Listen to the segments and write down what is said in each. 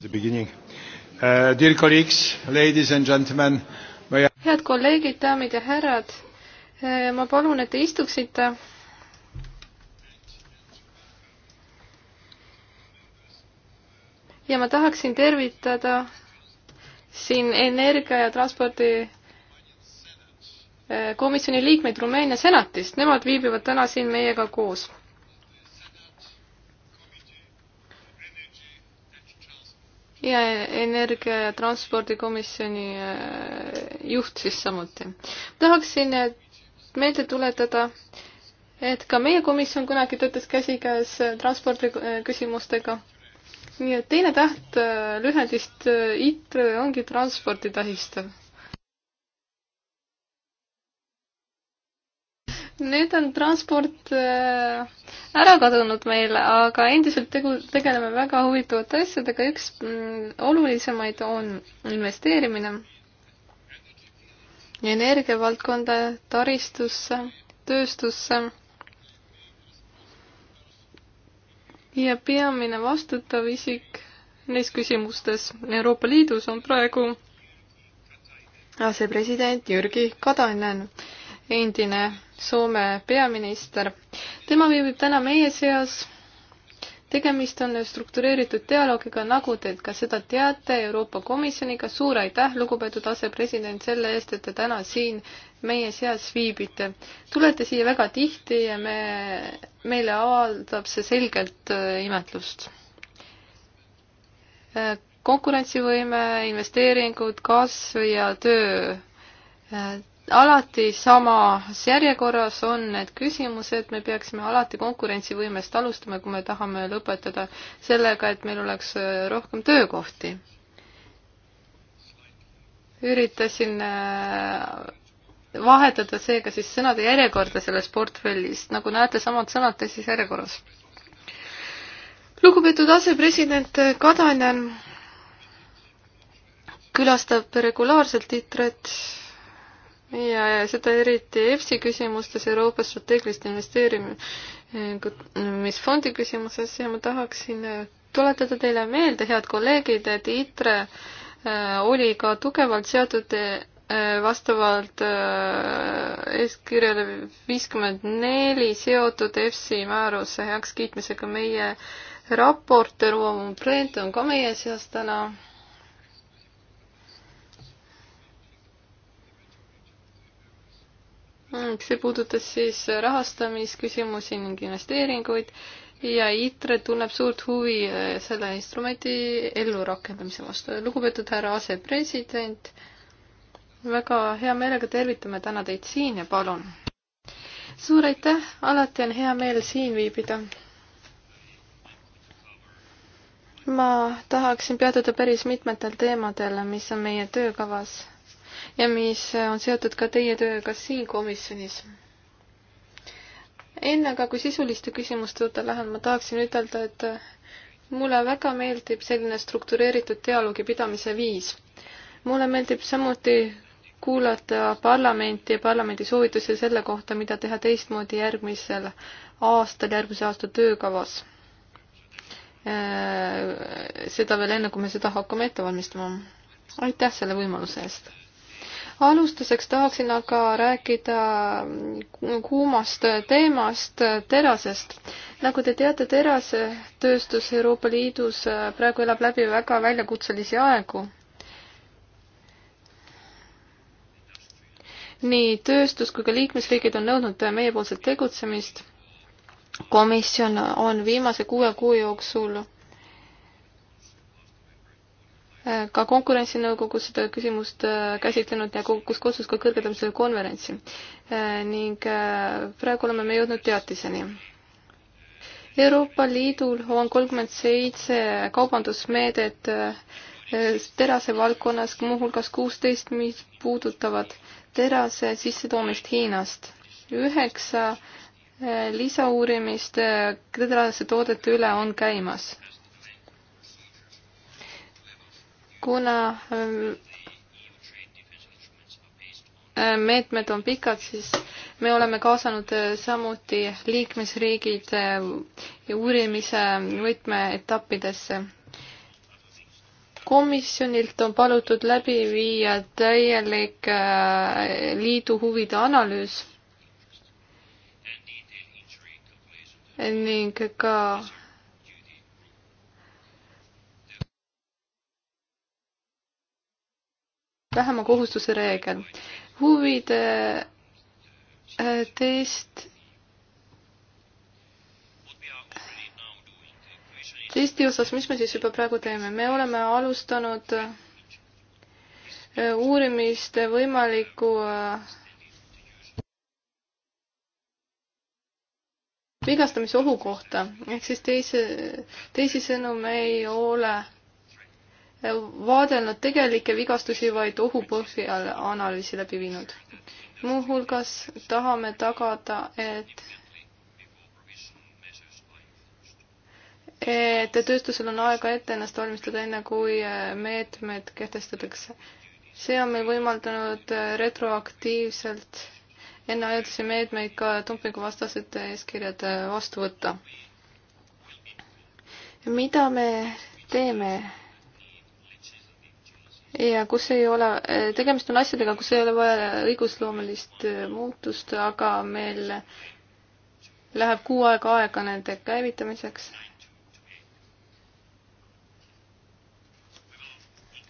The beginning uh,. Dear colleagues, ladies and gentlemen. I... head kolleegid, daamid ja härrad. Eh, ma palun, et te istuksite. ja ma tahaksin tervitada siin energia ja transpordi eh, komisjoni liikmeid Rumeenia senatist, nemad viibivad täna siin meiega koos. ja Energia ja Transpordikomisjoni äh, juht siis samuti. tahaksin äh, meelde tuletada, et ka meie komisjon kunagi töötas käsikäes äh, transpordiküsimustega. nii et teine täht lühendist ITRE ongi transporti tähistav nüüd on transport äh, ära kadunud meil, aga endiselt tegu, tegeleme väga huvitavate asjadega, üks mm, olulisemaid on investeerimine energiavaldkonda, taristusse, tööstusse. ja peamine vastutav isik neis küsimustes Euroopa Liidus on praegu asepresident Jürgi Katainen endine Soome peaminister. tema viibib täna meie seas. tegemist on struktureeritud dialoogiga, nagu te ka seda teate, Euroopa Komisjoniga. suur aitäh, lugupeetud asepresident, selle eest, et te täna siin meie seas viibite. tulete siia väga tihti ja me, meile avaldab see selgelt äh, imetlust. Äh, konkurentsivõime, investeeringud, kasv ja töö äh, alati samas järjekorras on need küsimused, me peaksime alati konkurentsivõimest alustama, kui me tahame lõpetada sellega, et meil oleks äh, rohkem töökohti. üritasin äh, vahetada seega siis sõnade järjekorda selles portfellis, nagu näete, samad sõnad teises järjekorras. lugupeetud asepresident Kadanen külastab regulaarselt Itret ja, ja seda eriti EFSI küsimustes, Euroopa strateegilist investeerimisfondi eh, küsimuses ja ma tahaksin eh, tuletada teile meelde, head kolleegid, et ITRE eh, oli ka tugevalt seotud vastavalt eeskirjale viiskümmend neli seotud EFSI määruse heakskiitmisega meie raportöör Uo Mumbreet on ka meie seas täna see puudutas siis rahastamisküsimusi ning investeeringuid ja ITRE tunneb suurt huvi äh, selle instrumendi ellurakendamise vastu. lugupeetud härra asepresident, väga hea meelega tervitame täna teid siin ja palun. suur aitäh, alati on hea meel siin viibida. ma tahaksin peatuda päris mitmetel teemadel, mis on meie töökavas ja mis on seotud ka teie tööga siin komisjonis. enne aga, kui sisuliste küsimuste juurde lähen, ma tahaksin ütelda, et mulle väga meeldib selline struktureeritud dialoogi pidamise viis. mulle meeldib samuti kuulata parlamenti ja parlamendi soovitusi selle kohta, mida teha teistmoodi järgmisel aastal, järgmise aasta töökavas. Äh, seda veel enne, kui me seda hakkame ette valmistama. aitäh selle võimaluse eest alustuseks tahaksin aga rääkida kuumast teemast, terasest. nagu te teate, terasetööstus Euroopa Liidus äh, praegu elab läbi väga väljakutselisi aegu. nii tööstus kui ka liikmesriigid on nõudnud meiepoolset tegutsemist. komisjon on viimase kuue kuu jooksul ka konkurentsinõukogu seda küsimust äh, käsitlenud ja kus kutsus ka kõrgendamisele konverentsi. Äh, ning äh, praegu oleme me jõudnud teatiseni. Euroopa Liidul on kolmkümmend seitse kaubandusmeedet terase valdkonnas, muuhulgas kuusteist, mis puudutavad terase sissetoomist Hiinast. üheksa lisauurimist terase toodete üle on käimas kuna äh, meetmed on pikad, siis me oleme kaasanud äh, samuti liikmesriigid äh, uurimise võtmeetappidesse. komisjonilt on palutud läbi viia täielik liidu huvide analüüs ning ka vähema kohustuse reegel. huvide äh, test, testi osas, mis me siis juba praegu teeme, me oleme alustanud äh, uurimist võimaliku äh, vigastamisohu kohta, ehk siis teise, teisisõnu me ei ole vaadelnud tegelikke vigastusi, vaid ohupõhjal analüüsi läbi viinud. muuhulgas tahame tagada, et et tööstusel on aega ette ennast valmistada, enne kui meetmed kehtestatakse. see on meil võimaldanud retroaktiivselt enneajutisi meetmeid ka dumpinguvastased eeskirjad vastu võtta. mida me teeme ja kus ei ole, tegemist on asjadega, kus ei ole vaja õigusloomelist äh, muutust, aga meil läheb kuu aega aega nende käivitamiseks.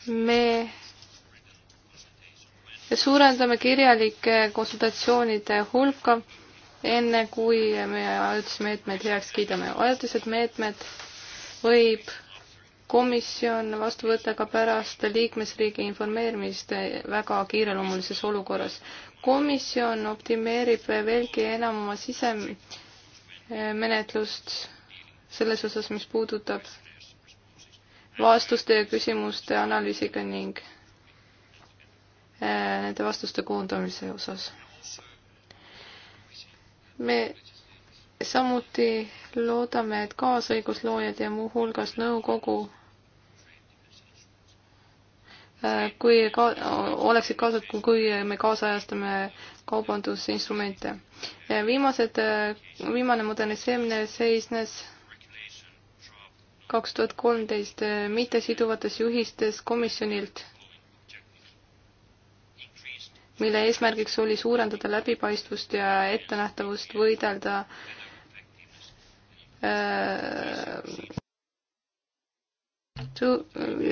me suurendame kirjalike konsultatsioonide hulka, enne kui me ajutismeetmed heaks kiidame. ajutised meetmed võib komisjon vastu võtta ka pärast liikmesriigi informeerimist väga kiireloomulises olukorras. komisjon optimeerib veelgi enam oma sisemenetlust selles osas, mis puudutab vastuste ja küsimuste analüüsiga ning äh, nende vastuste koondamise osas. me samuti loodame, et kaasõigusloojad ja muuhulgas nõukogu äh, kui ka, oleksid kaasatud, kui me kaasajastame kaubandusinstrumente. viimased, äh, viimane moderniseerimine seisnes kaks tuhat kolmteist äh, mittesiduvates juhistes komisjonilt, mille eesmärgiks oli suurendada läbipaistvust ja ettenähtavust võidelda äh, Äh,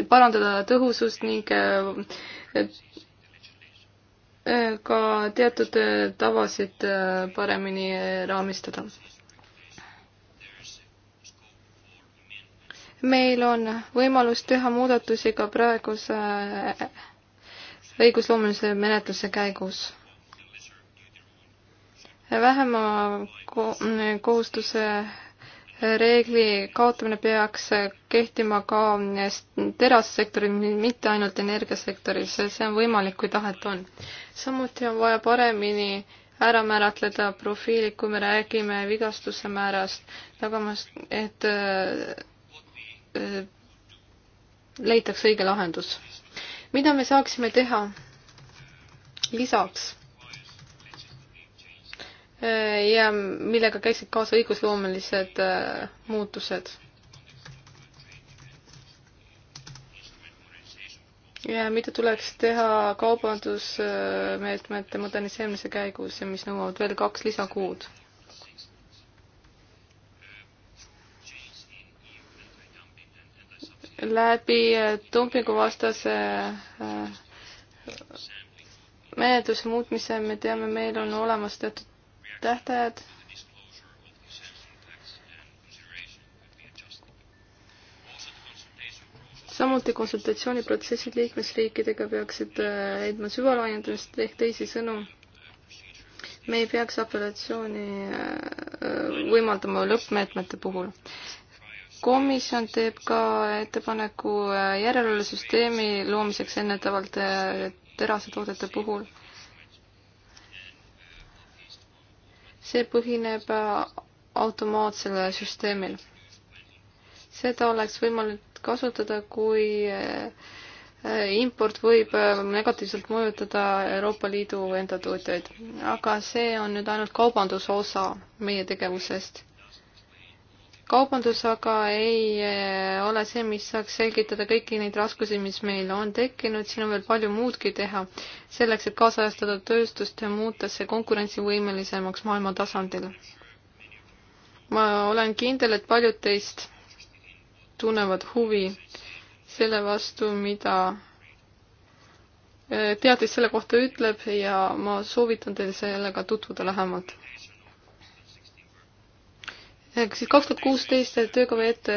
parandada tõhusust ning äh, äh, ka teatud tavasid paremini raamistada. meil on võimalus teha muudatusi ka praeguse õigusloomelise menetluse käigus vähema kohustuse reegli kaotamine peaks kehtima ka terassektoril, mitte ainult energiasektoris, see on võimalik, kui tahet on. samuti on vaja paremini ära määratleda profiilid, kui me räägime vigastuse määrast, tagamas, et äh, leitakse õige lahendus. mida me saaksime teha lisaks? Äh, ja millega käiksid kaasa õigusloomelised äh, muutused. ja mida tuleks teha kaubandusmeetmete moderniseerimise käigus ja mis nõuavad veel kaks lisakuud? läbi äh, dumpinguvastase menetluse muutmise me teame, meil on olemas teatud tähtajad. samuti konsultatsiooniprotsessid liikmesriikidega peaksid leidma äh, süvalaiendamist ehk teisisõnu, me ei peaks apellatsiooni äh, võimaldama lõppmeetmete puhul komisjon teeb ka ettepaneku äh, järelevalvesüsteemi loomiseks ennetavalt terasetoodete puhul. see põhineb äh, automaatsele äh, süsteemil. seda oleks võimalik kasutada, kui äh, import võib negatiivselt mõjutada Euroopa Liidu enda tootjaid, aga see on nüüd ainult kaubanduse osa meie tegevusest kaubandus aga ei eh, ole see, mis saaks selgitada kõiki neid raskusi, mis meil on tekkinud, siin on veel palju muudki teha selleks, et kaasajastada tööstust ja muuta see konkurentsivõimelisemaks maailma tasandil. ma olen kindel, et paljud teist tunnevad huvi selle vastu, mida eh, teadis selle kohta ütleb ja ma soovitan teil sellega tutvuda lähemalt siis kaks tuhat kuusteist töökava ette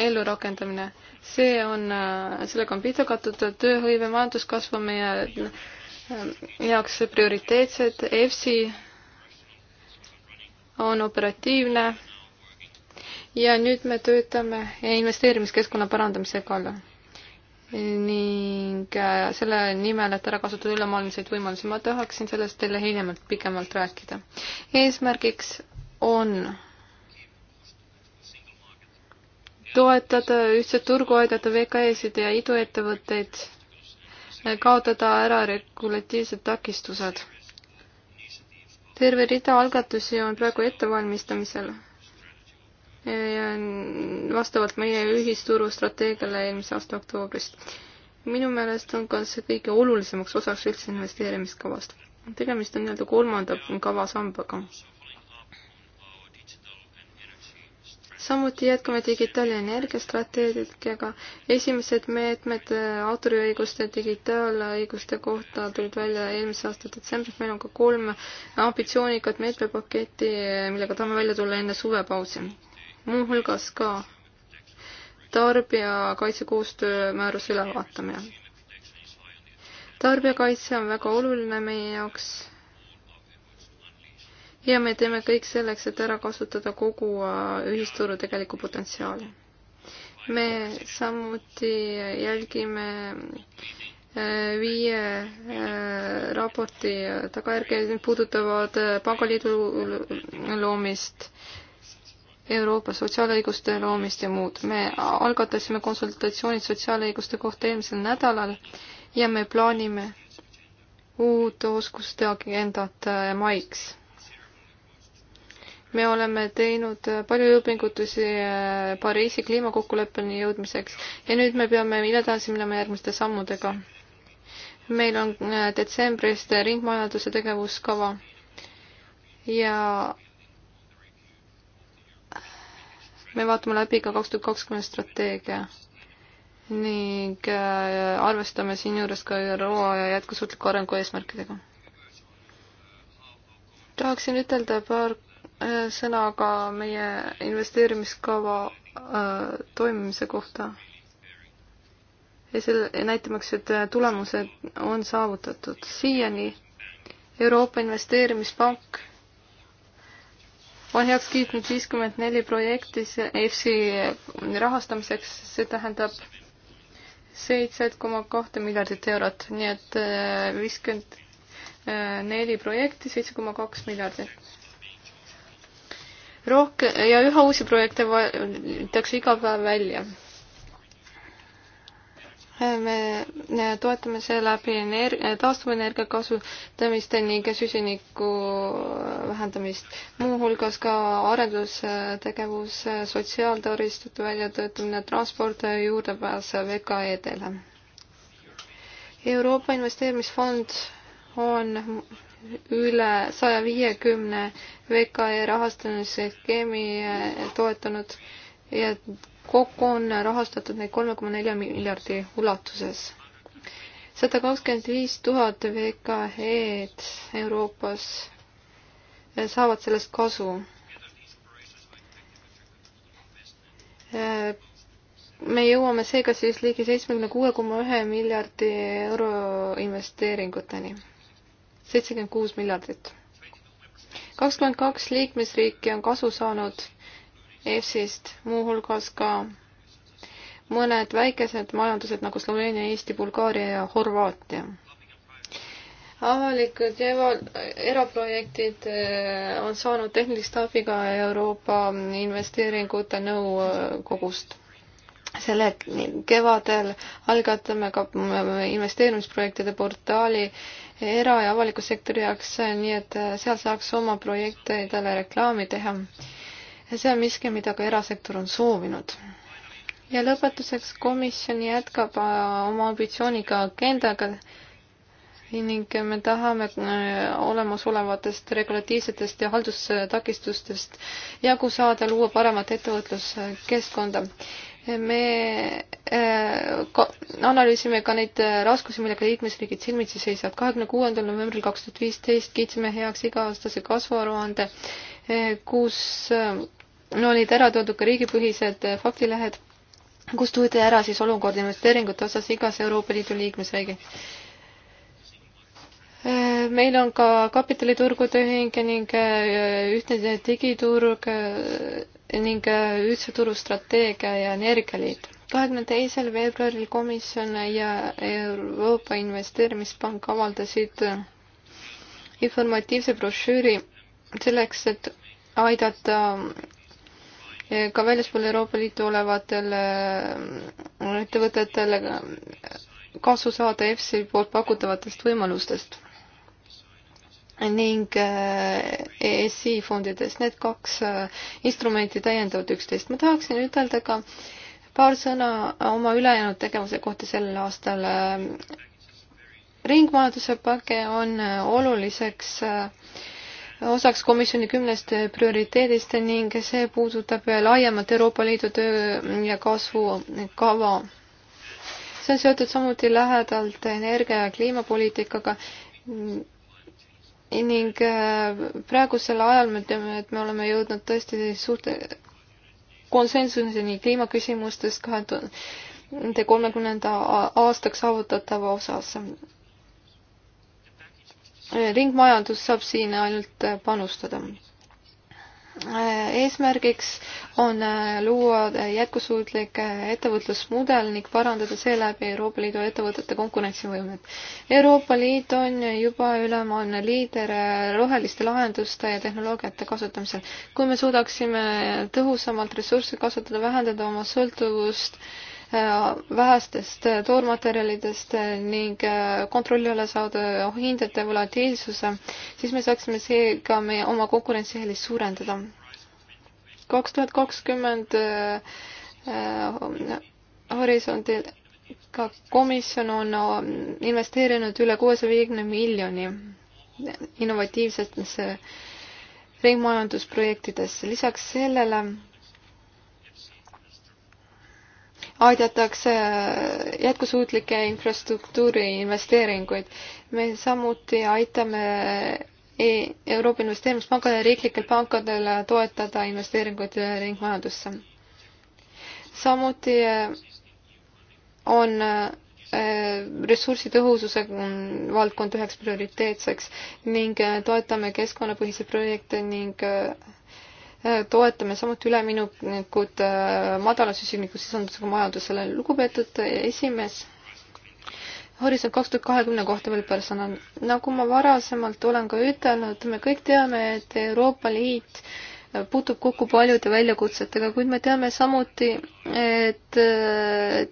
ellurakendamine, see on, äh, sellega on pihta katud tööhõive, majanduskasv on meie äh, jaoks prioriteetsed, EFSI on operatiivne ja nüüd me töötame investeerimiskeskkonna parandamise kallal ning äh, selle nimel, et ära kasutada ülemaailmseid võimalusi, ma tahaksin sellest teile hiljemalt pikemalt rääkida. eesmärgiks on toetada ühtset turgu, aidata VKE-sid ja iduettevõtteid, kaotada ära regulatiivsed takistused. terve rida algatusi on praegu ettevalmistamisel ja vastavalt meie ühisturu strateegiale eelmise aasta oktoobrist. minu meelest on ka see kõige olulisemaks osaks üldse investeerimiskavast. tegemist on nii-öelda kolmanda kavasambaga. samuti jätkame digitaalenergiastrateegiaga. esimesed meetmed äh, autoriõiguste digitaalõiguste kohta tulid välja eelmise aasta detsembris, meil on ka kolm ambitsioonikat meetmepaketti, äh, millega tahame välja tulla enne suvepausi. muuhulgas ka tarbijakaitse koostöö määruse ülevaatamine. tarbijakaitse on väga oluline meie jaoks ja me teeme kõik selleks, et ära kasutada kogu äh, ühisturu tegelikku potentsiaali. me samuti jälgime äh, viie äh, raporti tagajärgi, need puudutavad pangaliidu loomist, Euroopa sotsiaalõiguste loomist ja muud. me algatasime konsultatsioonid sotsiaalõiguste kohta eelmisel nädalal ja me plaanime uut oskuste agendat maiks me oleme teinud palju jõupingutusi eh, Pariisi kliimakokkuleppeni jõudmiseks ja nüüd me peame edasi minema järgmiste sammudega. meil on eh, detsembrist ringmajanduse tegevuskava ja me vaatame läbi ka kaks tuhat kakskümmend strateegia ning eh, arvestame siinjuures ka ÜRO jätkusuutliku arengu eesmärkidega. tahaksin ütelda paar Äh, sõna ka meie investeerimiskava äh, toimimise kohta. ja selle näitamaks, et äh, tulemused on saavutatud. siiani Euroopa Investeerimispank on heaks kiitnud viiskümmend neli projekti EFSI rahastamiseks, see tähendab seitset koma kahte miljardit eurot, nii et viiskümmend neli projekti, seitse koma kaks miljardit rohkem ja üha uusi projekte valitakse iga päev välja. me toetame seeläbi energia, taastuvenergia kasutamist ning süsiniku vähendamist, muuhulgas ka arendustegevus, sotsiaaltaristute väljatöötamine, transport, juurdepääs VKE-dele. Euroopa Investeerimisfond on üle saja viiekümne VKE rahastamise skeemi eh, toetanud ja kokku on rahastatud neid kolme koma nelja miljardi ulatuses. sada kakskümmend viis tuhat VKE-d Euroopas eh, saavad sellest kasu. Eh, me jõuame seega siis ligi seitsmekümne kuue koma ühe miljardi euro investeeringuteni seitsekümmend kuus miljardit. kakskümmend kaks liikmesriiki on kasu saanud EFSist, muuhulgas ka mõned väikesed majandused nagu Sloveenia, Eesti, Bulgaaria ja Horvaatia. avalikud eva-, eraprojektid eh, on saanud tehnilist abi ka Euroopa Investeeringute Nõukogust selle kevadel algatame ka investeerimisprojektide portaali era- ja avaliku sektori jaoks, nii et äh, seal saaks oma projektidele reklaami teha. ja see on miski, mida ka erasektor on soovinud. ja lõpetuseks komisjon jätkab äh, oma ambitsiooniga agendaga ning me tahame äh, olemasolevatest regulatiivsetest ja haldustakistustest jagu saada, luua paremat ettevõtluskeskkonda me äh, ka, analüüsime ka neid äh, raskusi, millega liikmesriigid silmitsi seisavad. kahekümne kuuendal novembril kaks tuhat viisteist kiitsime heaks iga-aastase kasvuaruande, äh, kus no, olid ära toodud ka riigipõhised faktilehed, kus tuuti ära siis olukord investeeringute osas igas Euroopa Liidu liikmesriigi. meil on ka kapitaliturgude ühing ning ühtne digiturg ning äh, ühtse turustrateegia ja energialiit. kahekümne teisel veebruaril komisjon ja Euroopa Investeerimispank avaldasid äh, informatiivse brošüüri selleks, et aidata äh, ka väljaspool Euroopa Liitu olevatel ettevõtetel kasu saada EFSI poolt pakutavatest võimalustest ning äh, ESI fondidest. Need kaks äh, instrumenti täiendavad üksteist. ma tahaksin ütelda ka paar sõna oma ülejäänud tegevuse kohta sellel aastal. Äh, ringmajanduse pake on oluliseks osaks komisjoni kümnest prioriteedist ning see puudutab laiemalt Euroopa Liidu töö ja kasvu kava. see on seotud samuti lähedalt energia- ja kliimapoliitikaga ning äh, praegusel ajal me teame, et me oleme jõudnud tõesti suurte konsensuseni kliimaküsimustes kahe tuhande kolmekümnenda aastaks saavutatava osas. ringmajandus saab siin ainult panustada Äh, eesmärgiks on äh, luua äh, jätkusuutlik ettevõtlusmudel ning parandada seeläbi Euroopa Liidu ettevõtete konkurentsivõimet. Euroopa Liit on juba ülemaailmne liider roheliste lahenduste ja tehnoloogiate kasutamisel. kui me suudaksime tõhusamalt ressursse kasutada, vähendada oma sõltuvust äh, Äh, vähestest toormaterjalidest ning äh, kontrolli alla saada hindade volatiilsuse, siis me saaksime seega meie oma konkurentsieelist suurendada. kaks tuhat kakskümmend äh, horisondil ka komisjon on investeerinud üle kuuesaja viiekümne miljoni innovatiivsetesse ringmajandusprojektidesse. lisaks sellele aidatakse jätkusuutlikke infrastruktuuri investeeringuid. me samuti aitame e-, Euroopa Investeerimispangale ja riiklikel pankadel toetada investeeringuid ringmajandusse. samuti eh, on eh, ressursitõhususe valdkond üheks prioriteetseks ning eh, toetame keskkonnapõhiseid projekte ning Äh, toetame samuti üleminekut äh, madala süsinikusisaldusega majandusele. lugupeetud äh, esimees, Horisont kaks tuhat kahekümne kohta veel paar sõna. nagu ma varasemalt olen ka ütelnud, me kõik teame, et Euroopa Liit puutub kokku paljude väljakutsetega, kuid me teame samuti, et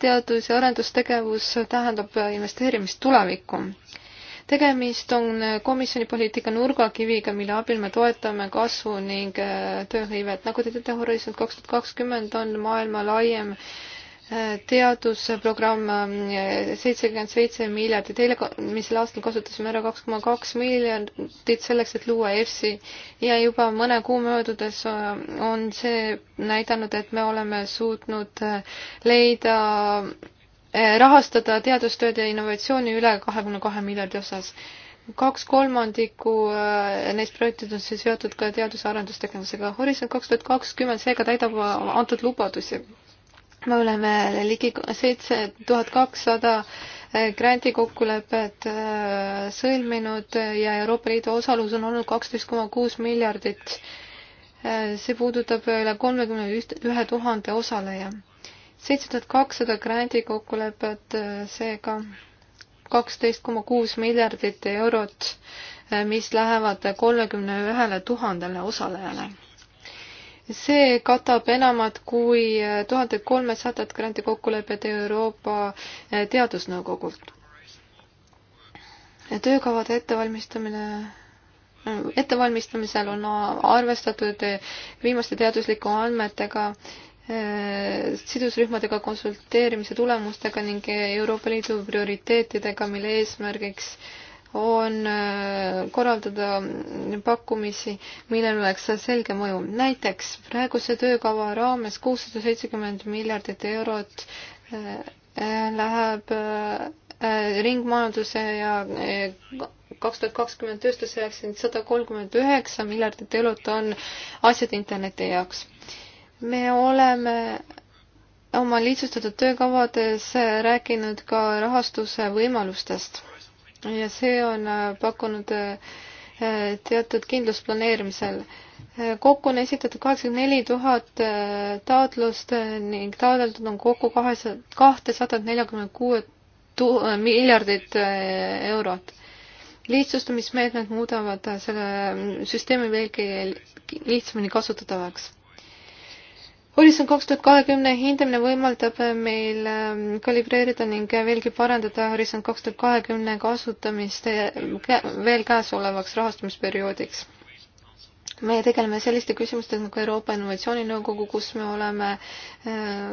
teadus- ja arendustegevus tähendab investeerimist tulevikku tegemist on äh, komisjoni poliitika nurgakiviga, mille abil me toetame kasvu ning äh, tööhõivet. nagu te teate, Horisont kaks tuhat kakskümmend on maailma laiem äh, teadusprogramm seitsekümmend seitse miljardit, eelmisel aastal kasutasime ära kaks koma kaks miljardit selleks, et luua EFSI ja juba mõne kuu möödudes on see näidanud, et me oleme suutnud leida Eh, rahastada teadustööd ja innovatsiooni üle kahekümne kahe miljardi osas. kaks kolmandikku eh, neist projektidest on siis seotud ka teadus- ja arendustegevusega. Horisont kaks tuhat kakskümmend seega täidab antud lubadusi. me oleme ligi seitse tuhat kakssada eh, grandi kokkulepet sõlminud ja Euroopa Liidu osalus on olnud kaksteist koma kuus miljardit. see puudutab üle kolmekümne ühe tuhande osaleja seitse tuhat kakssada grandi kokkulepet, seega kaksteist koma kuus miljardit eurot, mis lähevad kolmekümne ühele tuhandele osalejale. see katab enamat kui tuhande kolmesadat grandi kokkulepet Euroopa Teadusnõukogult. töökavade ettevalmistamine ettevalmistamisel on arvestatud viimaste teaduslike andmetega Äh, sidusrühmadega konsulteerimise tulemustega ning Euroopa Liidu prioriteetidega, mille eesmärgiks on äh, korraldada pakkumisi, millel oleks selge mõju. näiteks praeguse töökava raames kuussada seitsekümmend miljardit eurot äh, läheb ringmajanduse ja kaks tuhat kakskümmend tööstuse jaoks sada kolmkümmend üheksa miljardit eurot on asjad interneti jaoks me oleme oma lihtsustatud töökavades rääkinud ka rahastuse võimalustest ja see on äh, pakkunud äh, teatud kindlust planeerimisel. Äh, kokku on esitatud kaheksakümmend neli tuhat taotlust ning taotletud on kokku kahesaja, kahtesadat neljakümne kuue miljardit eurot. lihtsustamismeetmed muudavad selle mm, süsteemi veelgi lihtsamini kasutatavaks horisont kaks tuhat kahekümne hindamine võimaldab meil ähm, kalibreerida ning veelgi parandada Horisont kaks tuhat kahekümne kasutamist äh, veel käesolevaks rahastamisperioodiks. me tegeleme selliste küsimustega nagu Euroopa Innovatsiooninõukogu, kus me oleme äh,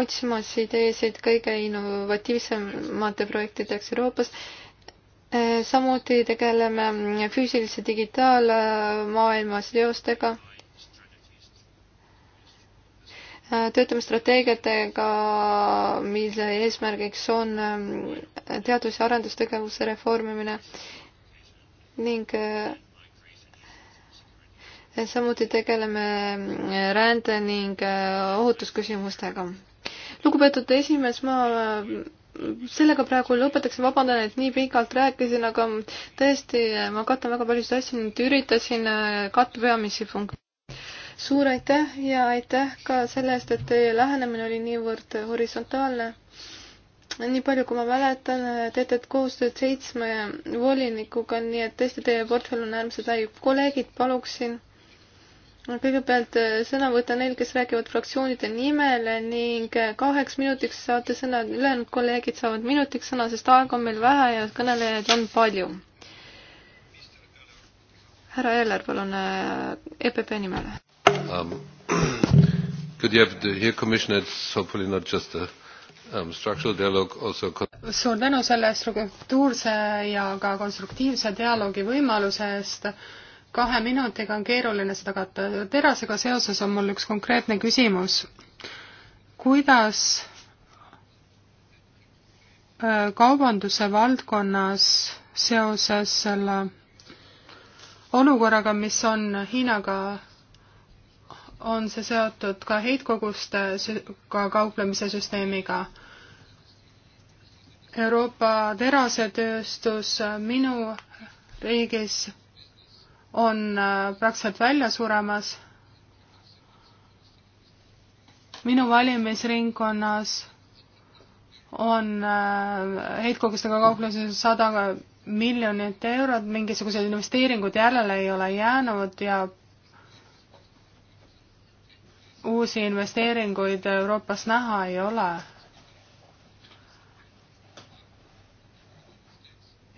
otsimas ideesid kõige innovatiivsemate projektideks Euroopas äh, samuti tegeleme füüsilise digitaalmaailma seostega Äh, töötame strateegiatega, mille eesmärgiks on ähm, teadus- ja arendustegevuse reformimine ning äh, samuti tegeleme äh, rände ning ohutusküsimustega. lugupeetud esimees, ma sellega praegu lõpetaksin, vabandan, et nii pikalt rääkisin, aga tõesti, ma katan väga paljusid asju, nüüd üritasin katta peamisi punkte suur aitäh ja aitäh ka selle eest, et teie lähenemine oli niivõrd horisontaalne. nii palju, kui ma mäletan, teete koostööd seitsme volinikuga, nii et tõesti teie portfell on äärmiselt lai. kolleegid, paluksin kõigepealt sõna võtta neil, kes räägivad fraktsioonide nimel ning kaheks minutiks saate sõna, ülejäänud kolleegid saavad minutiks sõna, sest aega on meil vähe ja kõnelejaid on palju. härra Eller, palun EPP nimel Um, could you have the, here, Commissioner, it's hopefully not just a um, structural dialogue, also suur tänu selle struktuurse ja ka konstruktiivse dialoogi võimaluse eest. kahe minutiga on keeruline seda katta. terasega seoses on mul üks konkreetne küsimus. kuidas äh, kaubanduse valdkonnas seoses selle olukorraga, mis on Hiinaga on see seotud ka heitkogustega kauplemise süsteemiga. Euroopa terasetööstus minu riigis on äh, praktiliselt välja suremas. minu valimisringkonnas on äh, heitkogustega kaupluses sada miljonit eurot, mingisugused investeeringud järele ei ole jäänud ja uusi investeeringuid Euroopas näha ei ole.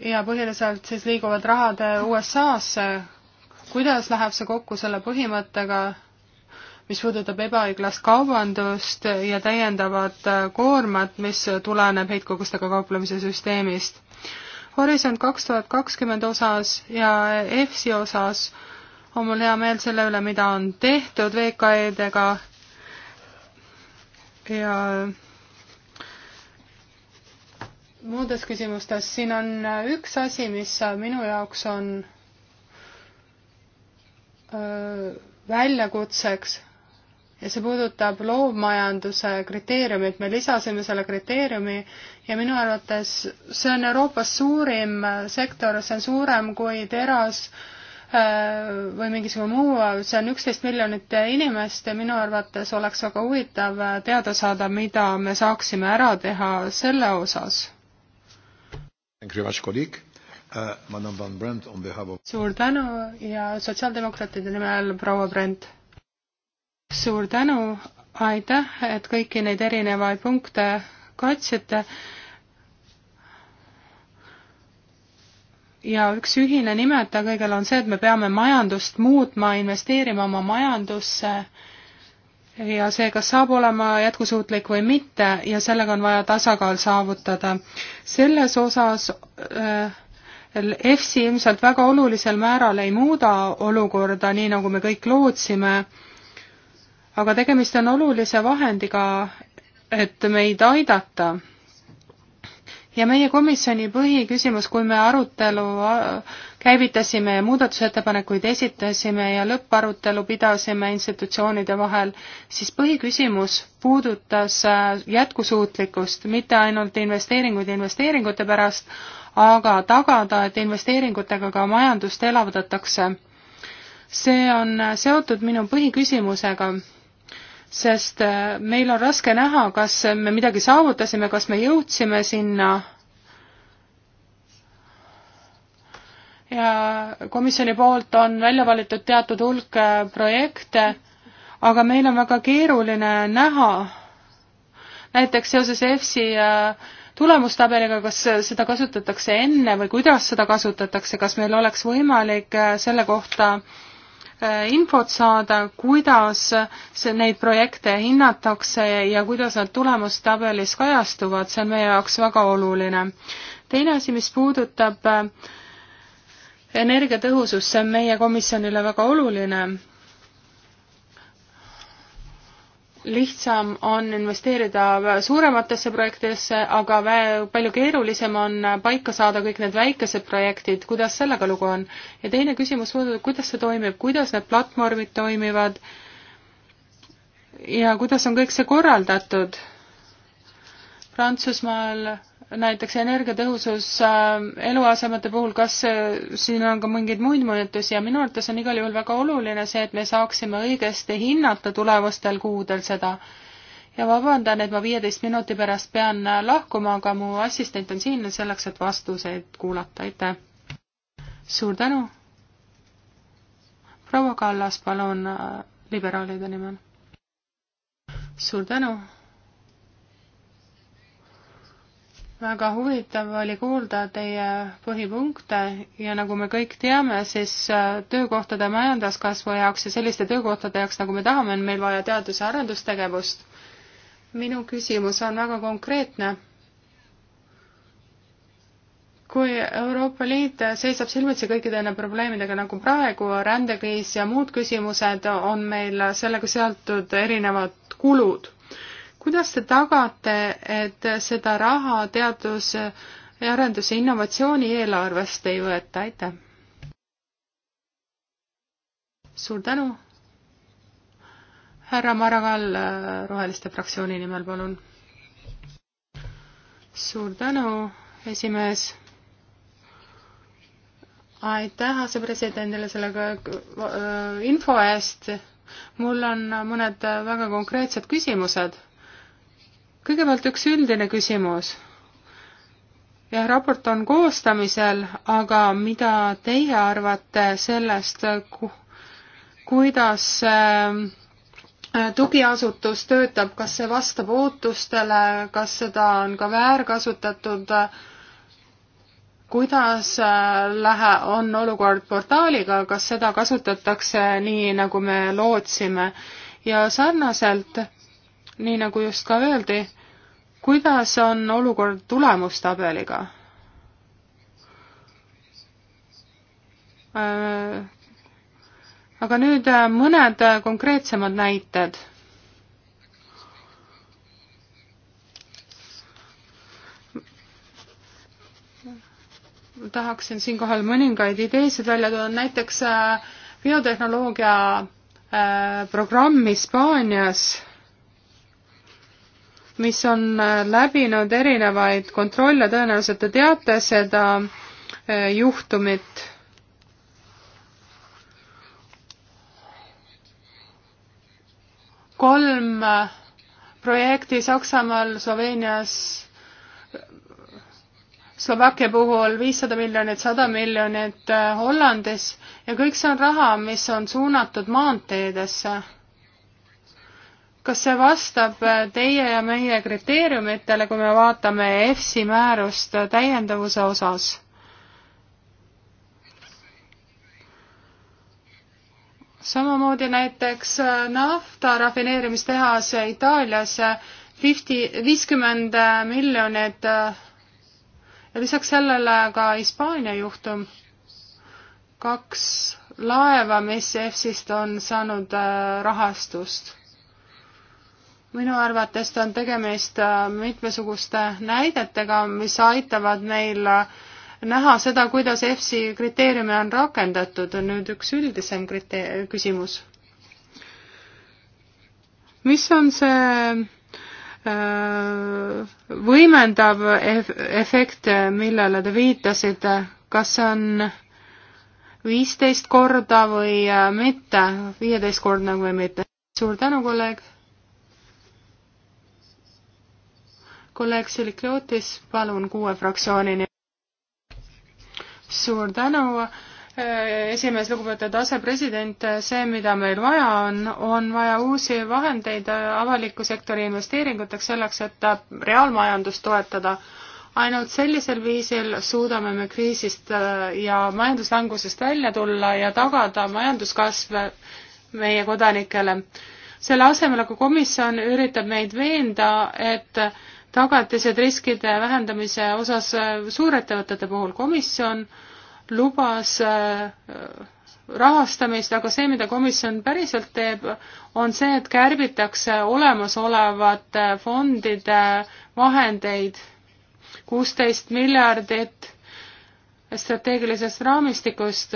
ja põhiliselt siis liiguvad rahad USA-sse. kuidas läheb see kokku selle põhimõttega, mis puudutab ebaõiglast kaubandust ja täiendavat koormat, mis tuleneb heitkogustega kauplemise süsteemist? Horisont kaks tuhat kakskümmend osas ja EFSI osas on mul hea meel selle üle, mida on tehtud VKE-dega ja muudes küsimustes, siin on üks asi, mis minu jaoks on öö, väljakutseks ja see puudutab loovmajanduse kriteeriumit, me lisasime selle kriteeriumi ja minu arvates see on Euroopas suurim sektor, see on suurem kui teras, Äh, või mingisugune muu, see on üksteist miljonit inimest ja minu arvates oleks väga huvitav äh, teada saada, mida me saaksime ära teha selle osas. Uh, suur tänu ja sotsiaaldemokraatide nimel proua Brent. suur tänu, aitäh, et kõiki neid erinevaid punkte katsite ja üks ühine nimetaja kõigele on see, et me peame majandust muutma, investeerima oma majandusse ja see, kas saab olema jätkusuutlik või mitte ja sellega on vaja tasakaal saavutada. selles osas EFSI äh, ilmselt väga olulisel määral ei muuda olukorda, nii nagu me kõik lootsime, aga tegemist on olulise vahendiga, et meid aidata ja meie komisjoni põhiküsimus, kui me arutelu käivitasime ja muudatusettepanekuid esitasime ja lõpparutelu pidasime institutsioonide vahel, siis põhiküsimus puudutas jätkusuutlikkust, mitte ainult investeeringuid investeeringute pärast, aga tagada, et investeeringutega ka majandust elavdatakse. see on seotud minu põhiküsimusega sest äh, meil on raske näha, kas me midagi saavutasime, kas me jõudsime sinna ja komisjoni poolt on välja valitud teatud hulk äh, projekte, aga meil on väga keeruline näha näiteks seoses EFSi äh, tulemustabeliga, kas seda kasutatakse enne või kuidas seda kasutatakse, kas meil oleks võimalik selle kohta äh, Eh, infot saada, kuidas neid projekte hinnatakse ja kuidas nad tulemustabelis kajastuvad, see on meie jaoks väga oluline. teine asi, mis puudutab eh, energiatõhusust, see on meie komisjonile väga oluline lihtsam on investeerida suurematesse projektidesse, aga palju keerulisem on paika saada kõik need väikesed projektid, kuidas sellega lugu on. ja teine küsimus puudutab, kuidas see toimib, kuidas need platvormid toimivad ja kuidas on kõik see korraldatud. Prantsusmaal näiteks energiatõhusus äh, eluasemete puhul, kas äh, siin on ka mingeid muid mõjutusi ja minu arvates on igal juhul väga oluline see, et me saaksime õigesti hinnata tulevastel kuudel seda. ja vabandan, et ma viieteist minuti pärast pean äh, lahkuma, aga mu assistent on siin selleks, et vastuseid kuulata, aitäh! suur tänu! proua Kallas, palun liberaalide nimel. suur tänu! väga huvitav oli kuulda teie põhipunkte ja nagu me kõik teame, siis äh, töökohtade majanduskasvu jaoks ja selliste töökohtade jaoks, nagu me tahame, on meil vaja teadus- ja arendustegevust. minu küsimus on väga konkreetne kui Euroopa Liit seisab silmitsi kõikide nende probleemidega nagu praegu, rändekriis ja muud küsimused, on meil sellega seotud erinevad kulud kuidas te tagate, et seda raha teadus- ja arenduse innovatsiooni eelarvest ei võeta, aitäh! suur tänu! härra Maragall Roheliste fraktsiooni nimel, palun! suur tänu, esimees! aitäh asepresidendile selle äh, info eest! mul on mõned väga konkreetsed küsimused kõigepealt üks üldine küsimus. jah, raport on koostamisel, aga mida teie arvate sellest, kuidas äh, tugiasutus töötab, kas see vastab ootustele, kas seda on ka väärkasutatud, kuidas äh, lähe, on olukord portaaliga, kas seda kasutatakse nii, nagu me lootsime ja sarnaselt, nii nagu just ka öeldi, kuidas on olukord tulemustabeliga? Äh, aga nüüd äh, mõned äh, konkreetsemad näited. tahaksin siinkohal mõningaid ideesid välja tuua, näiteks biotehnoloogia programm Hispaanias mis on äh, läbinud erinevaid kontrolle, tõenäoliselt te teate seda äh, juhtumit. kolm äh, projekti Saksamaal, Sloveenias, Slovakkia puhul viissada miljonit, sada miljonit Hollandis ja kõik see on raha, mis on suunatud maanteedesse kas see vastab äh, teie ja meie kriteeriumitele, kui me vaatame EFSI määrust täiendavuse osas? samamoodi näiteks äh, nafta rafineerimistehas Itaalias äh, fifty, viiskümmend miljonit ja lisaks sellele ka Hispaania juhtum. kaks laeva, mis EFSist on saanud rahastust minu arvates on tegemist äh, mitmesuguste näidetega, mis aitavad meil äh, näha seda, kuidas EFSI kriteeriume on rakendatud, on nüüd üks üldisem kriteer-, küsimus. mis on see äh, võimendav ef-, efekt, millele te viitasite, kas see on viisteist korda või mitte, viieteistkordne või mitte? suur tänu, kolleeg! kolleeg Silikliotis, palun kuue fraktsioonini. suur tänu, eh, esimees, lugupeetud asepresident, see, mida meil vaja on, on vaja uusi vahendeid avaliku sektori investeeringuteks selleks, et reaalmajandust toetada. ainult sellisel viisil suudame me kriisist eh, ja majanduslangusest välja tulla ja tagada majanduskasv meie kodanikele selle asemel aga komisjon üritab meid veenda, et tagatised riskide vähendamise osas äh, suurettevõtete puhul. komisjon lubas äh, rahastamist, aga see, mida komisjon päriselt teeb, on see, et kärbitakse olemasolevate fondide vahendeid kuusteist miljardit strateegilisest raamistikust,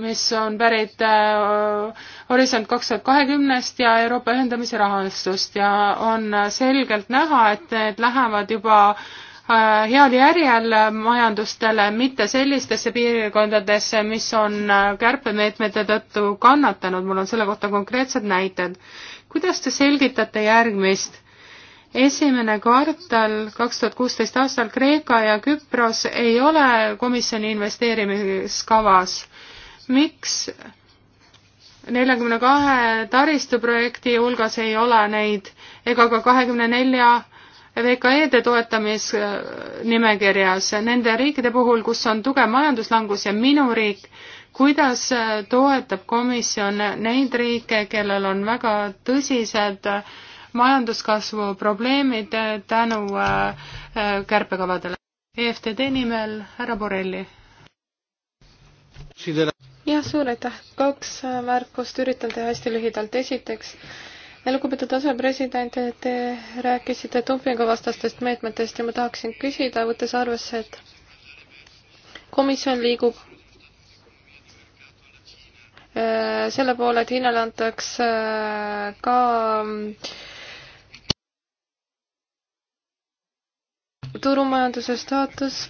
mis on pärit äh, Horisont kaks tuhat kahekümnest ja Euroopa ühendamise rahastust ja on selgelt näha, et need lähevad juba äh, heal järjel majandustele, mitte sellistesse piirkondadesse, mis on äh, kärpemeetmete tõttu kannatanud, mul on selle kohta konkreetsed näited. kuidas te selgitate järgmist? esimene kvartal kaks tuhat kuusteist aastal Kreeka ja Küpros ei ole komisjoni investeerimiskavas. miks neljakümne kahe taristuprojekti hulgas ei ole neid ega ka kahekümne nelja VKE-de toetamisnimekirjas nende riikide puhul, kus on tugev majanduslangus ja minu riik, kuidas toetab komisjon neid riike, kellel on väga tõsised äh, majanduskasvu probleemid tänu äh, äh, kärpekavadele. EFTD nimel härra Borrelli. jah, suur aitäh. kaks äh, märkust, üritan teha hästi lühidalt. esiteks, lugupeetud asepresident, te rääkisite dopinguvastastest meetmetest ja ma tahaksin küsida, võttes arvesse, et komisjon liigub selle poole, et hinnale antaks ka mm, turumajanduse staatus.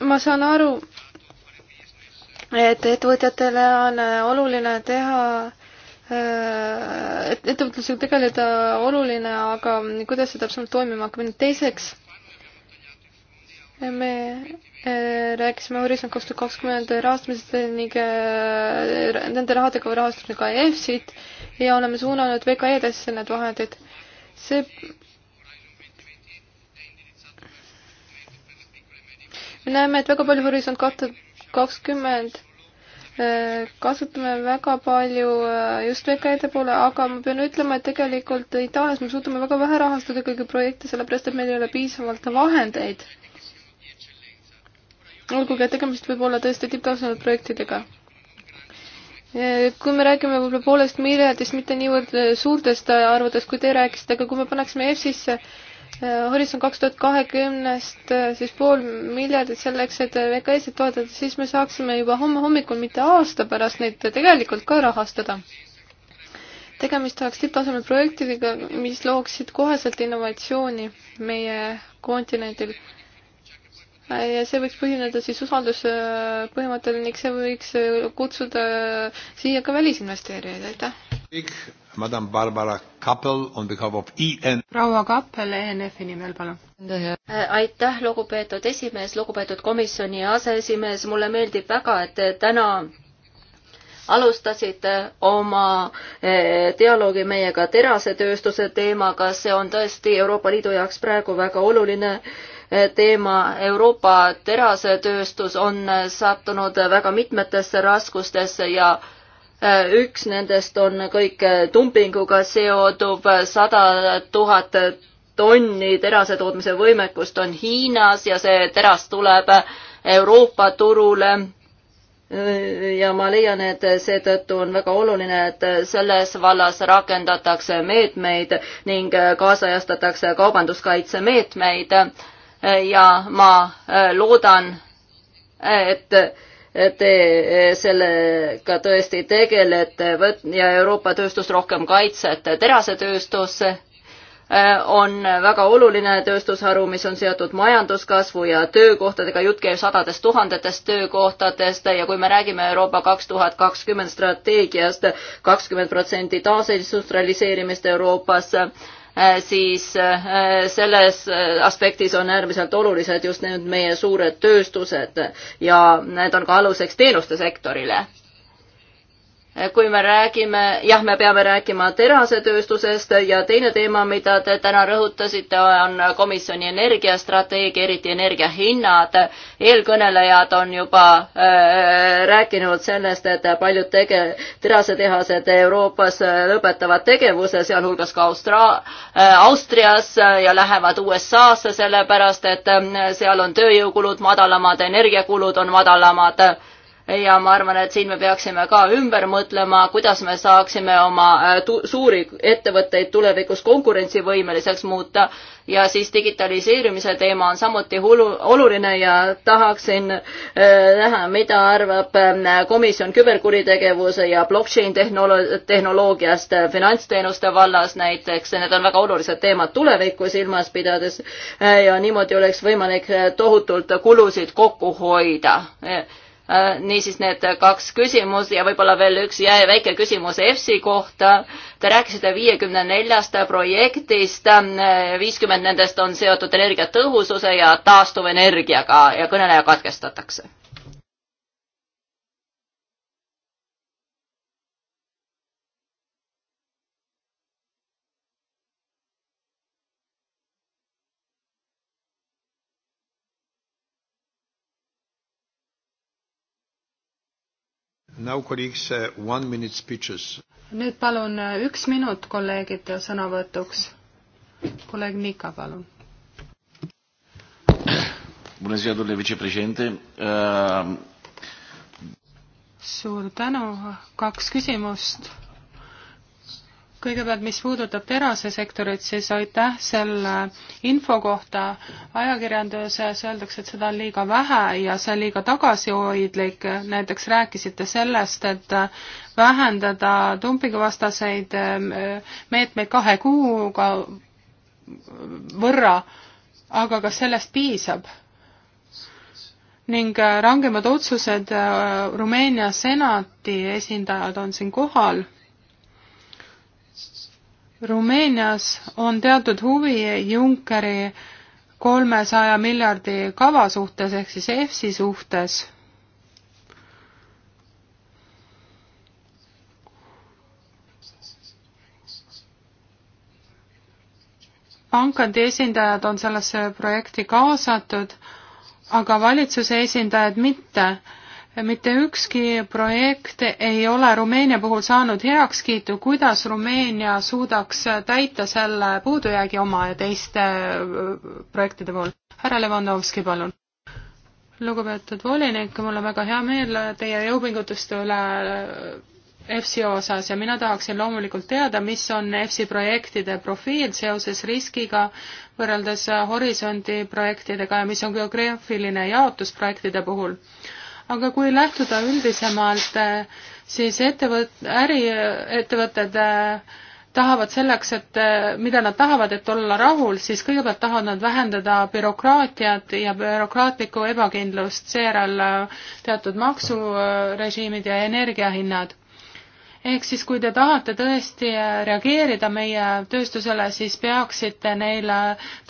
ma saan aru, et ettevõtjatele on äh, oluline teha äh, et ettevõtlusega tegeleda oluline, aga kuidas see täpsemalt toimima hakkab, nüüd teiseks me äh, rääkisime Horisont kaks tuhat kakskümmend rahastamisest ning nende rahadega rahastasime ka EFSit ja oleme suunanud VKE-desse need vahendid see me näeme, et väga palju Horisont kahte, kakskümmend äh, kasutame väga palju äh, just VKE-de poole, aga ma pean ütlema, et tegelikult Itaalias me suudame väga vähe rahastada kõiki projekte, sellepärast et meil ei ole piisavalt vahendeid. olgugi, et tegemist võib olla tõesti tipptasemel projektidega kui me räägime võib-olla poolest miljardist, mitte niivõrd äh, suurtest äh, arvudest, kui te rääkisite, aga kui me paneksime EFSisse äh, horisont kaks tuhat kahekümnest siis pool miljardit selleks, et VKS-id toetada, siis me saaksime juba homme hommikul, mitte aasta pärast neid tegelikult ka rahastada. tegemist oleks tipptasemel projektidega, mis looksid koheselt innovatsiooni meie kontinendil Äh, ja see võiks põhineda siis usalduspõhimõttel ning see võiks äh, kutsuda äh, siia ka välisinvesteerijaid, aitäh. Madam Barbara Kappel on behalf of EN. proua Kappel ENF-i nimel, palun. aitäh, lugupeetud esimees, lugupeetud komisjoni aseesimees, mulle meeldib väga, et täna alustasid oma dialoogi meiega terasetööstuse teemaga, see on tõesti Euroopa Liidu jaoks praegu väga oluline teema. Euroopa terasetööstus on sattunud väga mitmetesse raskustesse ja äh, üks nendest on kõik dumpinguga seoduv, sada tuhat tonni terasetootmise võimekust on Hiinas ja see teras tuleb Euroopa turule ja ma leian, et seetõttu on väga oluline, et selles vallas rakendatakse meetmeid ning kaasajastatakse kaubanduskaitsemeetmeid ja ma äh, loodan, et te äh, sellega tõesti tegelete ja Euroopa tööstust rohkem kaitsete. terasetööstus äh, on väga oluline tööstusharu, mis on seotud majanduskasvu ja töökohtadega, jutt käib sadadest tuhandetest töökohtadest ja kui me räägime Euroopa kaks tuhat kakskümmend strateegiast kakskümmend protsenti taasindustrialiseerimist Euroopas, Äh, siis äh, selles äh, aspektis on äärmiselt olulised just need meie suured tööstused ja need on ka aluseks teenuste sektorile kui me räägime, jah, me peame rääkima terasetööstusest ja teine teema, mida te täna rõhutasite, on komisjoni energiastrateegia, eriti energiahinnad. eelkõnelejad on juba äh, rääkinud sellest, et paljud tege-, terasetehased Euroopas lõpetavad tegevuse, sealhulgas ka Austra- äh,, Austrias ja lähevad USA-sse, sellepärast et äh, seal on tööjõukulud madalamad, energiakulud on madalamad äh, ja ma arvan, et siin me peaksime ka ümber mõtlema, kuidas me saaksime oma äh, suuri ettevõtteid tulevikus konkurentsivõimeliseks muuta ja siis digitaliseerimise teema on samuti hulu, oluline ja tahaksin äh, näha, mida arvab äh, komisjon küberkuritegevuse ja blockchain tehnolo-, tehnoloogiast äh, finantsteenuste vallas näiteks, need on väga olulised teemad tulevikku silmas pidades äh, ja niimoodi oleks võimalik äh, tohutult kulusid kokku hoida Äh, niisiis need kaks küsimust ja võib-olla veel üks jäi väike küsimus EFSI kohta. Te rääkisite viiekümne neljast projektist, äh, viiskümmend nendest on seotud energiatõhususe ja taastuvenergiaga ja kõneleja katkestatakse Now colleagues, uh, one minute speeches. nüüd palun uh, üks minut kolleegide sõnavõtuks. kolleeg Mika, palun. Uh, suur tänu, kaks küsimust kõigepealt, mis puudutab terasesektorit, siis aitäh selle info kohta. ajakirjanduses öeldakse, et seda on liiga vähe ja see on liiga tagasihoidlik. näiteks rääkisite sellest, et vähendada dumpinguvastaseid ehm, meetmeid kahe kuuga võrra, aga kas sellest piisab? ning äh, rangemad otsused äh, Rumeenia senati esindajad on siin kohal Rumeenias on teatud huvi Junckeri kolmesaja miljardi kava suhtes ehk siis EFSI suhtes. pankade esindajad on sellesse projekti kaasatud, aga valitsuse esindajad mitte mitte ükski projekt ei ole Rumeenia puhul saanud heakskiitu, kuidas Rumeenia suudaks täita selle puudujäägi oma ja teiste äh, projektide puhul. härra Levanovski, palun. lugupeetud volinik, mul on väga hea meel teie jõupingutuste üle EFSi äh, osas ja mina tahaksin loomulikult teada, mis on EFSi projektide profiil seoses riskiga võrreldes äh, Horisondi projektidega ja mis on geograafiline jaotus projektide puhul aga kui lähtuda üldisemalt, äh, siis ettevõt-, äriettevõtted äh, tahavad selleks, et äh, mida nad tahavad, et olla rahul, siis kõigepealt tahavad nad vähendada bürokraatiat ja bürokraatlikku ebakindlust, seejärel teatud maksurežiimid ja energiahinnad ehk siis, kui te tahate tõesti äh, reageerida meie tööstusele, siis peaksite neile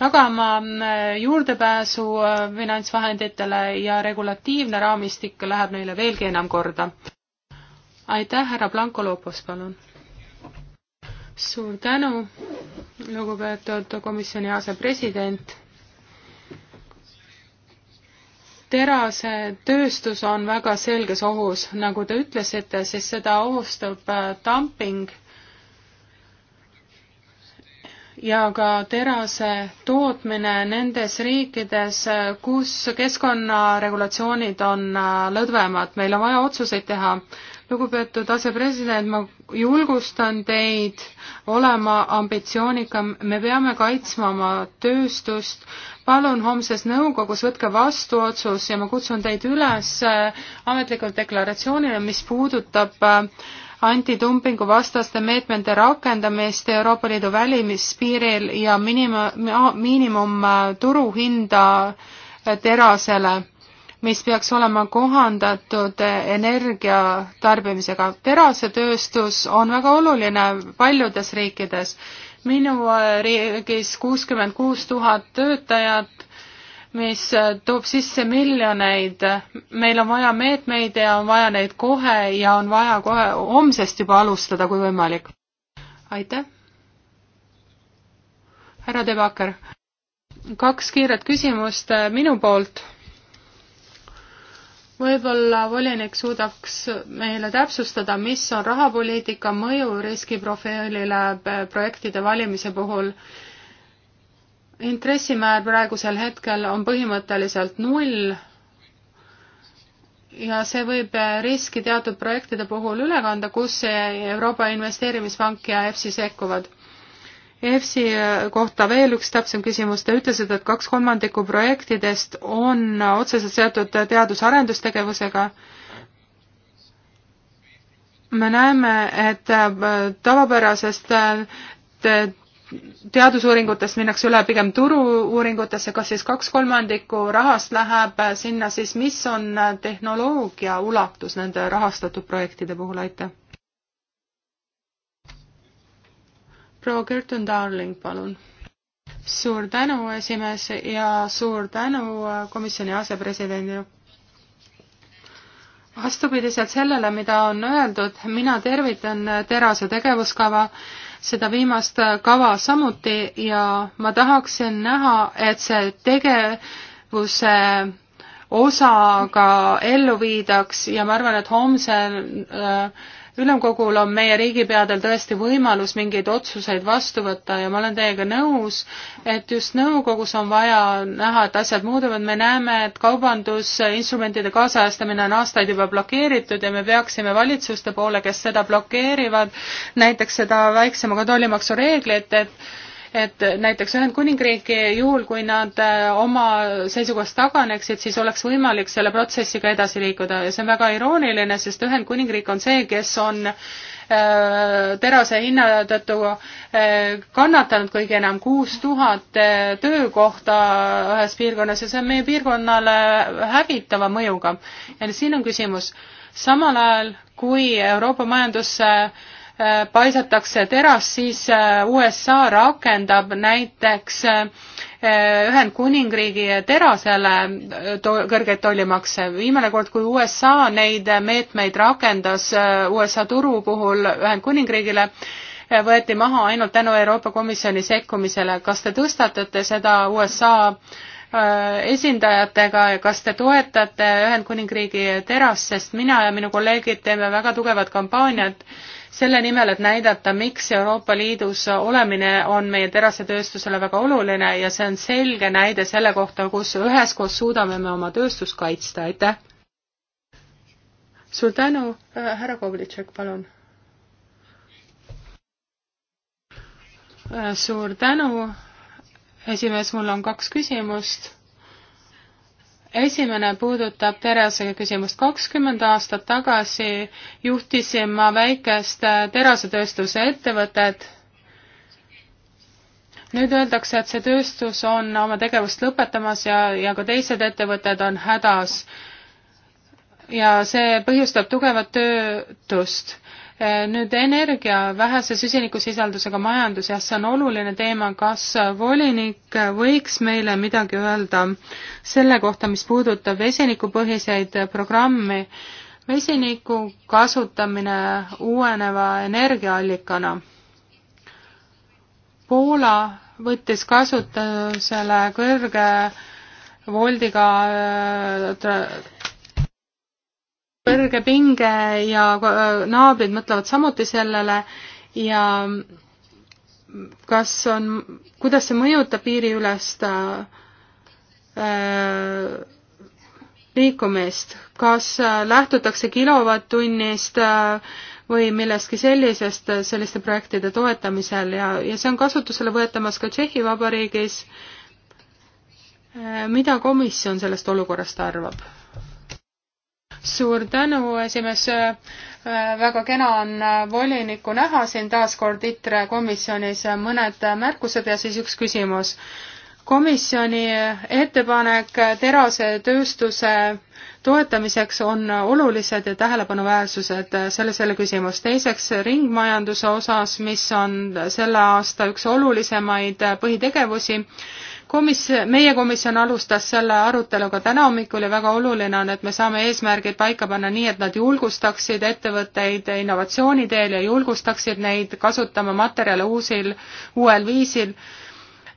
tagama äh, juurdepääsu äh, finantsvahenditele ja regulatiivne raamistik läheb neile veelgi enam korda. aitäh, härra Blanco Lopos, palun. suur tänu, lugupeetud komisjoni asepresident terasetööstus on väga selges ohus, nagu te ütlesite, siis seda ohustab äh, dumping ja ka terase tootmine nendes riikides, äh, kus keskkonnaregulatsioonid on äh, lõdvemad, meil on vaja otsuseid teha lugupeetud asepresident, ma julgustan teid olema ambitsioonikam, me peame kaitsma oma tööstust, palun homses nõukogus võtke vastu otsus ja ma kutsun teid üles äh, ametlikult deklaratsioonile, mis puudutab äh, antidumpingu vastaste meetmete rakendamist Euroopa Liidu välimispiiril ja miinimum, miinimum äh, turuhinda terasele mis peaks olema kohandatud energia tarbimisega. terasetööstus on väga oluline paljudes riikides. minu äh, riigis kuuskümmend kuus tuhat töötajat, mis äh, toob sisse miljoneid. meil on vaja meetmeid ja on vaja neid kohe ja on vaja kohe homsest juba alustada, kui võimalik. aitäh. härra Debaker, kaks kiiret küsimust äh, minu poolt võib-olla volinik suudaks meile täpsustada, mis on rahapoliitika mõju riskiprofiilile projektide valimise puhul. intressimäär praegusel hetkel on põhimõtteliselt null ja see võib riski teatud projektide puhul üle kanda, kus Euroopa Investeerimispank ja EFSI sekkuvad EFSi äh, kohta veel üks täpsem küsimus, te ütlesite, et kaks kolmandikku projektidest on otseselt seotud teadus-arendustegevusega. me näeme, et äh, tavapärasest äh, teadusuuringutest minnakse üle pigem turu-uuringutesse, kas siis kaks kolmandikku rahast läheb sinna siis, mis on tehnoloogia ulatus nende rahastatud projektide puhul, aitäh? proua Kirton Darling, palun. suur tänu, esimees, ja suur tänu äh, komisjoni asepresidendile vastupidiselt sellele, mida on öeldud, mina tervitan äh, Terase tegevuskava, seda viimast äh, kava samuti ja ma tahaksin näha, et see tegevuse osaga ellu viidaks ja ma arvan, et homsel äh, ülemkogul on meie riigipeadel tõesti võimalus mingeid otsuseid vastu võtta ja ma olen teiega nõus, et just nõukogus on vaja näha, et asjad muutuvad, me näeme, et kaubandusinstrumentide kaasajastamine on aastaid juba blokeeritud ja me peaksime valitsuste poole, kes seda blokeerivad, näiteks seda väiksema kontrollimaksu reeglit, et et näiteks Ühendkuningriigi juhul, kui nad äh, oma seisukohast taganeksid, siis oleks võimalik selle protsessiga edasi liikuda ja see on väga irooniline, sest Ühendkuningriik on see, kes on äh, terase hinna tõttu äh, kannatanud kõige enam kuus tuhat töökohta ühes piirkonnas ja see on meie piirkonnale hävitava mõjuga. ja siin on küsimus, samal ajal kui Euroopa majandusse paisatakse teras, siis äh, USA rakendab näiteks äh, Ühendkuningriigi terasele äh, to-, kõrgeid tollimakse. viimane kord, kui USA neid meetmeid rakendas USA turu puhul Ühendkuningriigile, võeti maha ainult tänu Euroopa Komisjoni sekkumisele. kas te tõstatate seda USA esindajatega ja kas te toetate Ühendkuningriigi terast, sest mina ja minu kolleegid teeme väga tugevat kampaaniat selle nimel, et näidata, miks Euroopa Liidus olemine on meie terasetööstusele väga oluline ja see on selge näide selle kohta, kus üheskoos suudame me oma tööstust kaitsta, aitäh! suur tänu, äh, härra Koblitšek, palun! Äh, suur tänu, esimees, mul on kaks küsimust esimene puudutab terase küsimust. kakskümmend aastat tagasi juhtisin ma väikest terasetööstuse ettevõtet. nüüd öeldakse, et see tööstus on oma tegevust lõpetamas ja, ja ka teised ettevõtted on hädas. ja see põhjustab tugevat töötust Äh, nüüd energia vähese süsinikusisaldusega majandus, jah, see on oluline teema, kas volinik võiks meile midagi öelda selle kohta, mis puudutab vesinikupõhiseid programmi, vesiniku kasutamine uueneva energiaallikana. Poola võttis kasutusele kõrge voldiga äh, kõrge pinge ja äh, naabrid mõtlevad samuti sellele ja kas on, kuidas see mõjutab piiriülest äh, liikumist, kas äh, lähtutakse kilovatt-tunnist või millestki sellisest selliste projektide toetamisel ja, ja see on kasutusele võetamas ka Tšehhi Vabariigis. mida komisjon sellest olukorrast arvab? suur tänu, esimees. Äh, väga kena on äh, volinikku näha siin taas kord ITRE komisjonis. mõned märkused ja siis üks küsimus. komisjoni ettepanek terasetööstuse toetamiseks on olulised ja tähelepanuväärsused selle, selle küsimus. teiseks ringmajanduse osas, mis on selle aasta üks olulisemaid põhitegevusi komis-, meie komisjon alustas selle aruteluga täna hommikul ja väga oluline on, et me saame eesmärgid paika panna nii, et nad julgustaksid ettevõtteid innovatsiooni teel ja julgustaksid neid kasutama materjale uusil, uuel viisil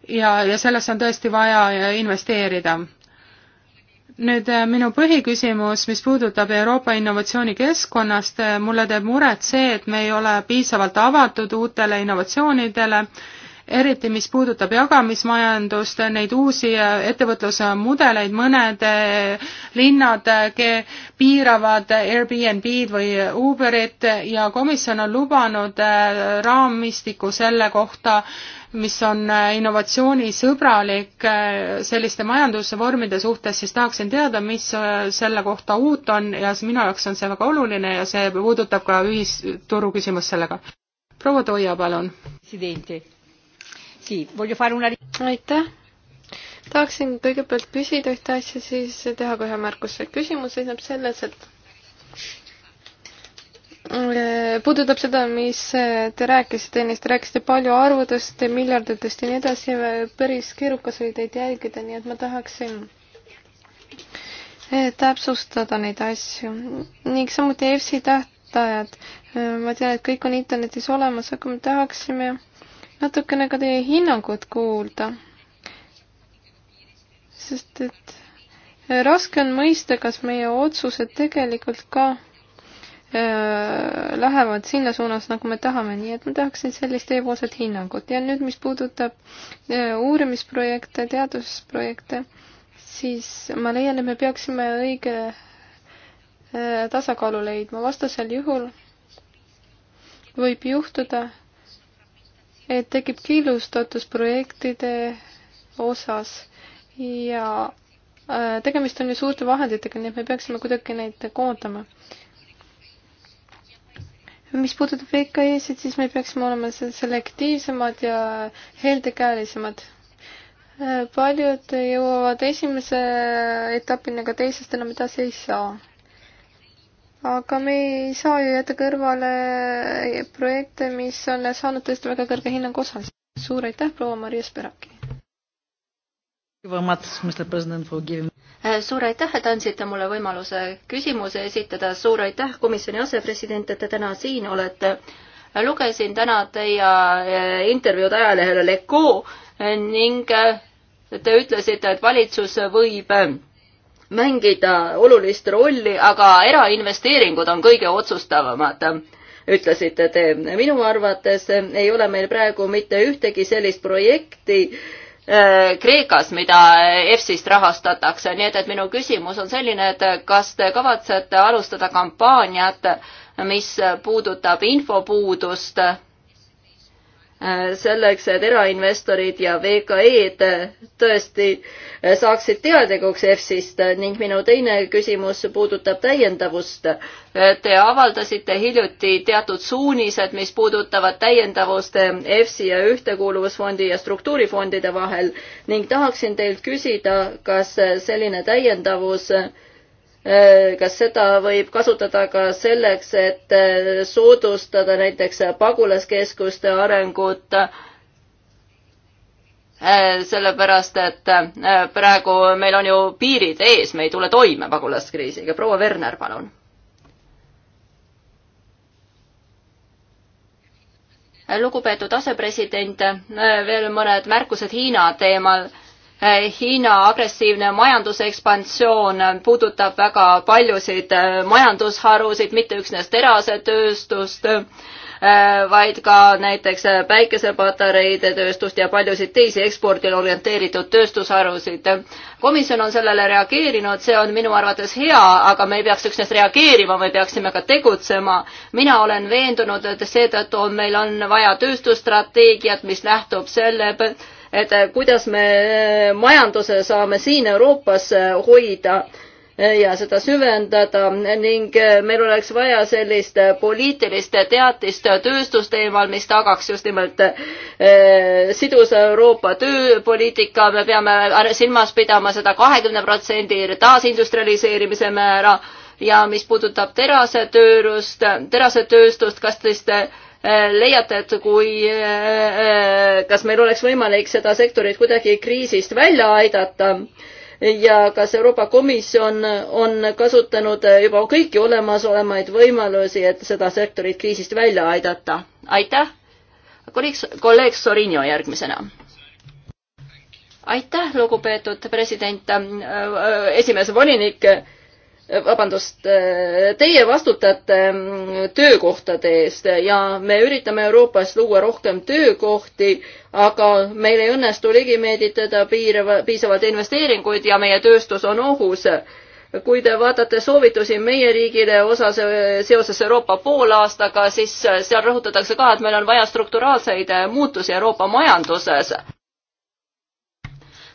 ja, ja sellesse on tõesti vaja investeerida. nüüd äh, minu põhiküsimus, mis puudutab Euroopa innovatsioonikeskkonnast, äh, mulle teeb muret see, et me ei ole piisavalt avatud uutele innovatsioonidele eriti mis puudutab jagamismajandust, neid uusi ettevõtluse mudeleid, mõned eh, linnad eh, piiravad Airbnb-d või Uberit ja komisjon on lubanud eh, raamistiku selle kohta, mis on innovatsioonisõbralik selliste majandusvormide suhtes, siis tahaksin teada, mis selle kohta uut on ja minu jaoks on see väga oluline ja see puudutab ka ühisturu küsimust sellega. proua Toia, palun. presidenti aitäh! tahaksin kõigepealt küsida ühte asja, siis teha ka ühe märkuse. küsimus seisneb selles, et äh, puudutab seda, mis äh, te rääkisite ennist, rääkisite palju arvudest, miljarditest ja nii edasi, päris keerukas oli teid jälgida, nii et ma tahaksin äh, täpsustada neid asju ning samuti EFSI tähtajad. ma tean, et kõik on internetis olemas, aga me tahaksime natukene ka teie hinnangut kuulda. sest et raske on mõista, kas meie otsused tegelikult ka äh, lähevad sinna suunas, nagu me tahame, nii et ma tahaksin sellist teiepoolset hinnangut ja nüüd, mis puudutab äh, uurimisprojekte, teadusprojekte, siis ma leian, et me peaksime õige äh, tasakaalu leidma, vastasel juhul võib juhtuda, et tekib killustatus projektide osas ja äh, tegemist on ju suurte vahenditega, nii et me peaksime kuidagi neid koondama. mis puudutab VKE-sid, siis me peaksime olema selektiivsemad ja heldekäelisemad. Äh, paljud jõuavad esimese etapini, aga teisest enam edasi ei saa aga me ei saa ju jätta kõrvale projekte, mis on saanud tõesti väga kõrge hinnangu osas. suur aitäh, proua Maria Spiraki! suur aitäh, et andsite mulle võimaluse küsimuse esitada, suur aitäh, komisjoni asepresident, et te täna siin olete. lugesin täna teie eh, intervjuud ajalehele Le Co eh, ning eh, te ütlesite, et valitsus võib mängida olulist rolli, aga erainvesteeringud on kõige otsustavamad ütlesite te. minu arvates ei ole meil praegu mitte ühtegi sellist projekti äh, Kreekas, mida EFSist rahastatakse, nii et, et minu küsimus on selline, et kas te kavatsete alustada kampaaniat, mis puudutab infopuudust äh, selleks, et erainvestorid ja VKE-d tõesti saaksid teadlikuks EFSist ning minu teine küsimus puudutab täiendavust. Te avaldasite hiljuti teatud suunised, mis puudutavad täiendavust EFSi ja Ühtekuuluvusfondi ja struktuurifondide vahel ning tahaksin teilt küsida, kas selline täiendavus Äh, kas seda võib kasutada ka selleks, et äh, soodustada näiteks pagulaskeskuste arengut, äh, sellepärast et praegu meil on ju piirid ees, me ei tule toime pagulaskriisiga. proua Werner, palun. lugupeetud asepresident, veel mõned märkused Hiina teemal Eh, Hiina agressiivne majandusekspansioon puudutab väga paljusid eh, majandusharusid, mitte üksnes terasetööstust, eh, vaid ka näiteks päikesepatareide tööstust ja paljusid teisi ekspordile orienteeritud tööstusharusid. komisjon on sellele reageerinud, see on minu arvates hea, aga me ei peaks üksnes reageerima, me peaksime ka tegutsema. mina olen veendunud, et seetõttu on, meil on vaja tööstusstrateegiat, mis lähtub selle et eh, kuidas me eh, majanduse saame siin Euroopas eh, hoida ja seda süvendada ning meil oleks vaja sellist poliitilist teatist tööstusteemal, mis tagaks just nimelt sidusa Euroopa tööpoliitika, me peame silmas pidama seda kahekümne protsendi taasindustrialiseerimise määra ja mis puudutab terasetöörust, terasetööstust, kas teist te Äh, leiate, et kui, äh, äh, kas meil oleks võimalik seda sektorit kuidagi kriisist välja aidata? ja kas Euroopa Komisjon on kasutanud juba kõiki olemasolevaid võimalusi, et seda sektorit kriisist välja aidata? aitäh! kolleeg Sorinio järgmisena aitäh, lugupeetud president, esimees volinik vabandust, teie vastutate töökohtade eest ja me üritame Euroopas luua rohkem töökohti, aga meil ei õnnestu ligi meeditada piirava, piisavalt investeeringuid ja meie tööstus on ohus. kui te vaatate soovitusi meie riigile osas seoses Euroopa poolaastaga, siis seal rõhutatakse ka, et meil on vaja strukturaalseid muutusi Euroopa majanduses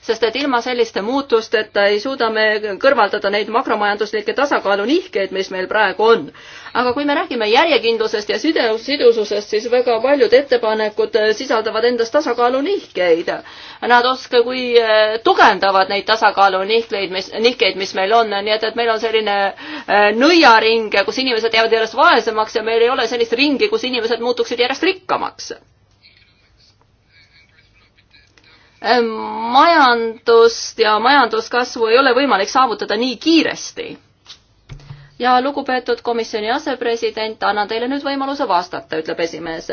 sest et ilma selliste muutusteta ei suuda me kõrvaldada neid makromajanduslikke tasakaalu nihkeid, mis meil praegu on. aga kui me räägime järjekindlusest ja sidus, sidususest, siis väga paljud ettepanekud äh, sisaldavad endas tasakaalu nihkeid. Nad oska-, kui äh, tugevdavad neid tasakaalu nihkleid, mis, nihkeid, mis meil on, nii et, et meil on selline äh, nõiaring, kus inimesed jäävad järjest vaesemaks ja meil ei ole sellist ringi, kus inimesed muutuksid järjest rikkamaks Ehm, majandust ja majanduskasvu ei ole võimalik saavutada nii kiiresti. ja lugupeetud komisjoni asepresident, annan teile nüüd võimaluse vastata, ütleb esimees.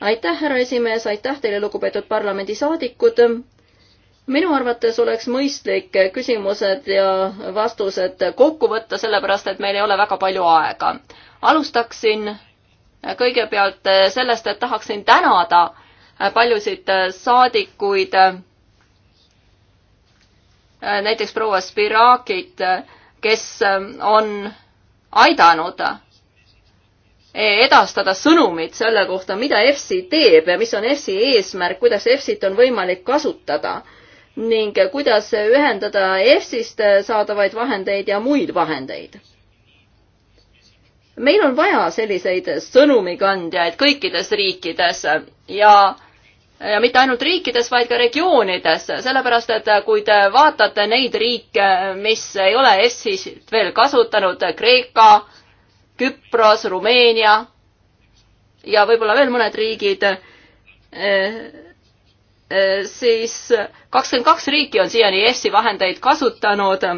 aitäh, härra esimees, aitäh teile, lugupeetud parlamendisaadikud. minu arvates oleks mõistlik küsimused ja vastused kokku võtta, sellepärast et meil ei ole väga palju aega. alustaksin kõigepealt sellest, et tahaksin tänada paljusid saadikuid Äh, näiteks proua Spirakit, äh, kes ähm, on aidanud äh, edastada sõnumit selle kohta, mida EFSI teeb ja mis on EFSI eesmärk, kuidas EFSI-t on võimalik kasutada ning kuidas ühendada EFSI-st saadavaid vahendeid ja muid vahendeid. meil on vaja selliseid sõnumikandjaid kõikides riikides ja ja mitte ainult riikides, vaid ka regioonides, sellepärast et kui te vaatate neid riike, mis ei ole EFSI-sid veel kasutanud, Kreeka, Küpros, Rumeenia ja võib-olla veel mõned riigid, eh, eh, siis kakskümmend kaks riiki on siiani EFSI vahendeid kasutanud.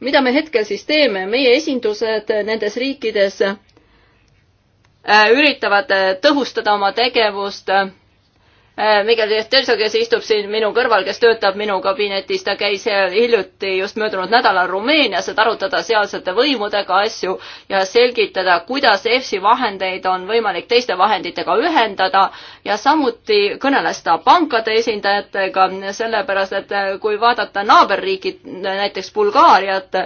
mida me hetkel siis teeme? meie esindused nendes riikides eh, üritavad tõhustada oma tegevust Äh, Miguel Terso, kes istub siin minu kõrval, kes töötab minu kabinetis, ta käis hiljuti just möödunud nädalal Rumeenias, et arutada sealsete võimudega asju ja selgitada, kuidas EFSI vahendeid on võimalik teiste vahenditega ühendada ja samuti kõneles ta pankade esindajatega, sellepärast et äh, kui vaadata naaberriigid, näiteks Bulgaariat,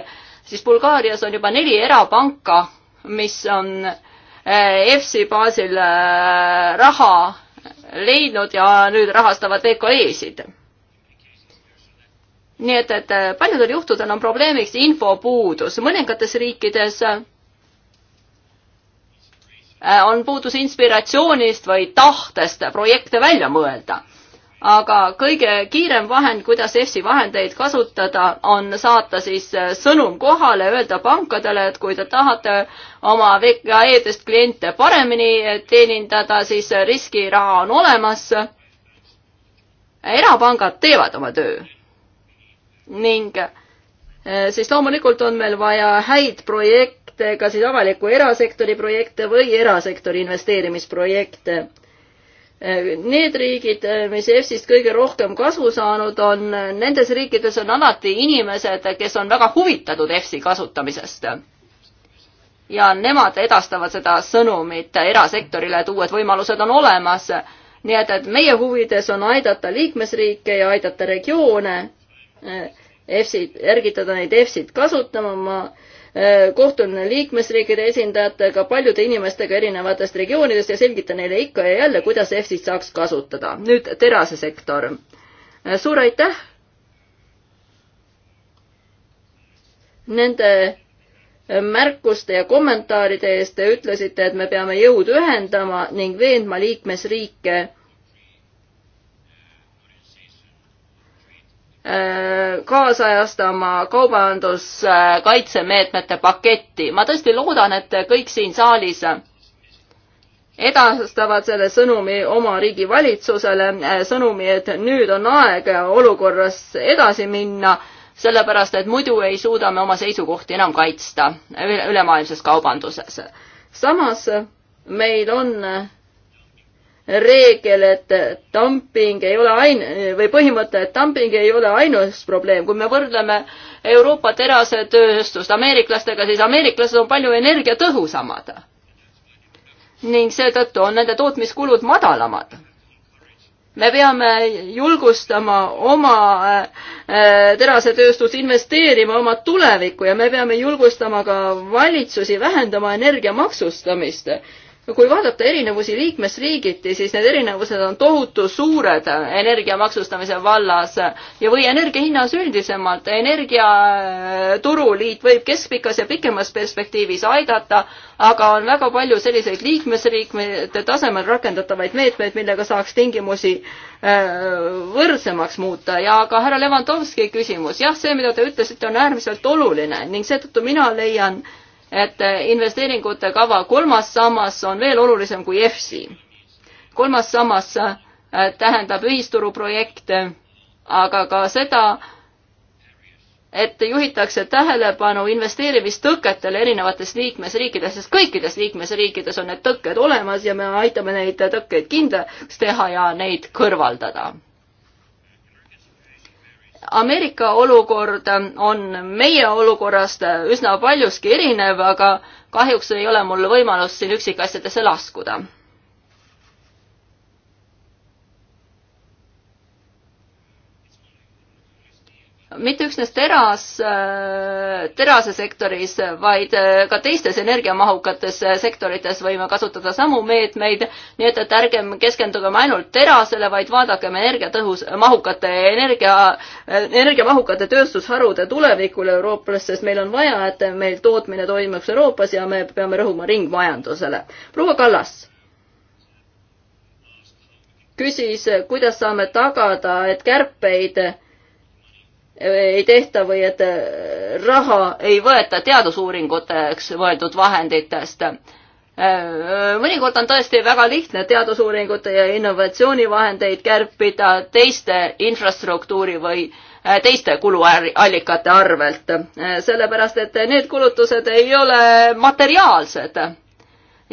siis Bulgaarias on juba neli erapanka, mis on äh, EFSI baasil raha leidnud ja nüüd rahastavad VKE-sid. nii et, et eh, paljudel juhtudel on probleemiks infopuudus, mõningates riikides eh, on puudus inspiratsioonist või tahtest projekte välja mõelda aga kõige kiirem vahend, kuidas EFSI vahendeid kasutada, on saata siis äh, sõnum kohale, öelda pankadele, et kui te tahate oma VKE-dest kliente paremini äh, teenindada, siis äh, riskiraha on olemas. erapangad teevad oma töö. ning siis loomulikult on meil vaja häid projekte, kas siis avaliku erasektori projekte või erasektori investeerimisprojekte Need riigid, mis EFSist kõige rohkem kasu saanud on, nendes riikides on alati inimesed, kes on väga huvitatud EFSi kasutamisest. ja nemad edastavad seda sõnumit erasektorile, et uued võimalused on olemas. nii et, et meie huvides on aidata liikmesriike ja aidata regioone eh, EFSi, ergitada neid EFSit kasutama, ma Äh, kohtun liikmesriikide esindajatega, paljude inimestega erinevatest regioonidest ja selgitan neile ikka ja jälle, kuidas EFSist saaks kasutada. nüüd terasesektor. Äh, suur aitäh nende äh, märkuste ja kommentaaride eest. Te ütlesite, et me peame jõud ühendama ning veendma liikmesriike Äh, kaasajastama kaubanduskaitsemeetmete paketti. ma tõesti loodan, et kõik siin saalis edastavad selle sõnumi oma riigi valitsusele, äh, sõnumi, et nüüd on aeg olukorras edasi minna, sellepärast et muidu ei suuda me oma seisukohti enam kaitsta ülemaailmses kaubanduses. samas meil on reegel, et dumping ei ole ain- või põhimõte, et dumping ei ole ainus probleem, kui me võrdleme Euroopa terasetööstust ameeriklastega, siis ameeriklased on palju energiatõhusamad. ning seetõttu on nende tootmiskulud madalamad me peame julgustama oma äh, äh, terasetööstust investeerima oma tulevikku ja me peame julgustama ka valitsusi vähendama energia maksustamist kui vaadata erinevusi liikmesriigiti, siis need erinevused on tohutu suured energia maksustamise vallas ja, või energia hinnas üldisemalt. energiaturuliit äh, võib keskpikas ja pikemas perspektiivis aidata, aga on väga palju selliseid liikmesriikide tasemel rakendatavaid meetmeid, millega saaks tingimusi äh, võrdsemaks muuta ja ka härra Levanovski küsimus, jah, see, mida te ütlesite, on äärmiselt oluline ning seetõttu mina leian, et investeeringute kava kolmas sammas on veel olulisem kui EFSI. kolmas sammas äh, tähendab ühisturuprojekte, aga ka seda, et juhitakse tähelepanu investeerimistõketele erinevates liikmesriikides, sest kõikides liikmesriikides on need tõkked olemas ja me aitame neid tõkkeid kindlaks teha ja neid kõrvaldada Ameerika olukord on meie olukorrast üsna paljuski erinev, aga kahjuks ei ole mul võimalust siin üksikasjadesse laskuda mitte üksnes teras, äh, terasesektoris, vaid äh, ka teistes energiamahukates äh, sektorites võime kasutada samu meetmeid, nii et, et ärgem keskendugem ainult terasele, vaid vaadakem energiatõhus, mahukate energia, energiamahukate tööstusharude tulevikule Euroopas, sest meil on vaja, et meil tootmine toimuks Euroopas ja me peame rõhuma ringmajandusele. proua Kallas küsis, kuidas saame tagada, et kärpeid ei tehta või et äh, raha ei võeta teadusuuringuteks võetud vahenditest. Äh, mõnikord on tõesti väga lihtne teadusuuringute ja innovatsioonivahendeid kärpida teiste infrastruktuuri või äh, teiste kuluallikate arvelt, sellepärast et need kulutused ei ole materiaalsed.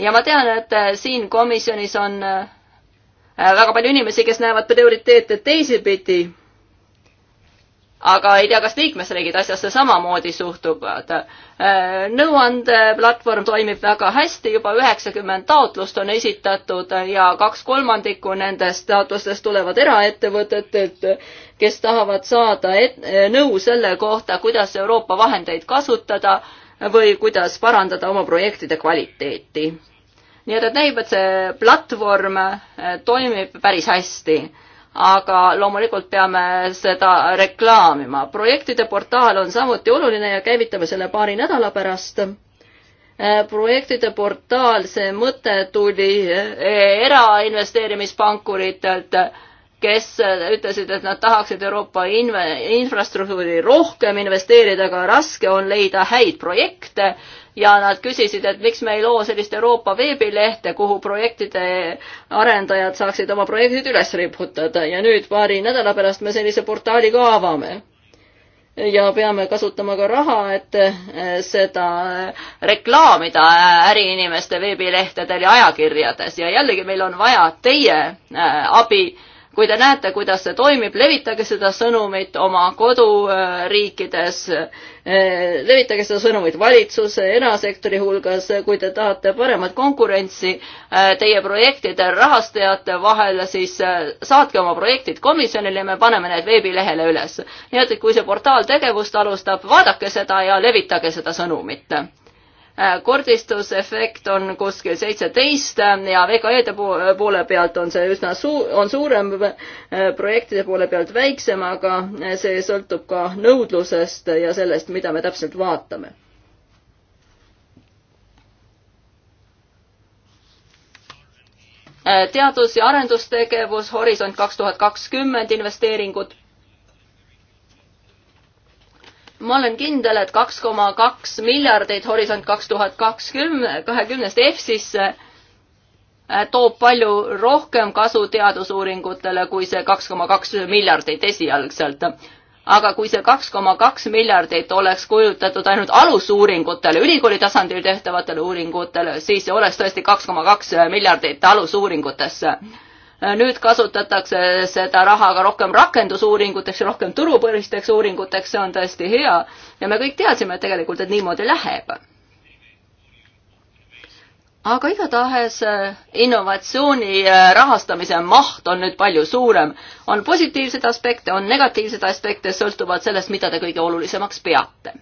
ja ma tean, et siin komisjonis on väga palju inimesi, kes näevad prioriteete teisipidi aga ei tea, kas liikmesriigid asjasse samamoodi suhtuvad. Äh, nõuandeplatvorm toimib väga hästi, juba üheksakümmend taotlust on esitatud ja kaks kolmandikku nendest taotlustest tulevad eraettevõtetelt, kes tahavad saada et, nõu selle kohta, kuidas Euroopa vahendeid kasutada või kuidas parandada oma projektide kvaliteeti. nii et, et näib, et see platvorm äh, toimib päris hästi aga loomulikult peame seda reklaamima. projektide portaal on samuti oluline ja käivitame selle paari nädala pärast. Äh, projektide portaal, see mõte tuli äh, erainvesteerimispankuritelt kes äh, ütlesid, et nad tahaksid Euroopa inve-, infrastruktuuri rohkem investeerida, aga raske on leida häid projekte ja nad küsisid, et miks me ei loo sellist Euroopa veebilehte, kuhu projektide arendajad saaksid oma projektid üles riputada ja nüüd paari nädala pärast me sellise portaali ka avame ja peame kasutama ka raha, et äh, seda reklaamida äriinimeste veebilehtedel ja ajakirjades ja jällegi meil on vaja teie äh, abi kui te näete, kuidas see toimib, levitage seda sõnumit oma koduriikides, eh, levitage seda sõnumit valitsuse, erasektori hulgas, kui te tahate paremat konkurentsi eh, teie projektide rahastajate vahel, siis eh, saatke oma projektid komisjonile ja me paneme need veebilehele üles. nii et, et kui see portaal tegevust alustab, vaadake seda ja levitage seda sõnumit Äh, kordistusefekt on kuskil seitseteist ja VKE-de poole pealt on see üsna suur, on suurem, äh, projektide poole pealt väiksem, aga see sõltub ka nõudlusest ja sellest, mida me täpselt vaatame. Äh, teadus- ja arendustegevus, Horisont kaks tuhat kakskümmend investeeringud ma olen kindel, et kaks koma kaks miljardit Horisont kaks tuhat kakskümmend, kahekümnest EFSisse äh, toob palju rohkem kasu teadusuuringutele kui see kaks koma kaks miljardit esialgselt. aga kui see kaks koma kaks miljardit oleks kujutatud ainult alusuuringutele, ülikooli tasandil tehtavatele uuringutele, siis oleks tõesti kaks koma kaks miljardit alusuuringutesse nüüd kasutatakse seda raha ka rohkem rakendusuuringuteks ja rohkem turupõhisteks uuringuteks, see on tõesti hea. ja me kõik teadsime et tegelikult, et niimoodi läheb. aga igatahes äh, innovatsiooni äh, rahastamise maht on nüüd palju suurem. on positiivseid aspekte, on negatiivseid aspekte, sõltuvalt sellest, mida te kõige olulisemaks peate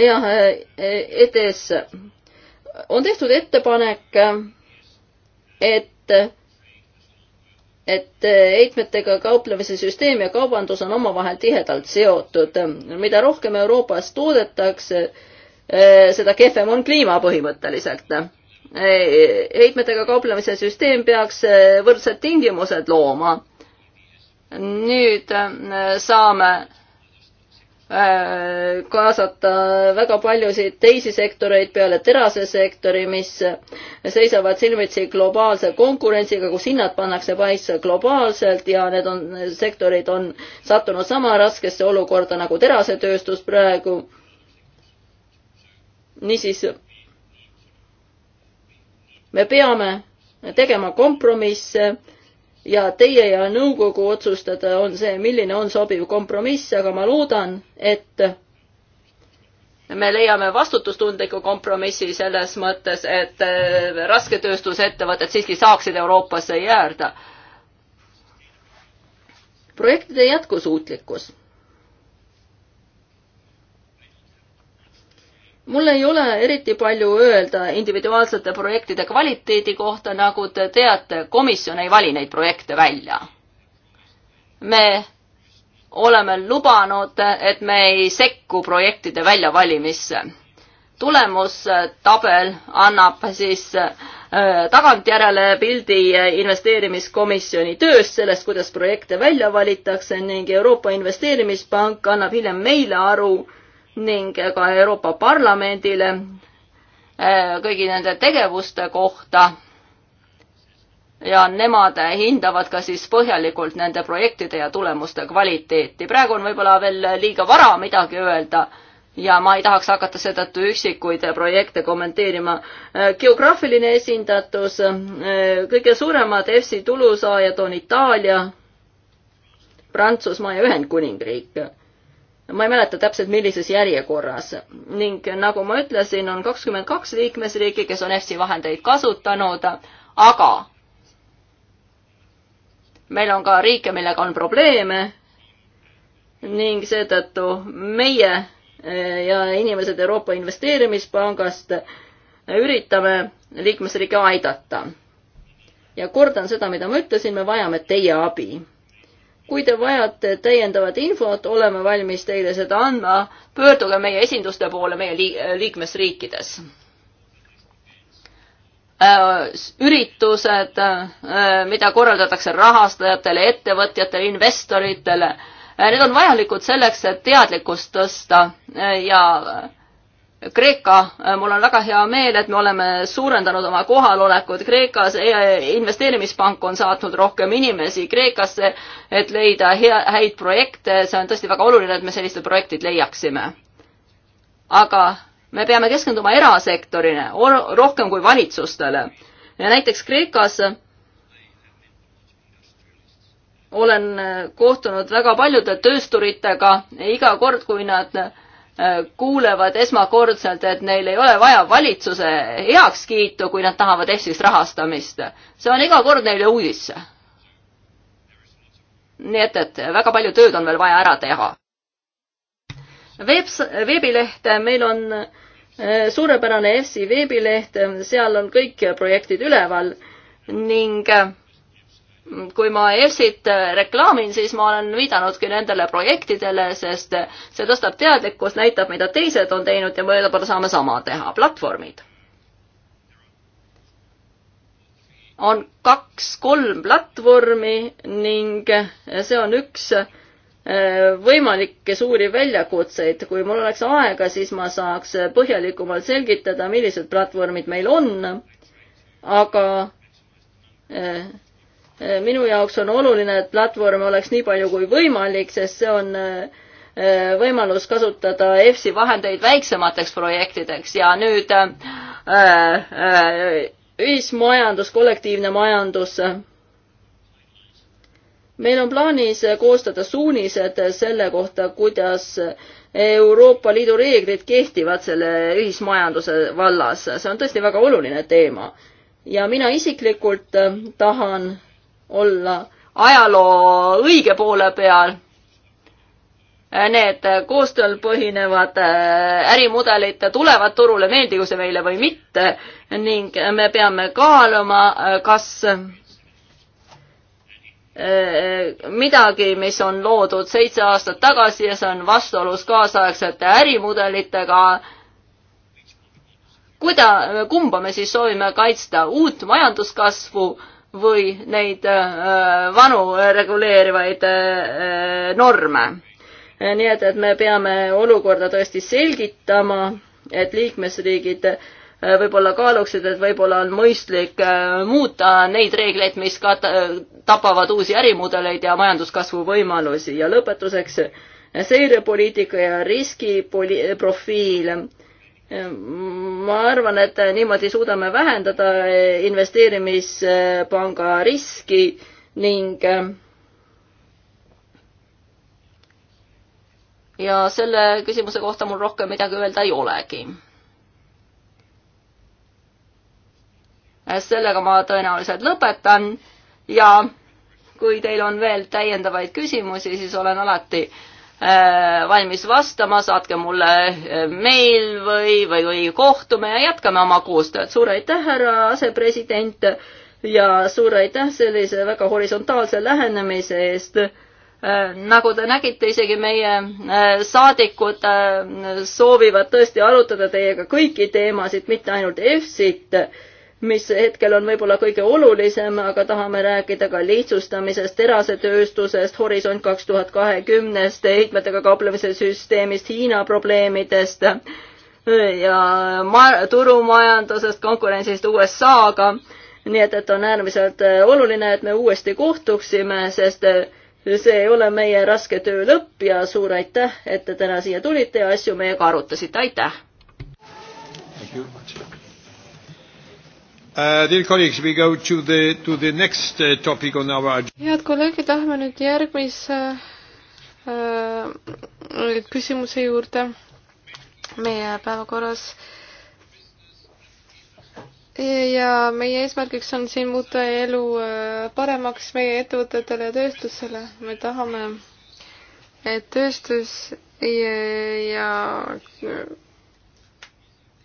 jah, edes on tehtud ettepanek, et, et heitmetega kauplemise süsteem ja kaubandus on omavahel tihedalt seotud. mida rohkem Euroopas toodetakse, e, seda kehvem on kliima põhimõtteliselt. E, heitmetega kauplemise süsteem peaks võrdsed tingimused looma. nüüd e, saame Äh, kaasata väga paljusid teisi sektoreid peale terasesektori, mis seisavad silmitsi globaalse konkurentsiga, kus hinnad pannakse paisse globaalselt ja need on, sektorid on sattunud sama raskesse olukorda nagu terasetööstus praegu. niisiis, me peame tegema kompromisse ja teie ja nõukogu otsustada on see, milline on sobiv kompromiss, aga ma loodan, et me leiame vastutustundliku kompromissi selles mõttes, et äh, rasketööstusettevõtted siiski saaksid Euroopasse jääda. projektide jätkusuutlikkus mul ei ole eriti palju öelda individuaalsete projektide kvaliteedi kohta, nagu te teate, komisjon ei vali neid projekte välja. me oleme lubanud, et me ei sekku projektide väljavalimisse. tulemustabel annab siis äh, tagantjärele pildi investeerimiskomisjoni tööst, sellest, kuidas projekte välja valitakse ning Euroopa Investeerimispank annab hiljem meile aru, ning ka Euroopa Parlamendile äh, kõigi nende tegevuste kohta. ja nemad hindavad ka siis põhjalikult nende projektide ja tulemuste kvaliteeti. praegu on võib-olla veel liiga vara midagi öelda ja ma ei tahaks hakata seetõttu üksikuid projekte kommenteerima. Äh, geograafiline esindatus, äh, kõige suuremad EFSI tulusaajad on Itaalia, Prantsusmaa ja Ühendkuningriik ma ei mäleta täpselt, millises järjekorras ning nagu ma ütlesin, on kakskümmend kaks liikmesriiki, kes on EFSI vahendeid kasutanud, aga meil on ka riike, millega on probleeme ning seetõttu meie eh, ja inimesed Euroopa Investeerimispangast eh, üritame liikmesriike aidata. ja kordan seda, mida ma ütlesin, me vajame teie abi kui te vajate täiendavat infot, oleme valmis teile seda andma. pöörduge meie esinduste poole meie liikmesriikides. Äh, üritused, äh, mida korraldatakse rahastajatele, ettevõtjatele, investoritele, äh, need on vajalikud selleks, et teadlikkust tõsta ja Kreeka, äh, mul on väga hea meel, et me oleme suurendanud oma kohalolekut Kreekas e, investeerimispank on saatnud rohkem inimesi Kreekasse, et leida hea, häid projekte, see on tõesti väga oluline, et me sellised projektid leiaksime. aga me peame keskenduma erasektorile rohkem kui valitsustele. näiteks Kreekas olen kohtunud väga paljude töösturitega, iga kord, kui nad äh, Äh, kuulevad esmakordselt, et neil ei ole vaja valitsuse heakskiitu, kui nad tahavad EFSist rahastamist. see on iga kord neile uudis. nii et, et väga palju tööd on veel vaja ära teha. Veebs, veebileht, meil on äh, suurepärane EFSi veebileht, seal on kõik projektid üleval ning äh, kui ma EFSit äh, reklaamin, siis ma olen viidanudki nendele projektidele, sest see tõstab teadlikkust, näitab, mida teised on teinud ja me võib-olla saame sama teha. platvormid. on kaks-kolm platvormi ning see on üks äh, võimalikke suuri väljakutseid. kui mul oleks aega, siis ma saaks põhjalikumalt selgitada, millised platvormid meil on, aga äh, Eh, minu jaoks on oluline, et platvorm oleks nii palju kui võimalik, sest see on eh, võimalus kasutada EFSI vahendeid väiksemateks projektideks ja nüüd äh, äh, ühismajandus, kollektiivne majandus. meil on plaanis koostada suunised selle kohta, kuidas Euroopa Liidu reeglid kehtivad selle ühismajanduse vallas, see on tõesti väga oluline teema. ja mina isiklikult tahan olla ajaloo õige poole peal. Need koostööl põhinevad äh, ärimudelid tulevad turule, meeldigu see meile või mitte ning me peame kaaluma, äh, kas äh, midagi, mis on loodud seitse aastat tagasi ja see on vastuolus kaasaegsete ärimudelitega, kuida-, kumba me siis soovime kaitsta, uut majanduskasvu või neid äh, vanu reguleerivaid äh, norme. Äh, nii et, et me peame olukorda tõesti selgitama, et liikmesriigid võib-olla kaaluksid, et võib-olla on mõistlik muuta neid reegleid, mis ka tapavad uusi ärimudeleid ja majanduskasvu võimalusi ja lõpetuseks seirepoliitika ja riskiprofiil ma arvan, et niimoodi suudame vähendada investeerimispanga riski ning ja selle küsimuse kohta mul rohkem midagi öelda ei olegi. sellega ma tõenäoliselt lõpetan ja kui teil on veel täiendavaid küsimusi, siis olen alati äh, Äh, valmis vastama, saatke mulle äh, meil või, või, või kohtume ja jätkame oma koostööd. suur aitäh, härra asepresident ja suur aitäh sellise väga horisontaalse lähenemise eest äh, nagu te nägite, isegi meie saadikud soovivad tõesti arutada teiega kõiki teemasid, mitte ainult EFSit mis hetkel on võib-olla kõige olulisem, aga tahame rääkida ka lihtsustamisest, terasetööstusest, Horisont kaks tuhat kahekümnest, heitmetega kauplemise süsteemist, Hiina probleemidest ja ma-, turumajandusest, konkurentsist USA-ga. nii et, et on äärmiselt oluline, et me uuesti kohtuksime, sest see ei ole meie raske töö lõpp ja suur aitäh, et te täna siia tulite ja asju meiega arutasite, aitäh! Thank you. Uh, dear colleagues, we go to the, to the next uh, topic on our head kolleegid, lähme nüüd järgmise uh, küsimuse juurde meie päevakorras. ja meie eesmärgiks on siin muuta elu uh, paremaks meie ettevõtetele ja tööstusele. me tahame, et tööstus ja, ja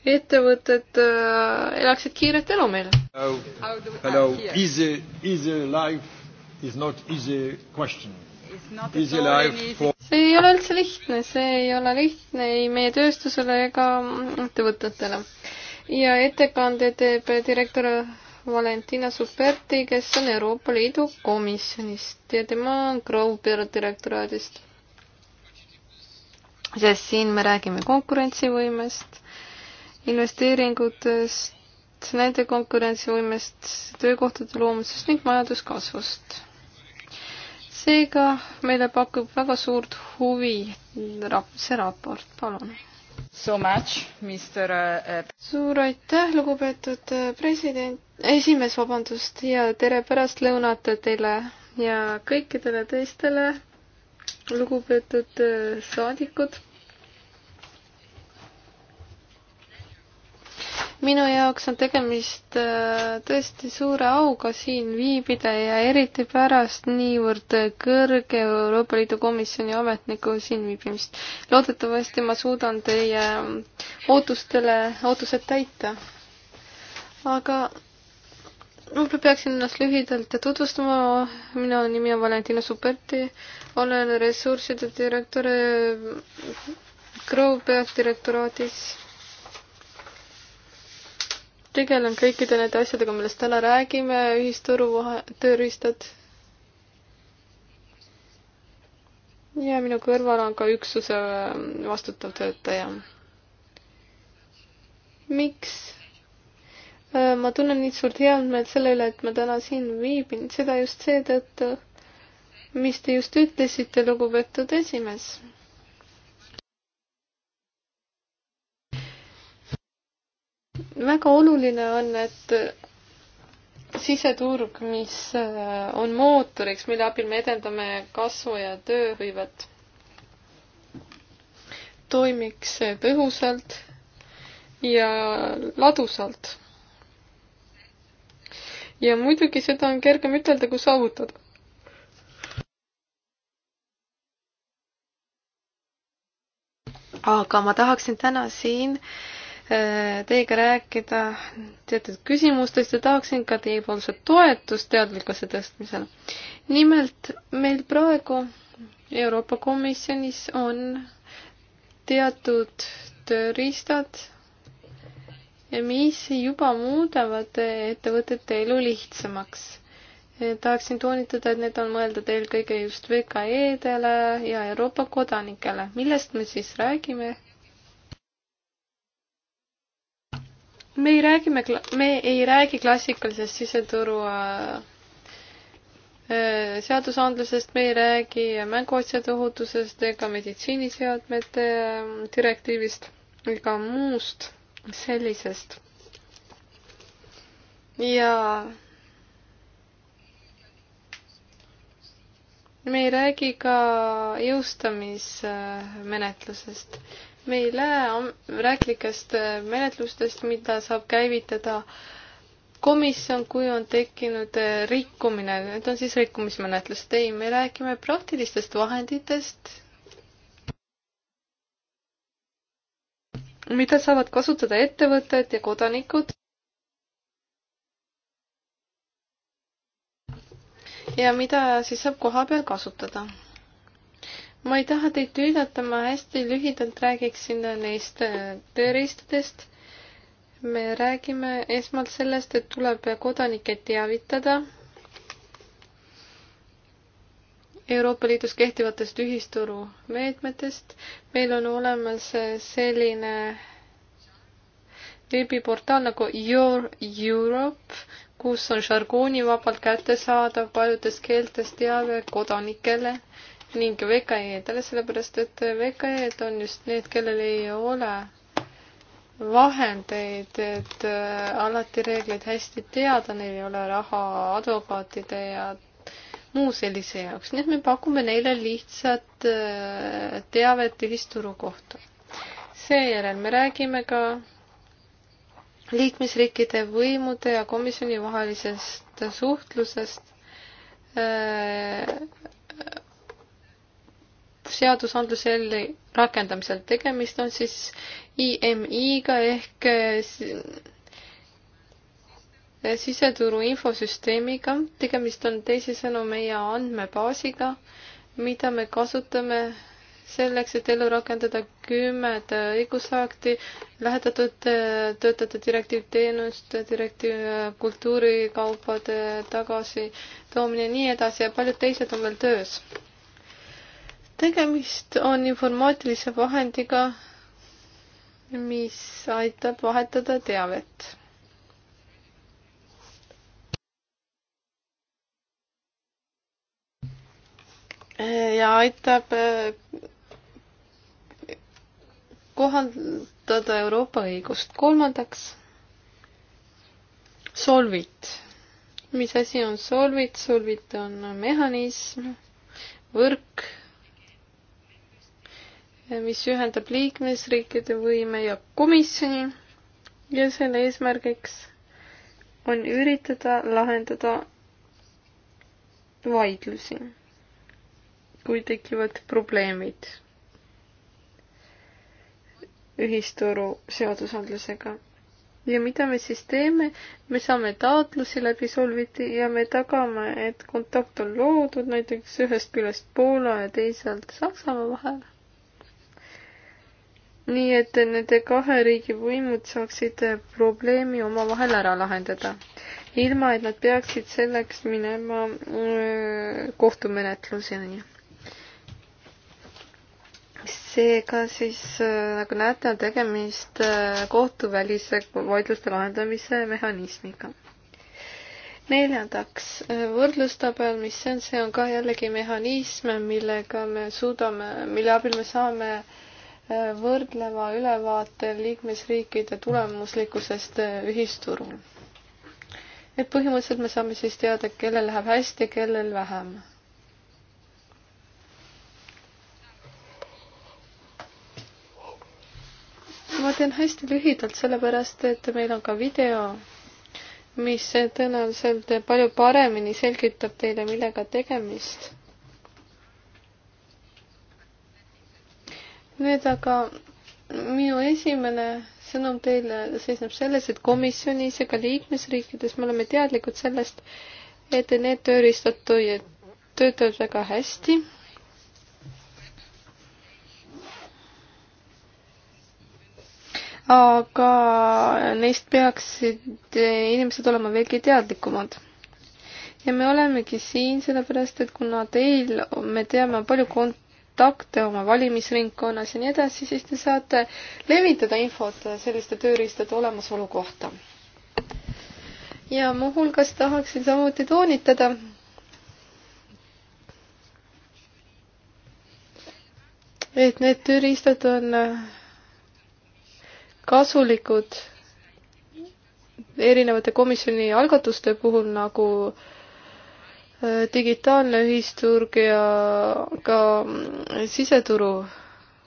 ettevõtted äh, elaksid kiiret elu meil. Hello, ah, easy, easy life is not easy question. Easy life for... see ei ole üldse lihtne, see ei ole lihtne ei meie tööstusele ega mm, ettevõtetele. ja ettekande teeb direktor Valentina Superti, kes on Euroopa Liidu komisjonist ja tema on Grove peadirektoraadist. sest siin me räägime konkurentsivõimest investeeringutest, nende konkurentsivõimest, töökohtade loomisest ning majanduskasvust. seega meile pakub väga suurt huvi see raport, palun. So much, Mr. Äh, äh, suur aitäh, lugupeetud äh, president, esimees, vabandust, ja tere pärastlõunat teile ja kõikidele teistele, lugupeetud saadikud minu jaoks on tegemist äh, tõesti suure auga siin viibida ja eriti pärast niivõrd kõrge Euroopa Liidu Komisjoni ametniku siin viibimist. loodetavasti ma suudan teie ähm, ootustele, ootused täita. aga ma peaksin ennast lühidalt tutvustama, minu nimi on Valentina Superti, olen ressursside direktor äh, Grove peadirektoraadis tegelen kõikide nende asjadega, millest täna räägime, ühisturu vahe, tööriistad. ja minu kõrval on ka üksuse ähm, vastutav töötaja. miks? Äh, ma tunnen nii suurt heameelt selle üle, et ma täna siin viibin, seda just seetõttu, mis te just ütlesite, lugupeetud esimees väga oluline on, et siseturg, mis äh, on mootoriks, mille abil me edendame kasvu ja tööhõivet, toimiks tõhusalt ja ladusalt. ja muidugi seda on kergem ütelda kui saavutada. aga ma tahaksin täna siin äh, Äh, teiega rääkida teatud küsimustest ja tahaksin ka teiepoolset toetust teadlikkuse tõstmisel. nimelt meil praegu Euroopa Komisjonis on teatud tööriistad, mis juba muudavad ettevõtete elu lihtsamaks. Äh, tahaksin toonitada, et need on mõeldud eelkõige just VKE-dele ja Euroopa kodanikele. millest me siis räägime? me ei räägi, me, me ei räägi klassikalisest siseturu äh, äh, seadusandlusest, me ei räägi mänguotsijate ohutusest ega meditsiiniseadmete äh, direktiivist ega muust sellisest. ja me ei räägi ka jõustamismenetlusest me ei lähe rääklikest äh, menetlustest, mida saab käivitada komisjon, kui on tekkinud äh, rikkumine, need on siis rikkumismenetlused, ei, me räägime praktilistest vahenditest, mida saavad kasutada ettevõtted ja kodanikud. ja mida siis saab kohapeal kasutada ma ei taha teid tüüdata, ma hästi lühidalt räägiksin neist äh, tööriistadest. me räägime esmalt sellest, et tuleb kodanikke teavitada Euroopa Liidus kehtivatest ühisturu meetmetest. meil on olemas äh, selline veebiportaal nagu Your Europe, kus on žargoonivabalt kättesaadav paljudes keeltes teave kodanikele ning VKE-dele, sellepärast et VKE-d on just need, kellel ei ole vahendeid, et äh, alati reegleid hästi teada, neil ei ole raha advokaatide ja muu sellise jaoks, nii et me pakume neile lihtsat äh, teavet ühisturu kohta. seejärel me räägime ka liikmesriikide võimude ja komisjoni vahelisest suhtlusest äh, seadusandluse rakendamisel. tegemist on siis IMI-ga ehk eh, siseturu infosüsteemiga. tegemist on teisisõnu meie andmebaasiga, mida me kasutame selleks, et ellu rakendada kümmet eh, õigusakti, lähetatud eh, töötajate direktiiv, teenuste direktiiv, kultuurikaupade tagasitoomine ja nii edasi ja paljud teised on veel töös tegemist on informaatilise vahendiga, mis aitab vahetada teavet ja aitab eh, kohandada Euroopa õigust. kolmandaks, solvit. mis asi on solvit? solvit on mehhanism, võrk mis ühendab liikmesriikide võime ja komisjoni ja selle eesmärgiks on üritada lahendada vaidlusi, kui tekivad probleemid ühisturu seadusandlusega. ja mida me siis teeme? me saame taotlusi läbi Solviti ja me tagame, et kontakt on loodud näiteks ühest küljest Poola ja teisalt Saksamaa vahel nii et nende kahe riigi võimud saaksid äh, probleemi omavahel ära lahendada, ilma et nad peaksid selleks minema äh, kohtumenetluseni. seega siis, äh, nagu näete, on tegemist kohtuvälise vaidluste lahendamise mehhanismiga. neljandaks, võrdlustabel, mis see on, see on ka jällegi mehhanism, millega me suudame, mille abil me saame äh, võrdleva ülevaate liikmesriikide tulemuslikkusest ühisturul. et põhimõtteliselt me saame siis teada, kellel läheb hästi, kellel vähem. ma teen hästi lühidalt, sellepärast et meil on ka video, mis tõenäoliselt palju paremini selgitab teile, millega tegemist nüüd aga minu esimene sõnum teile seisneb selles, et komisjonis ega liikmesriikides me oleme teadlikud sellest, et need tööriistad töötavad väga hästi. aga neist peaksid inimesed olema veelgi teadlikumad ja me olemegi siin sellepärast, et kuna teil, me teame palju kont-, kontakte oma valimisringkonnas ja nii edasi, siis te saate levitada infot selliste tööriistade olemasolu kohta. ja muuhulgas tahaksin samuti toonitada, et need tööriistad on kasulikud erinevate komisjoni algatuste puhul, nagu äh, digitaalne ühisturg ja ka siseturu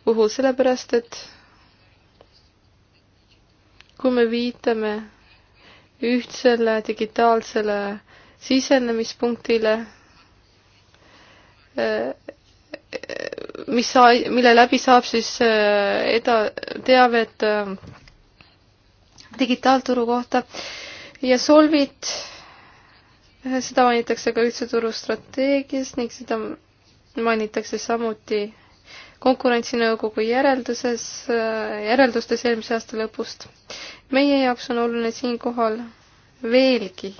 puhul, sellepärast et kui me viitame ühtsele digitaalsele sisenemispunktile, mis saa-, mille läbi saab siis eh, eda-, teavet eh, digitaalturu kohta ja Solvit seda mainitakse ka ühtse turu strateegias ning seda mainitakse samuti konkurentsinõukogu järelduses, järeldustes eelmise aasta lõpust. meie jaoks on oluline siinkohal veelgi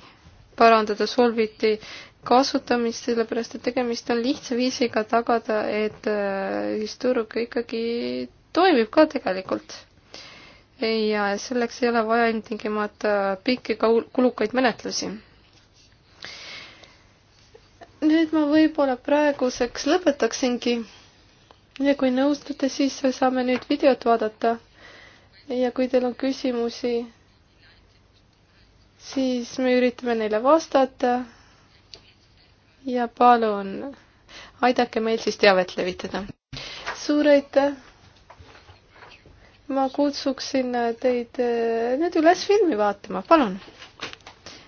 parandada Solviti kasutamist, sellepärast et tegemist on lihtsa viisiga tagada, et äh, ühisturg ikkagi toimib ka tegelikult. ja selleks ei ole vaja ilmtingimata pikki kulukaid menetlusi nüüd ma võib-olla praeguseks lõpetaksingi. ja kui nõustute, siis saame nüüd videot vaadata. ja kui teil on küsimusi, siis me üritame neile vastata. ja palun aidake meil siis teavet levitada. suur aitäh! ma kutsuksin teid nüüd üles filmi vaatama, palun!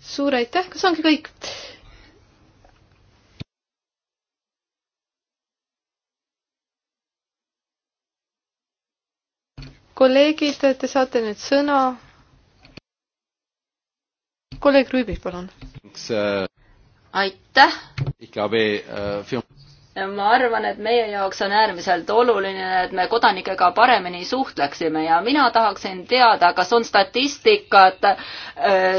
suur aitäh, kas ongi kõik? kolleegid, te saate nüüd sõna. kolleeg Rüübik, palun. Äh, aitäh ma arvan, et meie jaoks on äärmiselt oluline, et me kodanikega paremini suhtleksime ja mina tahaksin teada, kas on statistikat äh,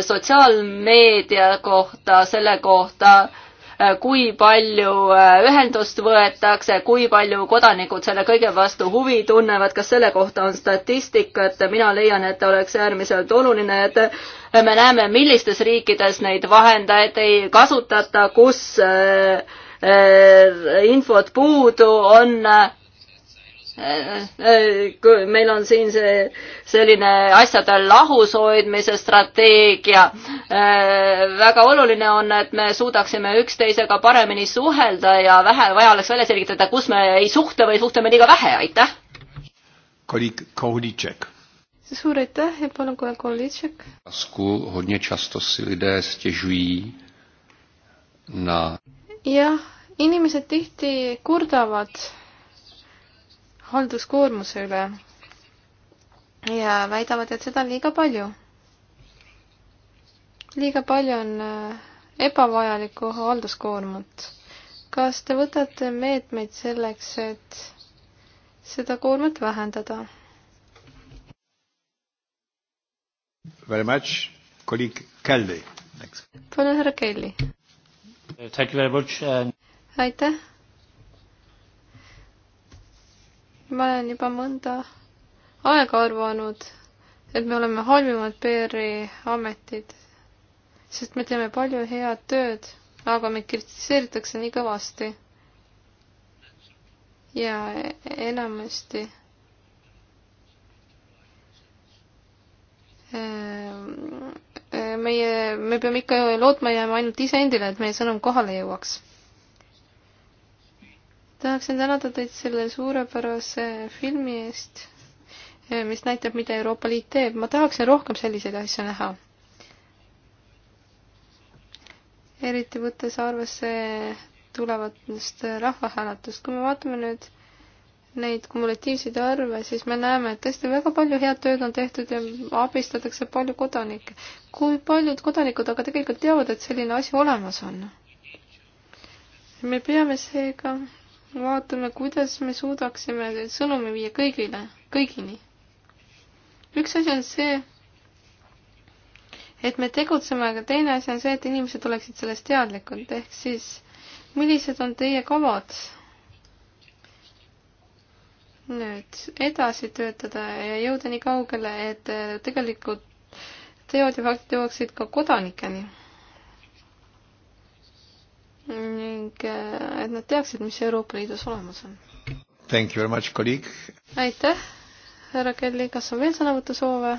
sotsiaalmeedia kohta, selle kohta, äh, kui palju äh, ühendust võetakse, kui palju kodanikud selle kõige vastu huvi tunnevad, kas selle kohta on statistikat, mina leian, et oleks äärmiselt oluline, et me näeme, millistes riikides neid vahendajaid ei kasutata, kus äh, Äh, infot puudu, on äh, äh, kui meil on siin see selline asjade lahushoidmise strateegia, väga oluline on, et me suudaksime üksteisega paremini suhelda ja vähe, vaja oleks välja selgitada, kus me ei suhtle või suhtleme liiga vähe, aitäh. kolleeg Kohlitšek. suur aitäh ja palun kohe Kohlitšek. Hodně často si lidé stěžují na jah, inimesed tihti kurdavad halduskoormuse üle ja väidavad, et seda on liiga palju. liiga palju on äh, ebavajalikku halduskoormat. kas te võtate meetmeid selleks, et seda koormat vähendada? Very much, kolleeg Kelly. palun, härra Kelly aitäh. ma olen juba mõnda aega arvanud, et me oleme halvimad PR-i ametid, sest me teeme palju head tööd, aga meid kritiseeritakse nii kõvasti. ja enamasti ehm, meie, me peame ikka lootma jääma ainult iseendile, et meie sõnum kohale jõuaks. tahaksin tänada teid selle suurepärase filmi eest, mis näitab, mida Euroopa Liit teeb. ma tahaksin rohkem selliseid asju näha. eriti võttes arvesse tulevatest rahvahääletust, kui me vaatame nüüd neid kumulatiivseid arve, siis me näeme, et tõesti väga palju head tööd on tehtud ja abistatakse palju kodanikke. kui paljud kodanikud aga tegelikult teavad, et selline asi olemas on? me peame seega vaatame, kuidas me suudaksime sõnumi viia kõigile, kõigini. üks asi on see, et me tegutseme, aga teine asi on see, et inimesed oleksid sellest teadlikud, ehk siis millised on teie kavad nüüd edasi töötada ja jõuda nii kaugele, et äh, tegelikult teod ja faktid jõuaksid ka kodanikeni. ning äh, et nad teaksid, mis Euroopa Liidus olemas on. Thank you very much, kolleeg. aitäh, härra Kelly, kas on veel sõnavõtusoove?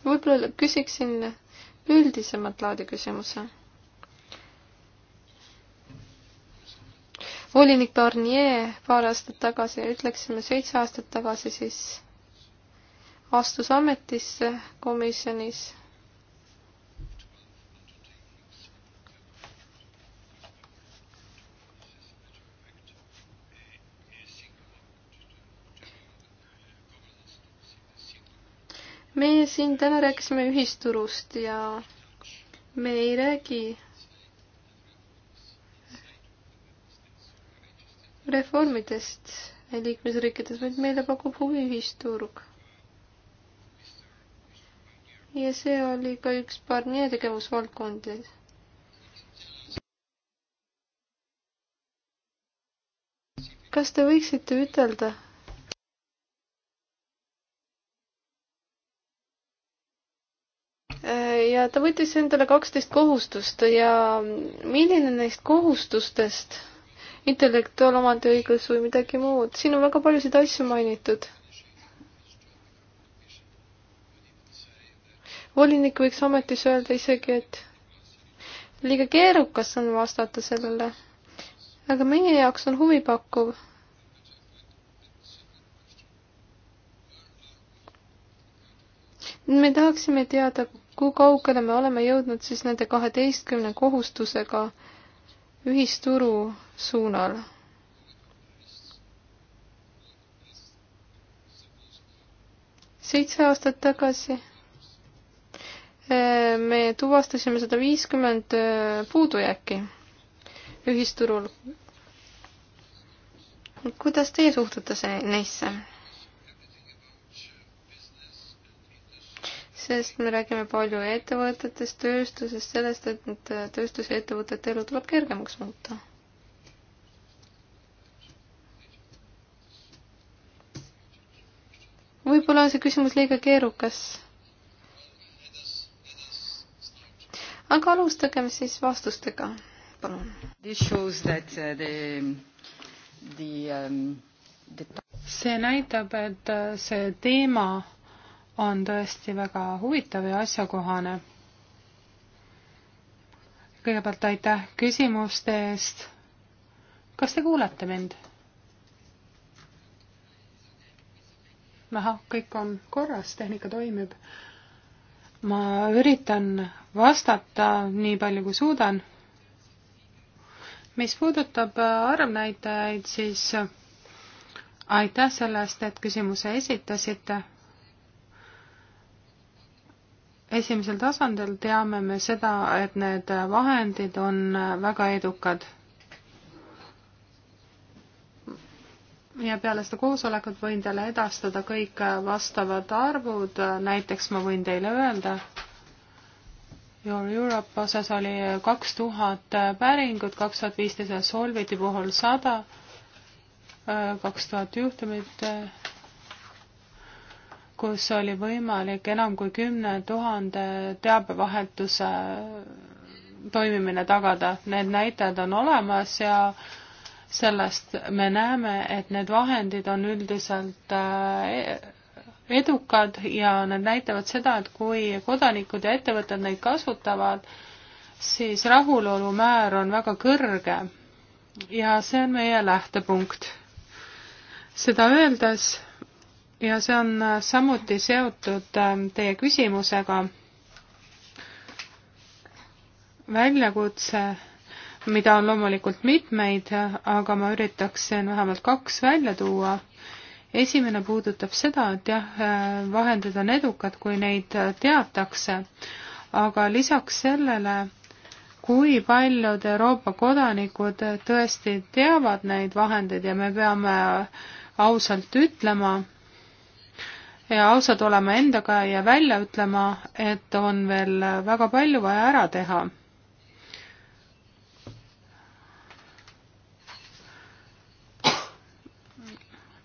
võib-olla küsiksin üldisemat laadi küsimuse volinik Barnier paar aastat tagasi, ütleksime seitse aastat tagasi siis, astus ametisse komisjonis. meie siin täna rääkisime ühisturust ja me ei räägi reformidest liikmesriikides, vaid meile pakub huvi ühisturg. ja see oli ka üks Barnier tegevusvaldkondi. kas te võiksite ütelda, ja ta võttis endale kaksteist kohustust ja milline neist kohustustest intellektuaalomandi õigus või midagi muud. siin on väga paljusid asju mainitud. volinik võiks ametis öelda isegi, et liiga keerukas on vastata sellele. aga meie jaoks on huvipakkuv me tahaksime teada, kui kaugele me oleme jõudnud siis nende kaheteistkümne kohustusega ühisturu suunal. seitse aastat tagasi eh, me tuvastasime sada viiskümmend eh, puudujääki ühisturul. kuidas teie suhtute see, neisse? sest me räägime palju ettevõtetest, tööstusest, sellest, et äh, tööstuse ettevõtete elu tuleb kergemaks muuta. võib-olla on see küsimus liiga keerukas. aga alustagem siis vastustega, palun. Uh, um, see näitab, et uh, see teema on tõesti väga huvitav ja asjakohane. kõigepealt aitäh küsimuste eest. kas te kuulete mind? ahah, kõik on korras, tehnika toimib. ma üritan vastata nii palju, kui suudan. mis puudutab arvnäitajaid, siis aitäh selle eest, et küsimuse esitasite esimesel tasandil teame me seda, et need vahendid on väga edukad. ja peale seda koosolekut võin teile edastada kõik vastavad arvud, näiteks ma võin teile öelda, Your Europe osas oli kaks tuhat päringut, kaks tuhat viisteist Solviti puhul sada, kaks tuhat juhtumit kus oli võimalik enam kui kümne tuhande teabevahetuse toimimine tagada. Need näitajad on olemas ja sellest me näeme, et need vahendid on üldiselt äh, edukad ja need näitavad seda, et kui kodanikud ja ettevõtted neid kasutavad, siis rahulolu määr on väga kõrge. ja see on meie lähtepunkt. seda öeldes ja see on äh, samuti seotud ähm, teie küsimusega väljakutse, mida on loomulikult mitmeid, aga ma üritaksin vähemalt kaks välja tuua. esimene puudutab seda, et jah, äh, vahendid on edukad, kui neid äh, teatakse, aga lisaks sellele, kui paljud Euroopa kodanikud tõesti teavad neid vahendeid ja me peame ausalt ütlema, ja ausad olema endaga ja välja ütlema, et on veel väga palju vaja ära teha.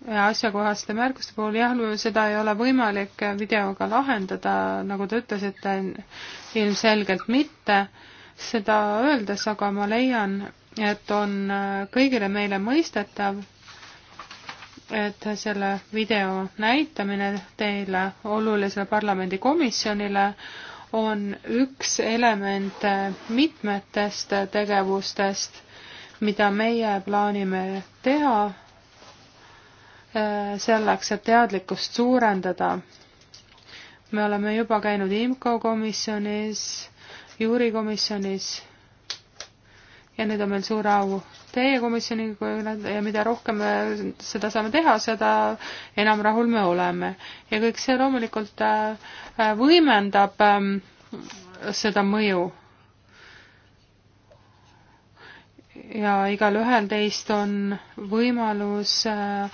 ja asjakohaste märkuste puhul jah, seda ei ole võimalik videoga lahendada, nagu te ütlesite, ilmselgelt mitte seda öeldes, aga ma leian, et on kõigile meile mõistetav et selle video näitamine teile olulisele parlamendikomisjonile on üks element mitmetest tegevustest, mida meie plaanime teha äh, selleks, et teadlikkust suurendada. me oleme juba käinud IMCO komisjonis, juurikomisjonis ja nüüd on meil suur au teie komisjoniga ja mida rohkem me seda saame teha, seda enam rahul me oleme. ja kõik see loomulikult äh, võimendab ähm, seda mõju. ja igalühel teist on võimalus äh,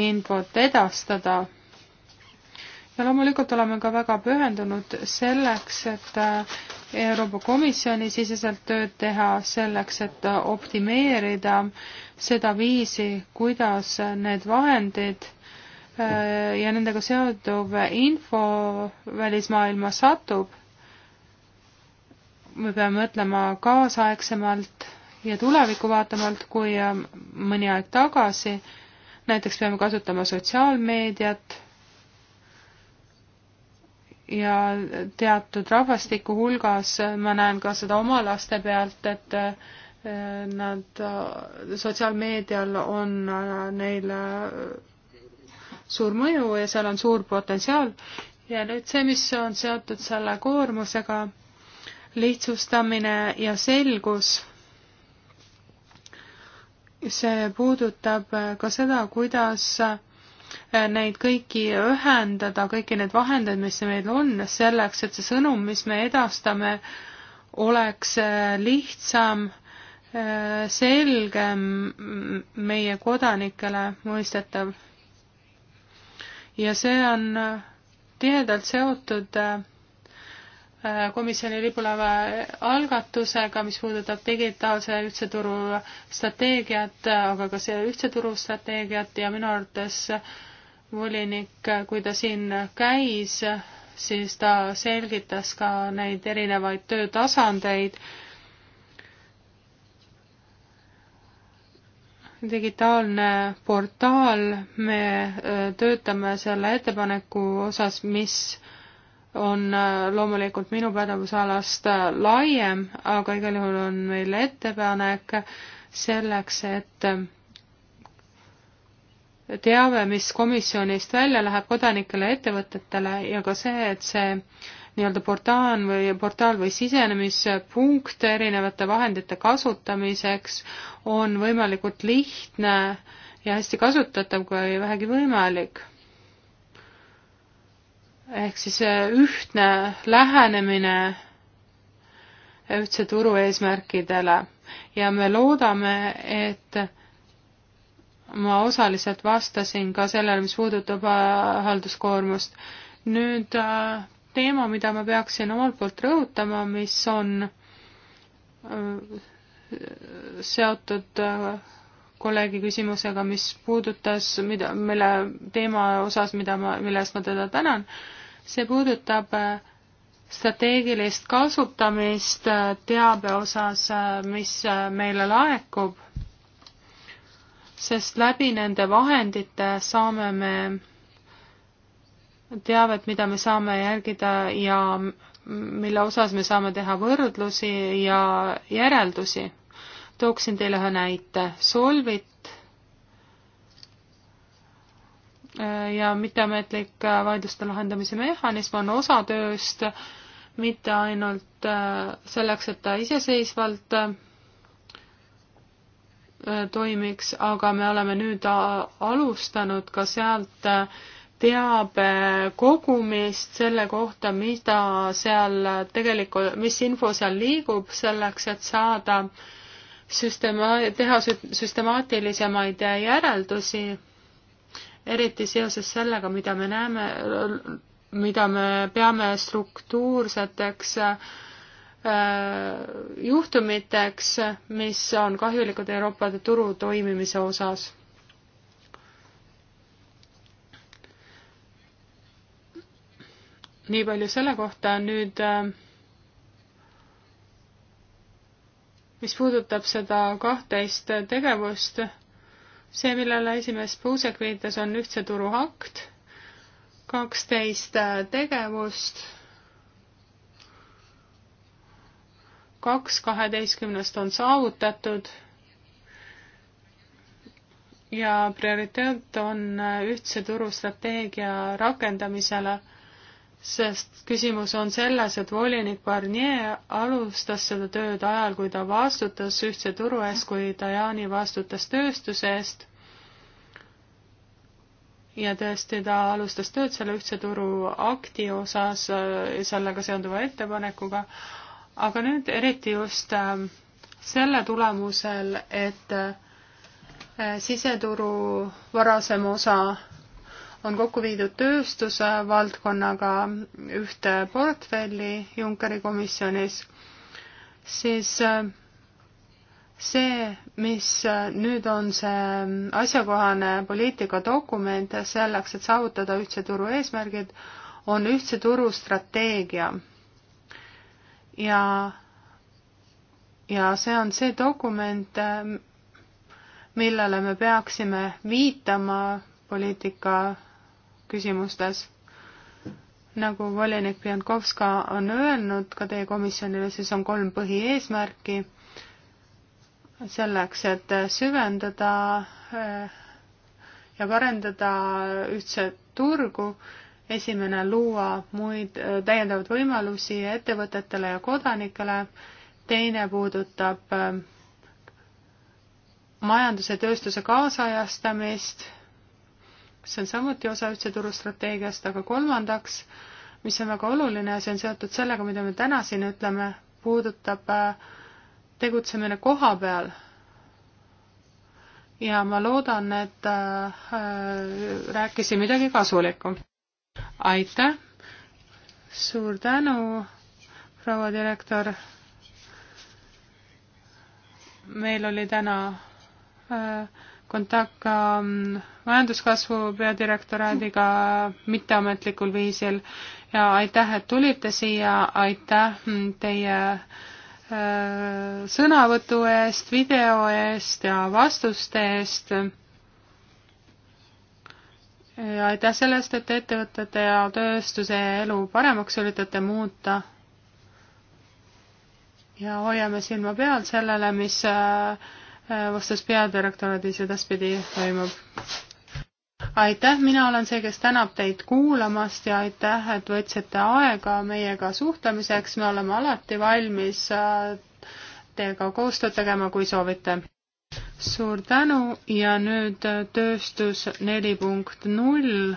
infot edastada. ja loomulikult oleme ka väga pühendunud selleks, et äh, Euroopa Komisjoni siseselt tööd teha selleks, et optimeerida seda viisi, kuidas need vahendid äh, ja nendega seonduv info välismaailma satub. me peame mõtlema kaasaegsemalt ja tulevikku vaatavalt kui äh, mõni aeg tagasi. näiteks peame kasutama sotsiaalmeediat ja teatud rahvastiku hulgas ma näen ka seda oma laste pealt, et eh, nad eh, sotsiaalmeedial on eh, neile suur mõju ja seal on suur potentsiaal. ja nüüd see, mis on seotud selle koormusega, lihtsustamine ja selgus, see puudutab ka seda, kuidas neid kõiki ühendada, kõiki neid vahendeid, mis meil on, selleks, et see sõnum, mis me edastame, oleks äh, lihtsam, äh, selgem meie kodanikele mõistetav. ja see on äh, tihedalt seotud komisjoni lipulaeva algatusega, mis puudutab digitaalse ühtse turu strateegiat, aga ka see ühtse turu strateegiat ja minu arvates volinik, kui ta siin käis, siis ta selgitas ka neid erinevaid töötasandeid. digitaalne portaal, me äh, töötame selle ettepaneku osas, mis on äh, loomulikult minu pädevusalast äh, laiem, aga igal juhul on meil ettepanek selleks, et äh, teave, mis komisjonist välja läheb kodanikele ja ettevõtetele ja ka see, et see nii-öelda portaal või portaal või sisenemispunkt erinevate vahendite kasutamiseks on võimalikult lihtne ja hästi kasutatav, kui vähegi võimalik ehk siis eh, ühtne lähenemine ühtse turu eesmärkidele ja me loodame, et ma osaliselt vastasin ka sellele, mis puudutab eh, halduskoormust. nüüd eh, teema, mida ma peaksin omalt poolt rõhutama, mis on seotud kolleegi küsimusega, mis puudutas, mida, mille teema osas, mida ma, mille eest ma teda tänan, see puudutab äh, strateegilist kasutamist äh, teabe osas, äh, mis meile laekub, sest läbi nende vahendite saame me teavet, mida me saame järgida ja mille osas me saame teha võrdlusi ja järeldusi. tooksin teile ühe näite. Solvit ja mitteametlik äh, vaidluste lahendamise mehhanism on osa tööst, mitte ainult äh, selleks, et ta iseseisvalt äh, toimiks, aga me oleme nüüd alustanud ka sealt teabe kogumist selle kohta, mida seal tegelikult, mis info seal liigub, selleks et saada süstema-, teha süstemaatilisemaid järeldusi eriti seoses sellega, mida me näeme, mida me peame struktuurseteks äh, juhtumiteks, mis on kahjulikud Euroopa turu toimimise osas nii palju selle kohta, nüüd äh, mis puudutab seda kahtteist tegevust, see, millele esimees Puusek viitas, on ühtse turu akt, kaksteist äh, tegevust, kaks kaheteistkümnest on saavutatud ja prioriteet on äh, ühtse turustrateegia rakendamisele sest küsimus on selles, et volinik Barnier alustas seda tööd ajal, kui ta vastutas ühtse turu eest, kui Tajani vastutas tööstuse eest. ja tõesti, ta alustas tööd selle ühtse turu akti osas, äh, sellega seonduva ettepanekuga, aga nüüd eriti just äh, selle tulemusel, et äh, siseturu varasem osa on kokku viidud tööstuse valdkonnaga ühte portfelli Junckeri komisjonis, siis äh, see, mis äh, nüüd on see mm, asjakohane poliitikadokument selleks, et saavutada ühtse turu eesmärgid, on ühtse turu strateegia. ja, ja see on see dokument, äh, millele me peaksime viitama poliitika küsimustes. nagu volinik Pjankovska on öelnud ka teie komisjonile, siis on kolm põhieesmärki selleks, et süvendada eh, ja parendada ühtset turgu. esimene, luua muid eh, täiendavaid võimalusi ettevõtetele ja kodanikele. teine puudutab eh, majanduse tööstuse kaasajastamist see on samuti osa ühtse turu strateegiast, aga kolmandaks, mis on väga oluline ja see on seotud sellega, mida me täna siin ütleme, puudutab äh, tegutsemine koha peal. ja ma loodan, et äh, rääkisin midagi kasulikku. aitäh, suur tänu, proua direktor. meil oli täna äh, kontakt ka mm, majanduskasvu peadirektoraadiga mitteametlikul viisil ja aitäh, et tulite siia, aitäh mm, teie äh, sõnavõtu eest, video eest ja vastuste eest. ja aitäh selle eest, et ettevõtete ja tööstuse elu paremaks üritate muuta. ja hoiame silma peal sellele, mis äh, Äh, vastas peadirektoraadis edaspidi toimub. aitäh, mina olen see, kes tänab teid kuulamast ja aitäh, et võtsite aega meiega suhtlemiseks, me oleme alati valmis äh, teiega koostööd tegema, kui soovite. suur tänu ja nüüd äh, tööstus neli punkt null.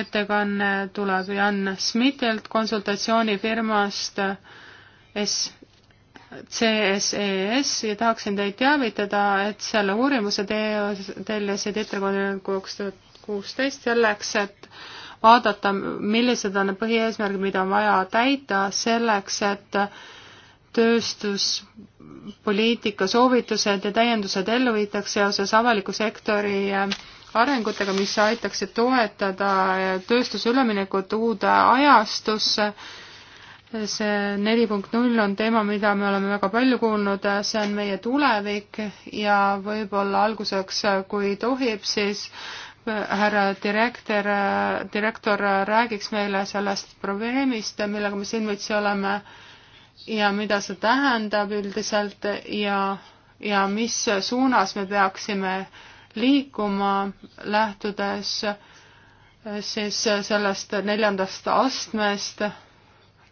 ettekanne tuleb Jan Schmidtilt konsultatsioonifirmast S CSES e ja tahaksin teid teavitada, et selle uurimuse tellisid ettekanne kaks tuhat kuusteist selleks, et vaadata, millised on need põhieesmärgid, mida on vaja täita selleks, et tööstuspoliitika soovitused ja täiendused ellu viidaks seoses avaliku sektori eh, arengutega, mis aitaksid toetada eh, tööstuse üleminekut uude ajastusse see neli punkt null on teema, mida me oleme väga palju kuulnud, see on meie tulevik ja võib-olla alguseks, kui tohib, siis äh, härra direktor, äh, direktor räägiks meile sellest probleemist, millega me silmitsi oleme ja mida see tähendab üldiselt ja, ja mis suunas me peaksime liikuma, lähtudes äh, siis sellest neljandast astmest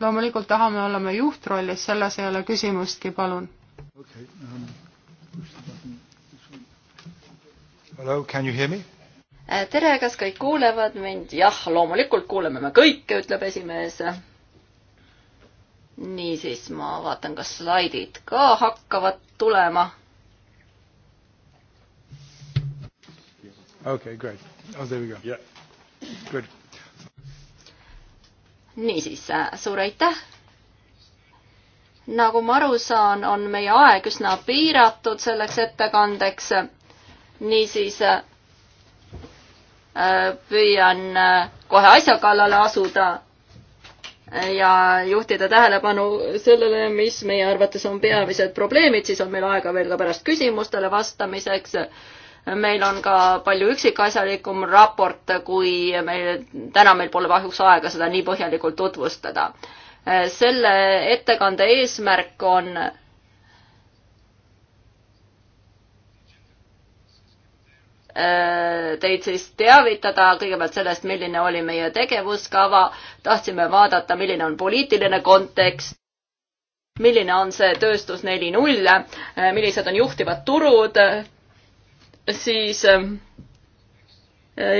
loomulikult tahame olla me juhtrollis, selles ei ole küsimustki, palun okay,. Um, Hello, can you hear me? Äh, tere, kas kõik kuulevad mind? jah, loomulikult kuuleme me kõike, ütleb esimees. niisiis, ma vaatan, kas slaidid ka hakkavad tulema. okei okay,, great. Oh, there we go yeah.. Good niisiis, äh, suur aitäh! nagu ma aru saan, on meie aeg üsna piiratud selleks ettekandeks. niisiis äh, püüan äh, kohe asja kallale asuda ja juhtida tähelepanu sellele, mis meie arvates on peamised probleemid, siis on meil aega veel ka pärast küsimustele vastamiseks meil on ka palju üksikasjalikum raport, kui meil, täna meil pole kahjuks aega seda nii põhjalikult tutvustada. selle ettekande eesmärk on teid siis teavitada kõigepealt sellest, milline oli meie tegevuskava, tahtsime vaadata, milline on poliitiline kontekst, milline on see tööstus neli null, millised on juhtivad turud, siis ähm,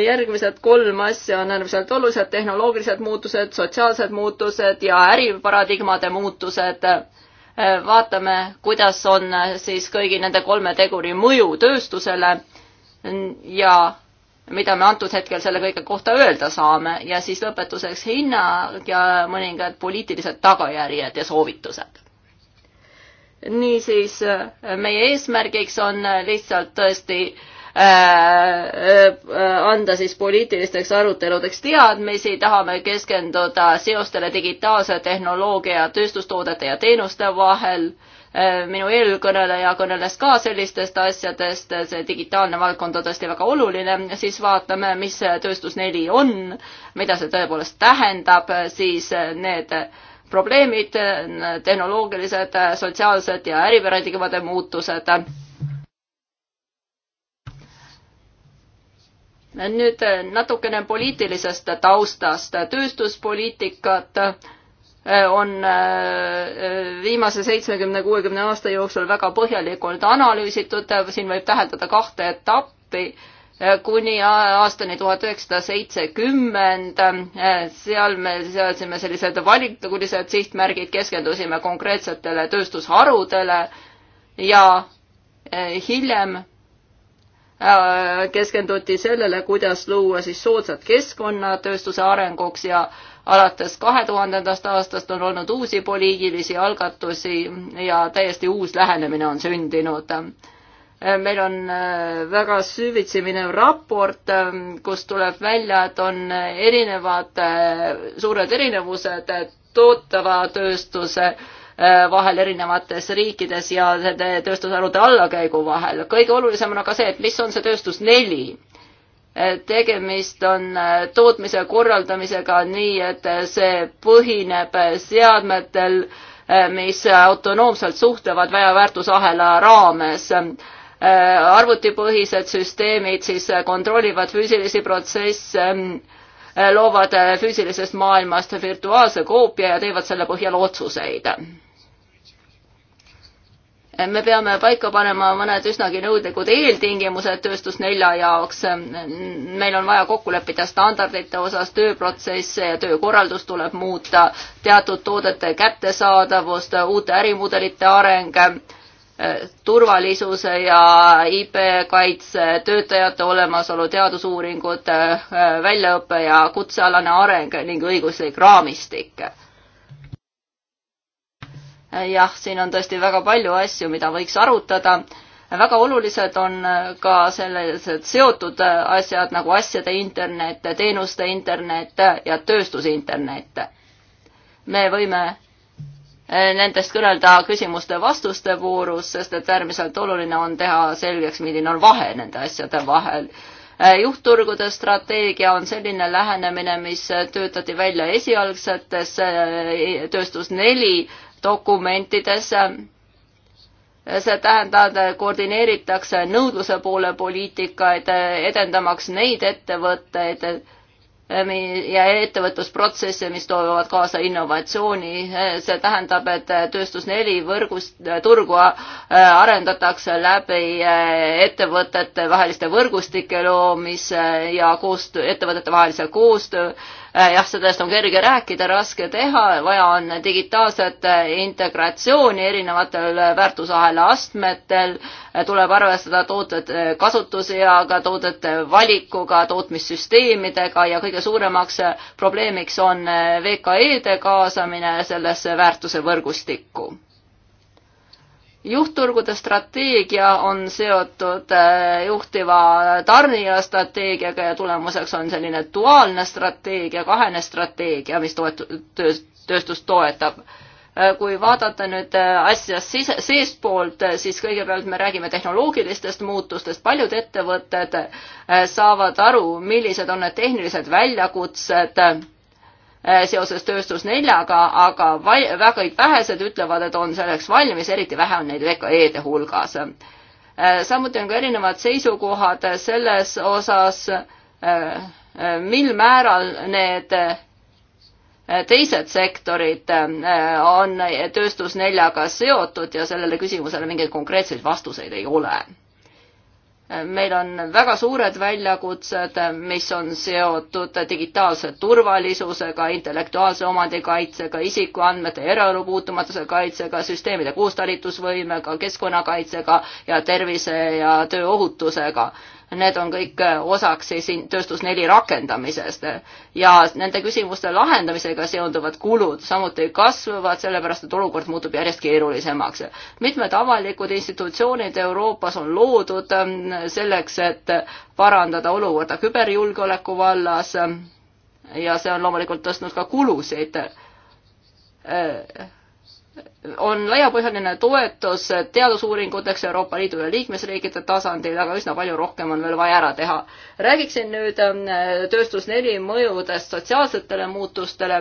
järgmised kolm asja on äärmiselt olulised, tehnoloogilised muutused, sotsiaalsed muutused ja äriparadigmade muutused. Äh, vaatame, kuidas on äh, siis kõigi nende kolme teguri mõju tööstusele ja mida me antud hetkel selle kõige kohta öelda saame ja siis lõpetuseks hinnad ja mõningad poliitilised tagajärjed ja soovitused niisiis äh, meie eesmärgiks on äh, lihtsalt tõesti äh, anda siis poliitilisteks aruteludeks teadmisi, tahame keskenduda seostele digitaalse tehnoloogia, tööstustoodete ja teenuste vahel. minu eelkõneleja kõneles ka sellistest asjadest, see digitaalne valdkond on tõesti väga oluline, siis vaatame, mis tööstus neli on, mida see tõepoolest tähendab, siis need äh, probleemid, tehnoloogilised, sotsiaalsed ja äripärandiga muutused nüüd natukene poliitilisest taustast. tööstuspoliitikat on viimase seitsmekümne, kuuekümne aasta jooksul väga põhjalikult analüüsitud, siin võib täheldada kahte etappi kuni aastani tuhat üheksasada seitsekümmend. Eh, seal me seadsime sellised valikulised sihtmärgid, keskendusime konkreetsetele tööstusharudele ja eh, hiljem eh, keskenduti sellele, kuidas luua siis soodsat keskkonna tööstuse arenguks ja alates kahe tuhandendast aastast on olnud uusi poliitilisi algatusi ja täiesti uus lähenemine on sündinud meil on äh, väga süvitsi minev raport, ähm, kus tuleb välja, et on erinevad, äh, suured erinevused tootava tööstuse äh, vahel erinevates riikides ja nende tööstusharude allakäigu vahel. kõige olulisem on aga see, et mis on see tööstus neli tegemist on tootmise korraldamisega nii, et see põhineb seadmetel, mis autonoomselt suhtlevad väeväärtusahela raames Äh, arvutipõhised süsteemid siis äh, kontrollivad füüsilisi protsesse, ähm, äh, loovad füüsilisest maailmast virtuaalse koopia ja teevad selle põhjal otsuseid. me peame paika panema mõned üsnagi nõudlikud eeltingimused tööstus nelja jaoks. meil on vaja kokku leppida standardite osas, tööprotsesse ja töökorraldust tuleb muuta, teatud toodete kättesaadavust, uute ärimudelite areng turvalisuse ja IP-kaitse, töötajate olemasolu, teadusuuringud, väljaõpe ja kutsealane areng ning õiguslik raamistik. jah, siin on tõesti väga palju asju, mida võiks arutada. väga olulised on ka sellised seotud asjad nagu asjade internet, teenuste internet ja tööstusinternet. me võime Äh, nendest kõnelda küsimuste-vastuste voorus, sest et äärmiselt oluline on teha selgeks, milline on vahe nende asjade vahel. Äh, juhtturgude strateegia on selline lähenemine, mis töötati välja esialgsetes äh, tööstus neli dokumentides see tähendab, koordineeritakse nõudluse poole poliitikaid, edendamaks neid ettevõtteid et, Äh, ja ettevõtlusprotsesse, mis toovad kaasa innovatsiooni. Äh, see tähendab, et äh, tööstus neli võrgust, turgu arendatakse läbi ettevõtete vaheliste võrgustike loomise ja koostöö, ettevõtete vahelise koostöö Äh, jah, sellest on kerge rääkida, raske teha, vaja on digitaalset äh, integratsiooni erinevatel äh, väärtusahela astmetel, tuleb arvestada toodete kasutuseaga, toodete valikuga, tootmissüsteemidega ja kõige suuremaks probleemiks on VKE-de kaasamine sellesse väärtuse võrgustikku juhtturgude strateegia on seotud eh, juhtiva tarnija strateegiaga ja tulemuseks on selline duaalne strateegia, kahene strateegia, mis toetu-, tööstust toetab. Eh, kui vaadata nüüd eh, asja sise, seestpoolt, siis kõigepealt me räägime tehnoloogilistest muutustest, paljud ettevõtted saavad aru, millised on need tehnilised väljakutsed Äh, seoses tööstus neljaga, aga väga vähesed ütlevad, et on selleks valmis, eriti vähe on neid VKE-de hulgas. Äh, samuti on ka erinevad seisukohad selles osas, äh, mil määral need teised sektorid on tööstus neljaga seotud ja sellele küsimusele mingeid konkreetseid vastuseid ei ole meil on väga suured väljakutsed, mis on seotud digitaalse turvalisusega, intellektuaalse omandi kaitsega, isikuandmete eraelu puutumatuse kaitsega, süsteemide koostalitusvõimega, keskkonnakaitsega ja tervise ja tööohutusega Need on kõik äh, osaks siis tööstus neli rakendamisest ja nende küsimuste lahendamisega seonduvad kulud samuti kasvavad, sellepärast et olukord muutub järjest keerulisemaks. mitmed avalikud institutsioonid Euroopas on loodud ähm, selleks, et parandada olukorda küberjulgeoleku vallas ja see on loomulikult tõstnud ka kulusid äh, on laiapõhjaline toetus teadusuuringuteks Euroopa Liidu ja liikmesriikide tasandil, aga üsna palju rohkem on veel vaja ära teha. räägiksin nüüd ähm, tööstus neli mõjudest sotsiaalsetele muutustele.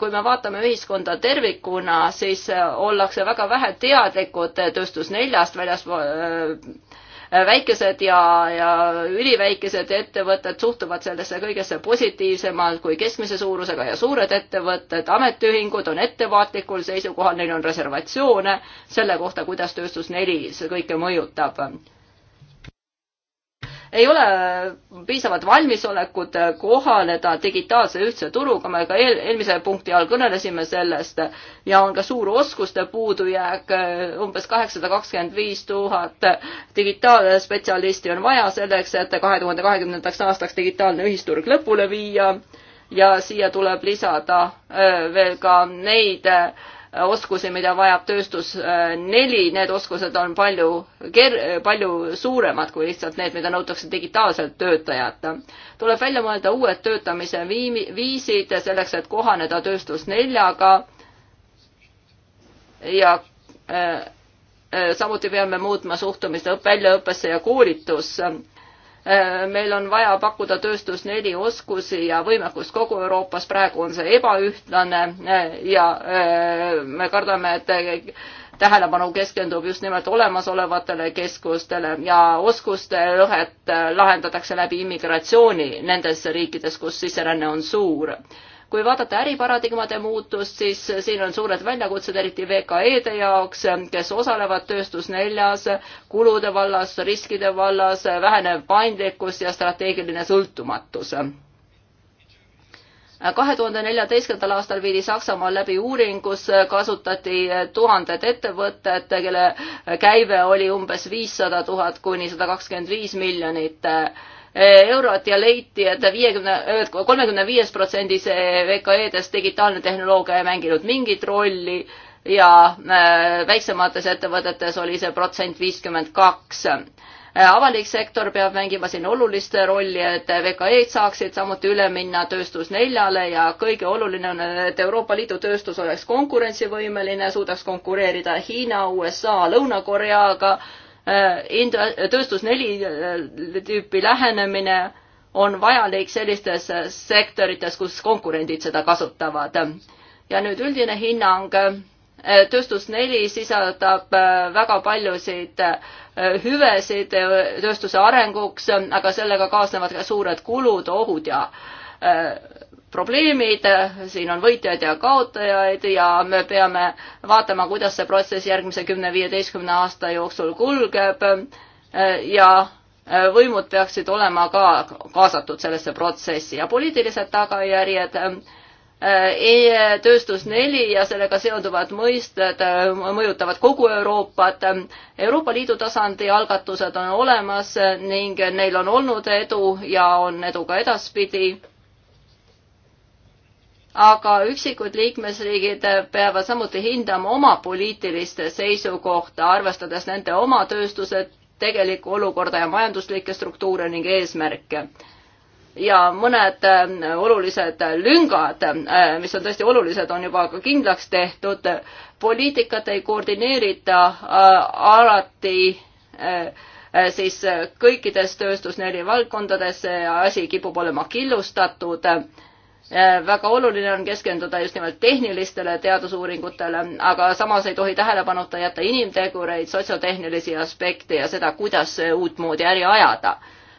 kui me vaatame ühiskonda tervikuna, siis äh, ollakse väga vähe teadlikud tööstus neljast väljas äh, Äh, väikesed ja, ja üliväikesed ettevõtted suhtuvad sellesse kõigesse positiivsemalt kui keskmise suurusega ja suured ettevõtted, ametiühingud on ettevaatlikul seisukohal, neil on reservatsioone selle kohta, kuidas tööstus neli kõike mõjutab ei ole piisavalt valmisolekut kohaneda digitaalse ühtse turuga, me ka eel, eelmise punkti all kõnelesime sellest ja on ka suur oskuste puudujääk, umbes kaheksasada kakskümmend viis tuhat digitaalspetsialisti on vaja selleks, et kahe tuhande kahekümnendaks aastaks digitaalne ühisturg lõpule viia ja siia tuleb lisada äh, veel ka neid äh, oskusi, mida vajab tööstus neli, need oskused on palju ker-, palju suuremad kui lihtsalt need, mida nõutakse digitaalselt töötajalt. tuleb välja mõelda uued töötamise viimi-, viisid selleks, et kohaneda tööstus neljaga ja äh, äh samuti peame muutma suhtumist väljaõppesse ja koolitusse Äh, meil on vaja pakkuda tööstus neli oskusi ja võimekust kogu Euroopas, praegu on see ebaühtlane äh, ja äh, me kardame, et tähelepanu keskendub just nimelt olemasolevatele keskustele ja oskuste lõhet lahendatakse läbi immigratsiooni nendes riikides, kus sisseränne on suur kui vaadata äriparadigmade muutust, siis siin on suured väljakutsed, eriti VKE-de jaoks, kes osalevad tööstus neljas, kulude vallas, riskide vallas, vähenev paindlikkus ja strateegiline sõltumatus kahe tuhande neljateistkümnendal aastal viidi Saksamaal läbi uuring, kus kasutati tuhanded ettevõtted, kelle käive oli umbes viissada tuhat kuni sada kakskümmend viis miljonit eurot ja leiti et, et viiekümne, kolmekümne viies protsendis VKE-des digitaalne tehnoloogia ei mänginud mingit rolli ja äh, väiksemates ettevõtetes oli see protsent viiskümmend kaks avalik sektor peab mängima siin olulist rolli, et VKE-d saaksid samuti üle minna tööstus neljale ja kõige oluline on, et Euroopa Liidu tööstus oleks konkurentsivõimeline, suudaks konkureerida Hiina, USA, Lõuna-Koreaga Äh, tööstus neli äh, tüüpi lähenemine on vajalik sellistes äh, sektorites, kus konkurendid seda kasutavad. ja nüüd üldine hinnang. tööstus neli sisaldab väga paljusid hüvesid tööstuse arenguks, aga sellega kaasnevad ka suured kulud, ohud ja probleemid, siin on võitjaid ja kaotajaid ja me peame vaatama, kuidas see protsess järgmise kümne-viieteistkümne aasta jooksul kulgeb ja võimud peaksid olema ka kaasatud sellesse protsessi ja poliitilised tagajärjed e-tööstus neli ja sellega seonduvad mõisted mõjutavad kogu Euroopat. Euroopa Liidu tasandi algatused on olemas ning neil on olnud edu ja on edu ka edaspidi aga üksikud liikmesriigid peavad samuti hindama oma poliitilist seisukohta, arvestades nende oma tööstuse tegelikku olukorda ja majanduslikke struktuure ning eesmärke. ja mõned äh, olulised lüngad, äh, mis on tõesti olulised, on juba ka kindlaks tehtud. poliitikat ei koordineerita äh, alati siis kõikides tööstusneli valdkondades, see asi kipub olema killustatud Äh, väga oluline on keskenduda just nimelt tehnilistele teadusuuringutele, aga samas ei tohi tähelepanuta jätta inimtegureid, sotsiotehnilisi aspekte ja seda, kuidas uutmoodi äri ajada.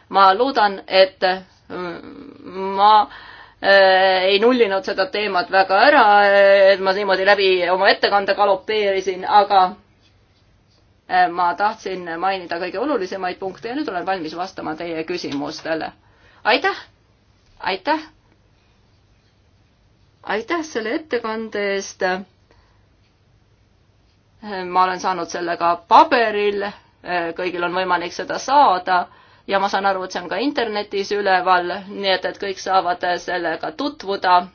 ma loodan, et mm, ma äh, ei nullinud seda teemat väga ära, et ma niimoodi läbi oma ettekande galopeerisin, aga äh, ma tahtsin mainida kõige olulisemaid punkte ja nüüd olen valmis vastama teie küsimustele. aitäh! aitäh! aitäh selle ettekande eest. ma olen saanud selle ka paberil, kõigil on võimalik seda saada ja ma saan aru, et see on ka internetis üleval, nii et, et kõik saavad sellega tutvuda.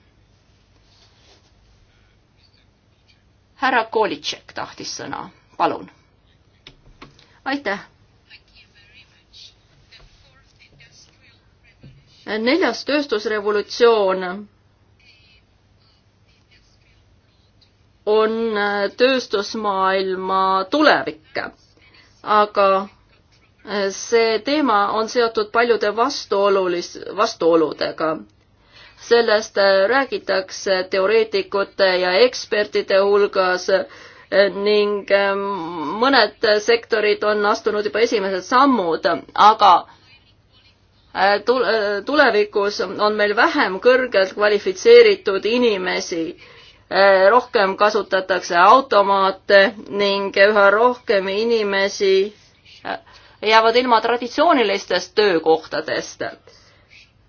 härra Kolitšek tahtis sõna, palun. aitäh neljas tööstusrevolutsioon on tööstusmaailma tulevik. aga see teema on seotud paljude vastuolulis-, vastuoludega. sellest räägitakse teoreetikute ja ekspertide hulgas ning ähm, mõned sektorid on astunud juba esimesed sammud, aga äh, tulevikus on meil vähem kõrgelt kvalifitseeritud inimesi Eh, rohkem kasutatakse automaate ning üha rohkem inimesi eh, jäävad ilma traditsioonilistest töökohtadest.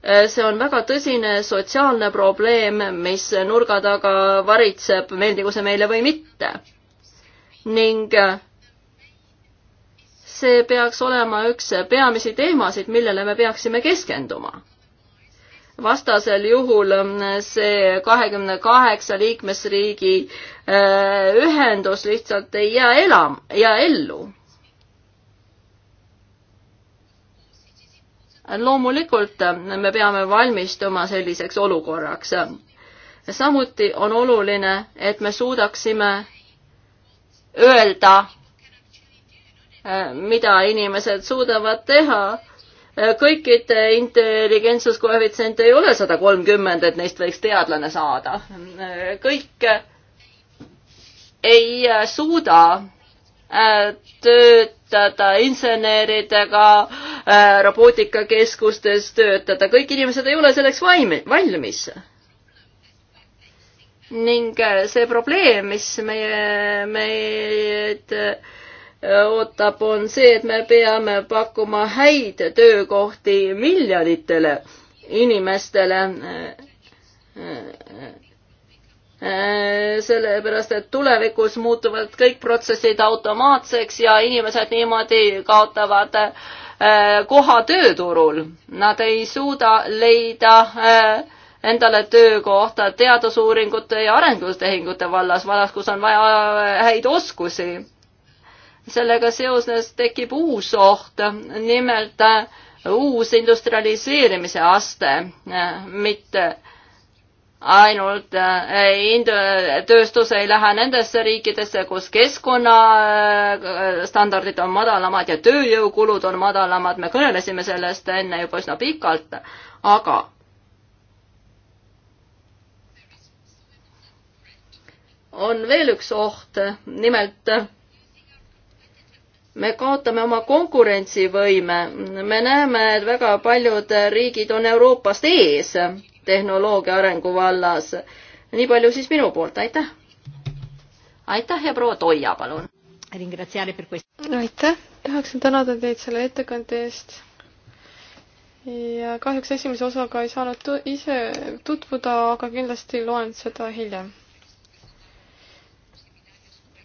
Eh, see on väga tõsine sotsiaalne probleem, mis nurga taga varitseb, meeldigu see meile või mitte. ning see peaks olema üks peamisi teemasid, millele me peaksime keskenduma vastasel juhul ähm, see kahekümne kaheksa liikmesriigi äh, ühendus lihtsalt ei jää elam-, jää ellu. loomulikult äh, me peame valmistuma selliseks olukorraks. samuti on oluline, et me suudaksime öelda, äh, mida inimesed suudavad teha Äh, kõikide intelligentsuskoefitsient ei ole sada kolmkümmend, et neist võiks teadlane saada. Äh, kõik ei äh, suuda töötada inseneridega, robootikakeskustes töötada, kõik inimesed ei ole selleks vaimi-, valmis. ning see probleem, mis meie, meid ootab, on see, et me peame pakkuma häid töökohti miljonitele inimestele. sellepärast, et tulevikus muutuvad kõik protsessid automaatseks ja inimesed niimoodi kaotavad eh, koha tööturul. Nad ei suuda leida eh, endale töökohta teadusuuringute ja arengustehingute vallas, vallas, kus on vaja eh, häid oskusi sellega seoses tekib uus oht, nimelt äh, uus industrialiseerimise aste, äh, mitte ainult äh, tööstus ei lähe nendesse riikidesse, kus keskkonnastandardid on madalamad ja tööjõukulud on madalamad, me kõnelesime sellest enne juba üsna pikalt, aga on veel üks oht, nimelt me kaotame oma konkurentsivõime. me näeme, et väga paljud riigid on Euroopast ees tehnoloogia arengu vallas. nii palju siis minu poolt, aitäh. aitäh ja proua Toia, palun. aitäh, tahaksin tänada teid selle ettekande eest. ja kahjuks esimese osaga ei saanud tu ise tutvuda, aga kindlasti loen seda hiljem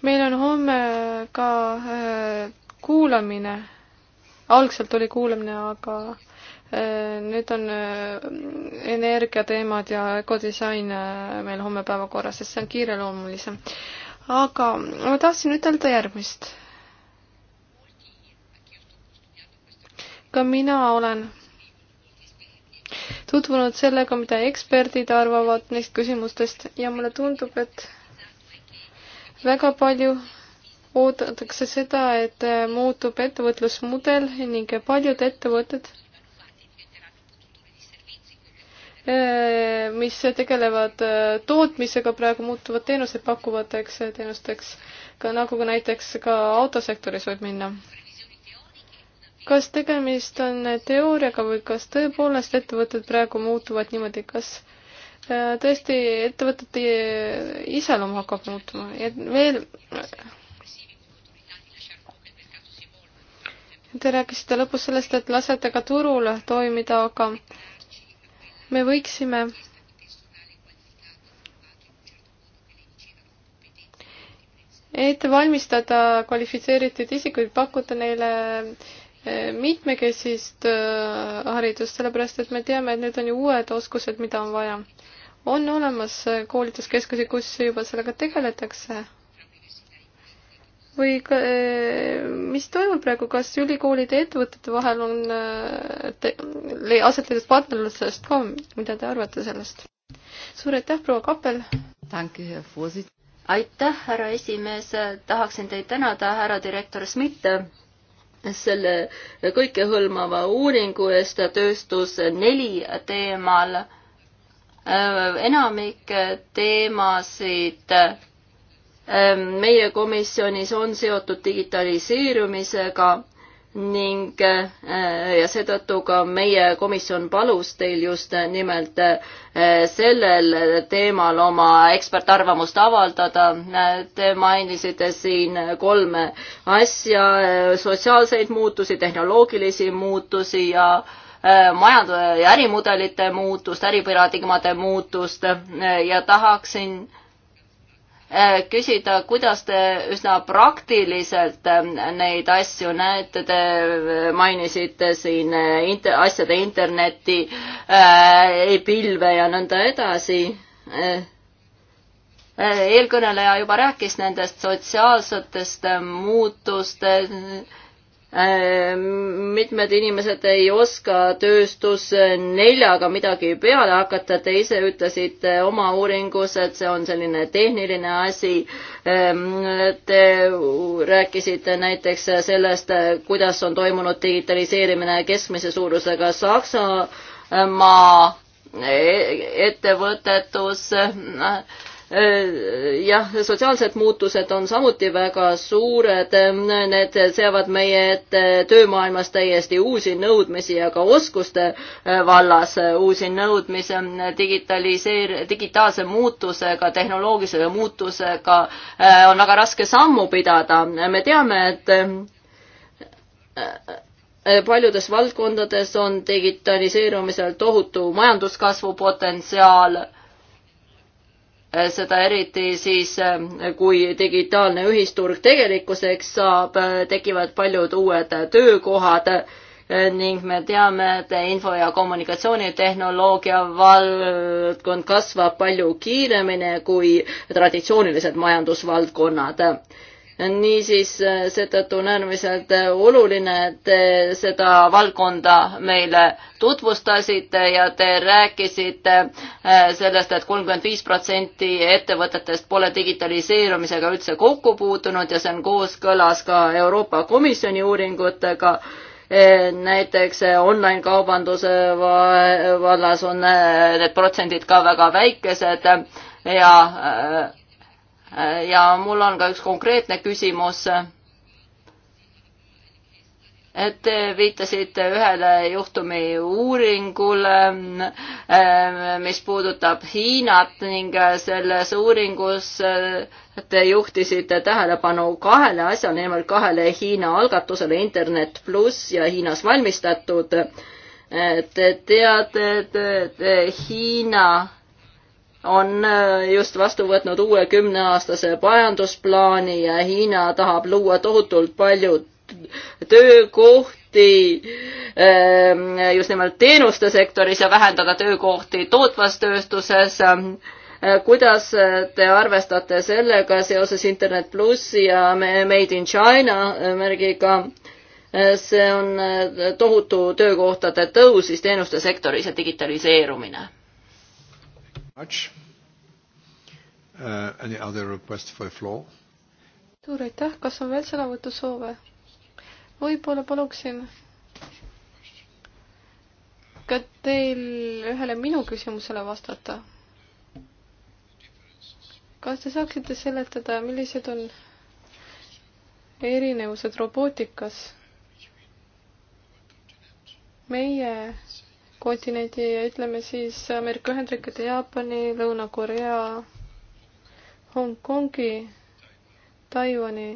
meil on homme ka äh, kuulamine, algselt oli kuulamine, aga äh, nüüd on äh, energiateemad ja ökodisain äh, meil homme päevakorras, sest see on kiireloomulisem. aga ma tahtsin ütelda järgmist. ka mina olen tutvunud sellega, mida eksperdid arvavad neist küsimustest ja mulle tundub, et väga palju oodatakse seda, et äh, muutub ettevõtlusmudel ning paljud ettevõtted, äh, mis tegelevad äh, tootmisega, praegu muutuvad teenuseid pakkuvateks teenusteks, ka nagu ka näiteks ka autosektoris võib minna. kas tegemist on teooriaga või kas tõepoolest ettevõtted praegu muutuvad niimoodi, kas tõesti ettevõtete iseloom hakkab muutuma ja veel Te rääkisite lõpus sellest, et lasete ka turul toimida, aga me võiksime ette valmistada kvalifitseeritud isikuid, pakkuda neile eh, mitmekesist eh, haridust, sellepärast et me teame, et need on ju uued oskused, mida on vaja. on olemas eh, koolituskeskusi, kus juba sellega tegeletakse, või ka, eh, mis toimub praegu, kas ülikoolide ja ettevõtete vahel on eh, te, aset leidnud partnerlusest ka, mida te arvate sellest? suur aitäh, proua Kappel! aitäh, härra esimees, tahaksin teid tänada, härra direktor Schmidt, selle kõikehõlmava uuringu eest tööstus neli teemal. enamik teemasid Ehm, meie komisjonis on seotud digitaliseerumisega ning eh, ja seetõttu ka meie komisjon palus teil just nimelt eh, sellel teemal oma ekspertarvamust avaldada. Eh, te mainisite siin kolme asja, sotsiaalseid muutusi, tehnoloogilisi muutusi ja majandus- ja ärimudelite muutust, äriparadigmade muutust ja tahaksin Äh, küsida, kuidas te üsna praktiliselt äh, neid asju näete, te äh, mainisite siin inter, asjade interneti e, pilve ja nõnda edasi e,. eelkõneleja juba rääkis nendest sotsiaalsetest muutustest Ähm, mitmed inimesed ei oska tööstus neljaga midagi peale hakata, te ise ütlesite oma uuringus, et see on selline tehniline asi. Ähm, te rääkisite näiteks sellest, kuidas on toimunud digitaliseerimine keskmise suurusega Saksamaa e-, ettevõtetus jah, sotsiaalsed muutused on samuti väga suured, need seavad meie ette töömaailmas täiesti uusi nõudmisi ja ka oskuste vallas uusi nõudmisi, digitaliseer-, digitaalse muutusega, tehnoloogilise muutusega äh, on väga raske sammu pidada, me teame, et äh, paljudes valdkondades on digitaliseerumisel tohutu majanduskasvu potentsiaal Äh, seda eriti siis, ähm, kui digitaalne ühisturg tegelikkuseks saab, äh, tekivad paljud uued töökohad äh, ning me teame, et info- ja kommunikatsioonitehnoloogia valdkond kasvab palju kiiremini kui traditsioonilised majandusvaldkonnad niisiis äh, seetõttu on äärmiselt äh, oluline, et te seda valdkonda meile tutvustasite ja te rääkisite äh, sellest et, et kolmkümmend viis protsenti ettevõtetest pole digitaliseerumisega üldse kokku puutunud ja see on kooskõlas ka Euroopa Komisjoni uuringutega näiteks online-kaubanduse vallas on need protsendid ka väga väikesed ja ja mul on ka üks konkreetne küsimus. et te viitasite ühele juhtumi uuringule, ähm, mis puudutab Hiinat ning selles uuringus äh, te juhtisite tähelepanu kahele asjale, nimelt kahele Hiina algatusele Internet pluss ja Hiinas valmistatud. Äh, te teate, et Hiina on äh, just vastu võtnud uue kümneaastase majandusplaani ja Hiina tahab luua tohutult palju töökohti ähm, just nimelt teenuste sektoris ja vähendada töökohti tootvas tööstuses. Äh, kuidas te arvestate sellega seoses Internet plussi ja Made in China äh, märgiga? see on tohutu töökohtade tõus siis teenuste sektoris ja digitaliseerumine Uh, suur aitäh, kas on veel sõnavõtusoove? võib-olla paluksin ka teil ühele minu küsimusele vastata. kas te saaksite seletada, millised on erinevused robootikas meie kontinendi ja ütleme siis Ameerika Ühendriikide, Jaapani, Lõuna-Korea, Hongkongi, Taiwan'i,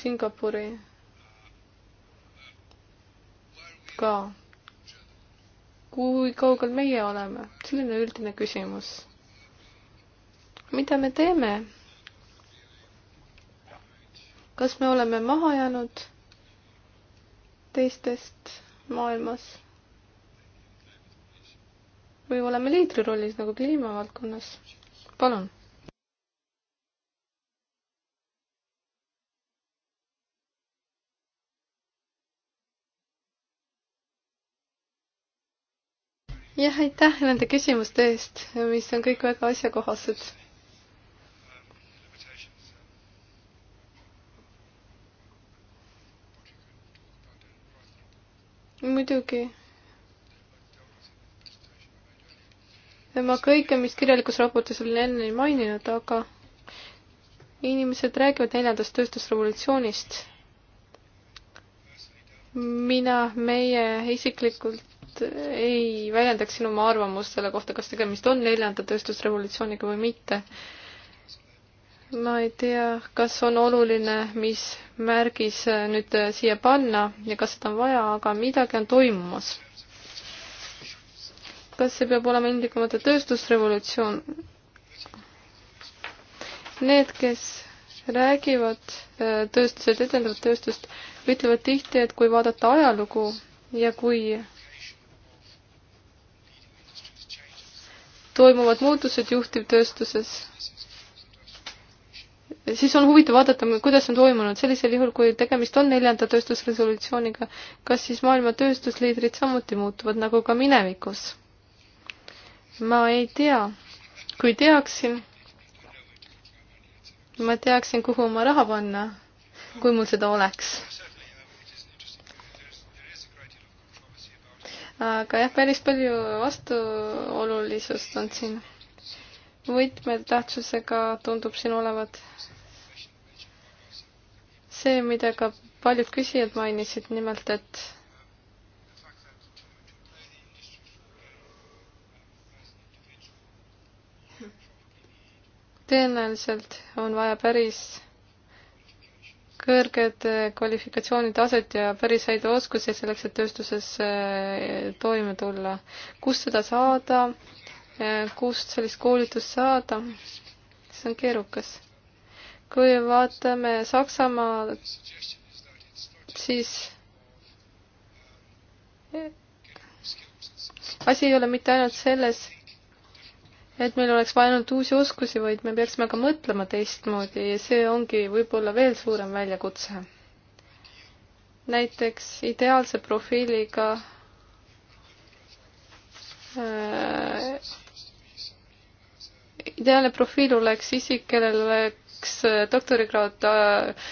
Singapuri ka. kui kaugel meie oleme, selline üldine küsimus. mida me teeme? kas me oleme maha jäänud teistest maailmas? või oleme liidri rollis nagu kliimavaldkonnas? palun jah, aitäh nende küsimuste eest, mis on kõik väga asjakohased. muidugi ma kõike, mis kirjalikus raportis olin enne ei maininud, aga inimesed räägivad neljandast tööstusrevolutsioonist. mina, meie isiklikult ei väljendaks sinu oma arvamust selle kohta, kas tegemist on neljanda tööstusrevolutsiooniga või mitte ma ei tea, kas on oluline, mis märgis nüüd siia panna ja kas seda on vaja, aga midagi on toimumas kas see peab olema ilmtingimata tööstusrevolutsioon? Need, kes räägivad äh, tööstuselt, edendavad tööstust, ütlevad tihti, et kui vaadata ajalugu ja kui toimuvad muutused juhtivtööstuses, siis on huvitav vaadata, kuidas on toimunud sellisel juhul, kui tegemist on neljanda tööstusresolutsiooniga, kas siis maailma tööstusliidrid samuti muutuvad nagu ka minevikus? ma ei tea. kui teaksin, ma teaksin, kuhu oma raha panna, kui mul seda oleks. aga jah, päris palju vastuolulisust on siin. võtmetähtsusega tundub siin olevat see, mida ka paljud küsijad mainisid, nimelt et tõenäoliselt on vaja päris kõrged kvalifikatsioonitaset ja päris häid oskusi selleks, et tööstuses äh, toime tulla. kust seda saada, äh, kust sellist koolitust saada, see on keerukas. kui vaatame Saksamaa, siis äh, asi ei ole mitte ainult selles, et meil oleks vaja ainult uusi oskusi, vaid me peaksime ka mõtlema teistmoodi ja see ongi võib-olla veel suurem väljakutse. näiteks ideaalse profiiliga äh, ideaalne profiil oleks isik, kellel oleks äh, doktorikraad äh,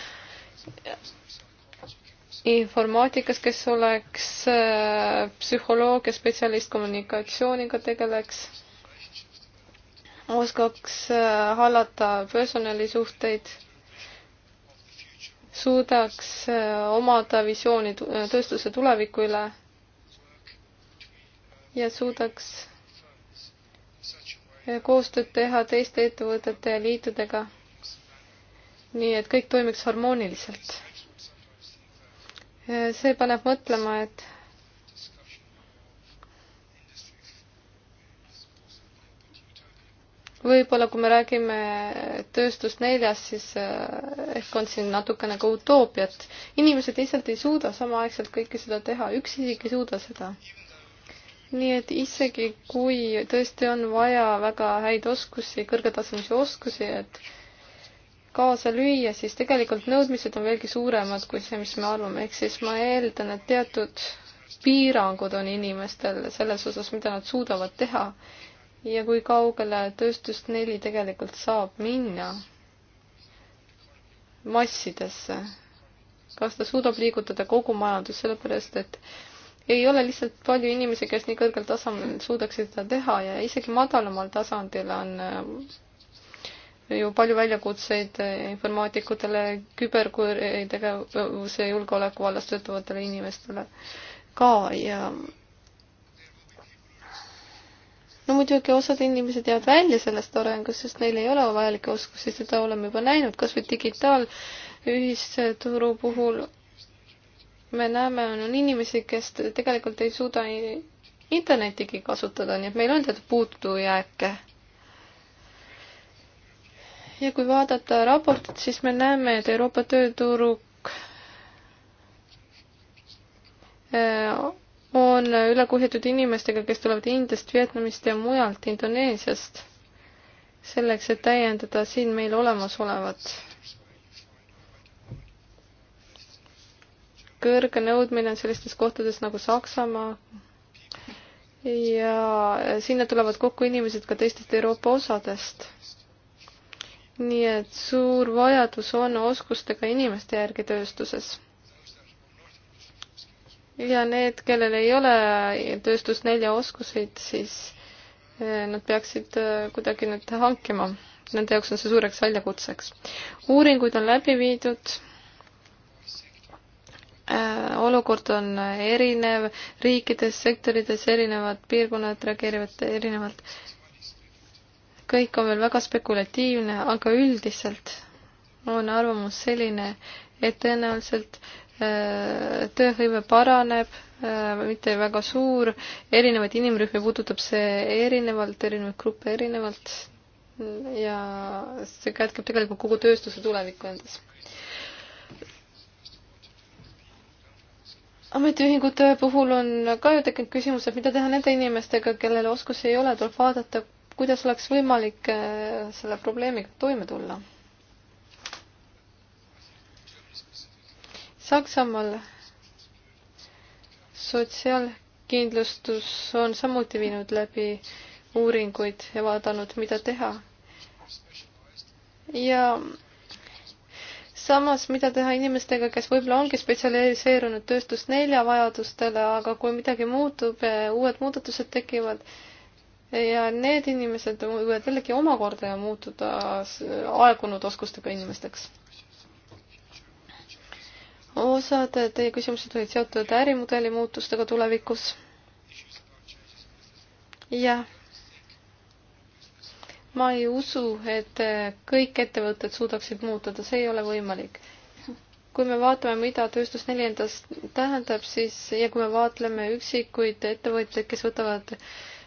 informaatikas, kes oleks äh, psühholoogia spetsialist, kommunikatsiooniga tegeleks oskaks äh, hallata personalisuhteid, suudaks äh, omada visiooni äh, tööstuse tuleviku üle ja suudaks koostööd teha teiste ettevõtete ja liitudega, nii et kõik toimiks harmooniliselt. see paneb mõtlema, et võib-olla kui me räägime tööstust neljast, siis äh, ehk on siin natukene ka utoopiat. inimesed lihtsalt ei suuda samaaegselt kõike seda teha, üks isik ei suuda seda. nii et isegi, kui tõesti on vaja väga häid oskusi, kõrgetasemelisi oskusi, et kaasa lüüa, siis tegelikult nõudmised on veelgi suuremad kui see, mis me arvame, ehk siis ma eeldan, et teatud piirangud on inimestel selles osas, mida nad suudavad teha ja kui kaugele tööstust neli tegelikult saab minna massidesse. kas ta suudab liigutada kogu majandust, sellepärast et ei ole lihtsalt palju inimesi, kes nii kõrgel tasemel suudaksid seda teha ja isegi madalamal tasandil on äh, ju palju väljakutseid äh, informaatikutele, küberkuritegevuse julgeoleku vallas töötavatele inimestele ka ja no muidugi osad inimesed jäävad välja sellest arengust, sest neil ei ole vajalikke oskusi, seda oleme juba näinud, kas või digitaalühisturu puhul me näeme, on, on inimesi, kes tegelikult ei suuda internetigi kasutada, nii et meil on teatud puudujääke. ja kui vaadata raportit, siis me näeme, et Euroopa tööturg äh, on üle kuhjatud inimestega, kes tulevad Indiast, Vietnamist ja mujalt, Indoneesiast, selleks, et täiendada siin meil olemasolevat. kõrge nõudmine on sellistes kohtades nagu Saksamaa ja sinna tulevad kokku inimesed ka teistest Euroopa osadest. nii et suur vajadus on oskustega inimeste järgi tööstuses ja need, kellel ei ole tööstust nelja oskuseid, siis eh, nad peaksid eh, kuidagi need hankima. Nende jaoks on see suureks väljakutseks. uuringuid on läbi viidud. Eh, olukord on erinev, riikides, sektorites erinevad, piirkonnad reageerivad erinevalt. kõik on veel väga spekulatiivne, aga üldiselt on arvamus selline, et tõenäoliselt äh, tööhõive paraneb, äh, mitte väga suur, erinevaid inimrühmi puudutab see erinevalt, erinevaid gruppe erinevalt ja see kätkeb tegelikult kogu tööstuse tulevikku endas. ametiühingute puhul on ka ju tekkinud küsimus, et mida teha nende inimestega, kellel oskusi ei ole, tuleb vaadata, kuidas oleks võimalik äh, selle probleemiga toime tulla Saksamaal sotsiaalkindlustus on samuti viinud läbi uuringuid ja vaadanud, mida teha. ja samas, mida teha inimestega, kes võib-olla ongi spetsialiseerunud tööstus nelja vajadustele, aga kui midagi muutub, uued muudatused tekivad ja need inimesed võivad jällegi omakorda muutuda aegunud oskustega inimesteks osad teie küsimused olid seotud ärimudeli muutustega tulevikus. jah. ma ei usu, et kõik ettevõtted suudaksid muutuda, see ei ole võimalik. kui me vaatame, mida tööstus neljandas tähendab, siis ja kui me vaatleme üksikuid ettevõtjaid, kes võtavad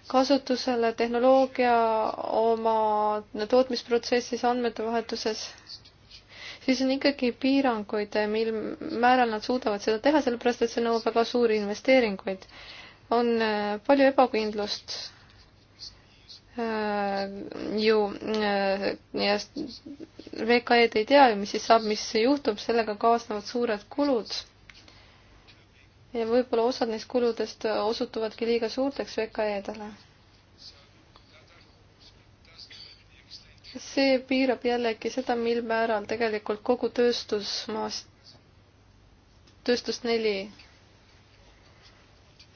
kasutusele tehnoloogia oma tootmisprotsessis, andmete vahetuses siis on ikkagi piiranguid, mil määral nad suudavad seda teha, sellepärast et see nõuab väga suuri investeeringuid. on äh, palju ebakindlust äh, ju äh, ja VKE-d ei tea ju, mis siis saab, mis juhtub, sellega kaasnevad suured kulud. ja võib-olla osad neist kuludest osutuvadki liiga suurteks VKE-dele see piirab jällegi seda, mil määral tegelikult kogu tööstusmaast, tööstus neli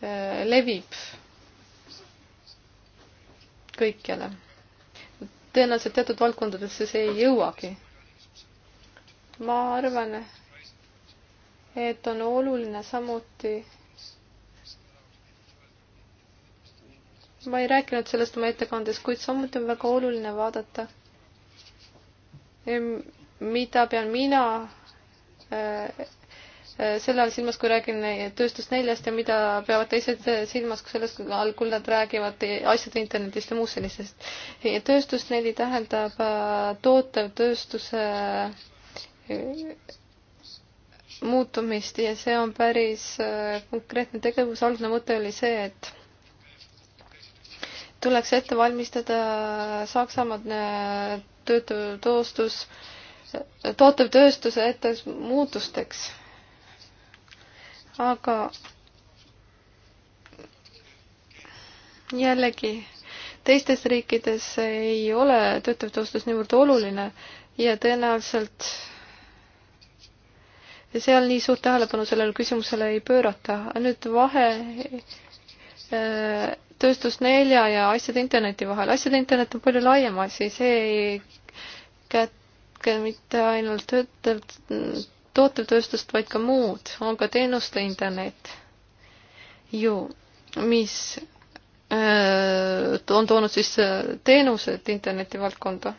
äh, levib kõikjale. tõenäoliselt teatud valdkondadesse see ei jõuagi. ma arvan, et on oluline samuti ma ei rääkinud sellest oma ettekandes, kuid samuti on väga oluline vaadata mida pean mina äh, äh, selle all silmas, kui räägin tööstust neljast ja mida peavad teised äh, silmas selles all, kui nad räägivad asjade internetist ja muust sellisest. tööstus neli tähendab tootev tööstuse muutumist ja see on päris konkreetne tegevus. algne mõte oli see, et tuleks ette valmistada Saksamaa töötav toostus, tootev tööstuse ette muutusteks. aga jällegi, teistes riikides ei ole töötav toostus niivõrd oluline ja tõenäoliselt seal nii suurt tähelepanu sellele küsimusele ei pöörata. nüüd vahe äh, tööstus nelja ja asjade interneti vahel. asjade internet on palju laiem asi, see ei kätke mitte ainult töötav, tootevtööstust, vaid ka muud, on ka teenuste internet ju, mis öö, äh, on toonud siis äh, teenused interneti valdkonda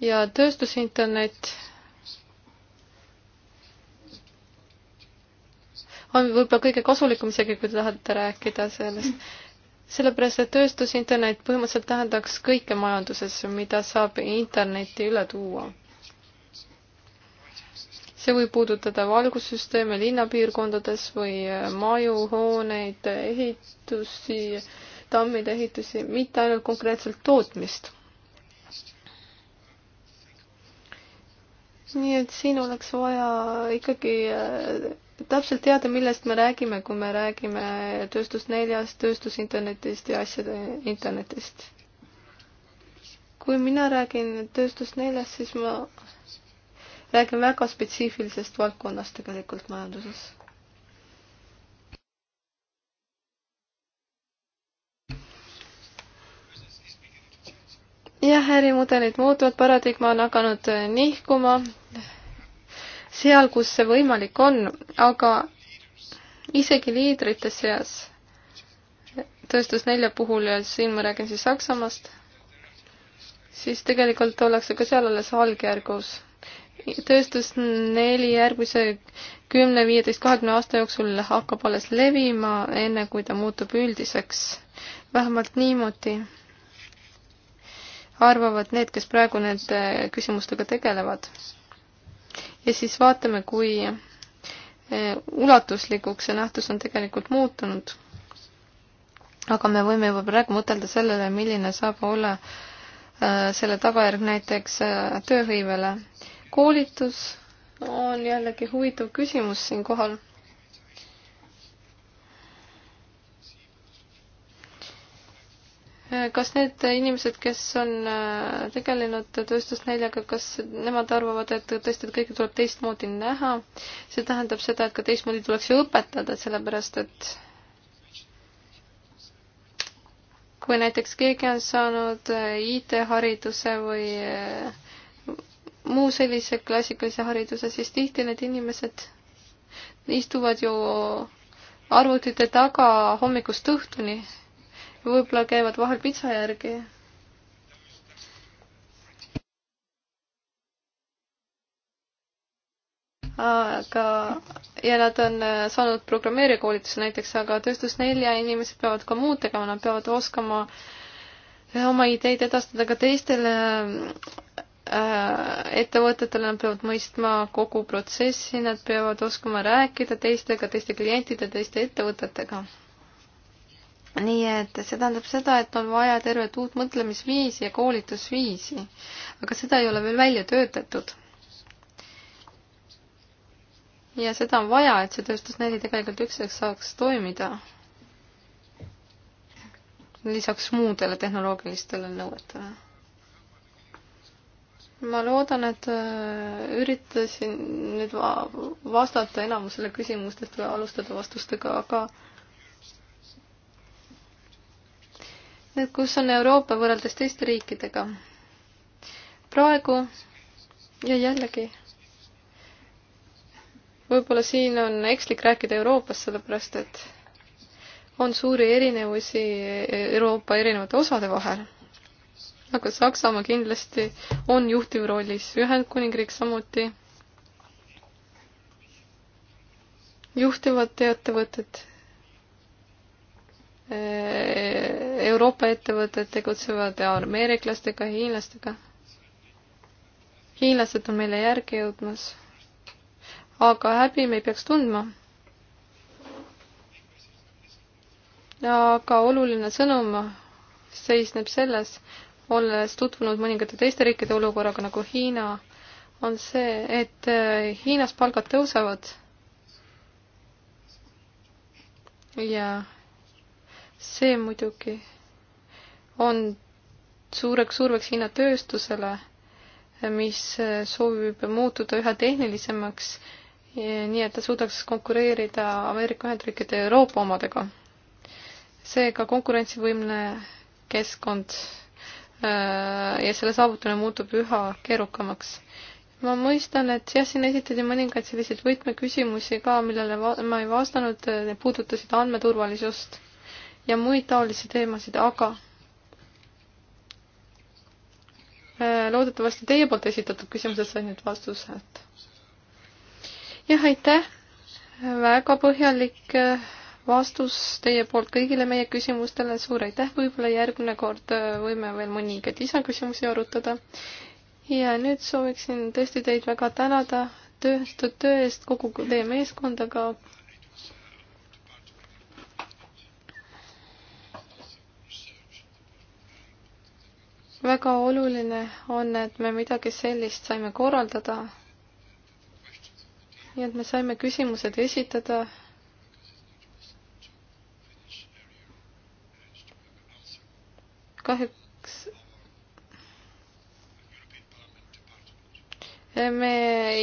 ja tööstusinternet on võib-olla kõige kasulikum isegi, kui te tahate rääkida sellest. sellepärast, et tööstusinternet põhimõtteliselt tähendaks kõike majanduses, mida saab interneti üle tuua. see võib puudutada valgussüsteeme linnapiirkondades või maju, hooneid, ehitusi, tammide ehitusi, mitte ainult konkreetselt tootmist nii et siin oleks vaja ikkagi äh, täpselt teada, millest me räägime, kui me räägime tööstus neljast, tööstusinternetist ja asjade internetist. kui mina räägin tööstus neljast, siis ma räägin väga spetsiifilisest valdkonnast tegelikult majanduses. jah, ärimudelid muutuvad, paradigma on hakanud nihkuma seal, kus see võimalik on, aga isegi liidrite seas, tööstus nelja puhul ja siin ma räägin siis Saksamaast, siis tegelikult ollakse ka seal alles algjärgus. tööstus neli järgmise kümne, viieteist, kahekümne aasta jooksul hakkab alles levima, enne kui ta muutub üldiseks. vähemalt niimoodi arvavad need, kes praegu nende küsimustega tegelevad ja siis vaatame, kui eh, ulatuslikuks see nähtus on tegelikult muutunud. aga me võime juba praegu mõtelda sellele, milline saab olla eh, selle tagajärg näiteks eh, tööhõivele. koolitus on jällegi huvitav küsimus siinkohal kas need inimesed, kes on äh, tegelenud tööstusnäljaga, kas nemad arvavad, et tõesti, et kõike tuleb teistmoodi näha? see tähendab seda, et ka teistmoodi tuleks ju õpetada, sellepärast et kui näiteks keegi on saanud äh, IT-hariduse või äh, muu sellise klassikalise hariduse, siis tihti need inimesed istuvad ju arvutite taga hommikust õhtuni võib-olla käivad vahel pitsa järgi. aga, ja nad on äh, saanud programmeerijakoolituse näiteks, aga tööstus nelja inimesed peavad ka muud tegema, nad peavad oskama äh, oma ideid edastada ka teistele äh, ettevõtetele, nad peavad mõistma kogu protsessi, nad peavad oskama rääkida teistega, teiste klientide, teiste ettevõtetega nii et see tähendab seda, et on vaja tervet uut mõtlemisviisi ja koolitusviisi, aga seda ei ole veel välja töötatud. ja seda on vaja, et see tööstusnäli tegelikult ükskord saaks toimida. lisaks muudele tehnoloogilistele nõuetele. ma loodan, et äh, üritasin nüüd vastata enamusele küsimustest või alustada vastustega, aga et kus on Euroopa võrreldes teiste riikidega. praegu ja jällegi, võib-olla siin on ekslik rääkida Euroopast, sellepärast et on suuri erinevusi Euroopa erinevate osade vahel. aga Saksamaa kindlasti on juhtiv rollis, Ühendkuningriik samuti. juhtivad ettevõtted Euroopa ettevõtted tegutsevad ameeriklastega, hiinlastega. hiinlased on meile järgi jõudmas. aga häbi me ei peaks tundma. aga oluline sõnum seisneb selles, olles tutvunud mõningate teiste riikide olukorraga nagu Hiina, on see, et äh, Hiinas palgad tõusevad ja see muidugi on suureks surveks Hiina tööstusele, mis soovib muutuda üha tehnilisemaks, nii et ta suudaks konkureerida Ameerika Ühendriikide ja Euroopa omadega. seega konkurentsivõimeline keskkond äh, ja selle saavutamine muutub üha keerukamaks. ma mõistan, et jah, siin esitati mõningaid selliseid võtmeküsimusi ka, millele ma ei vastanud, need puudutasid andmeturvalisust ja muid taolisi teemasid, aga äh, loodetavasti teie poolt esitatud küsimused said nüüd vastused. jah, aitäh, väga põhjalik äh, vastus teie poolt kõigile meie küsimustele, suur aitäh, võib-olla järgmine kord äh, võime veel mõningaid lisaküsimusi arutada. ja nüüd sooviksin tõesti teid väga tänada tööstud töö eest, kogu teie meeskondaga, väga oluline on, et me midagi sellist saime korraldada. nii et me saime küsimused esitada. kahjuks me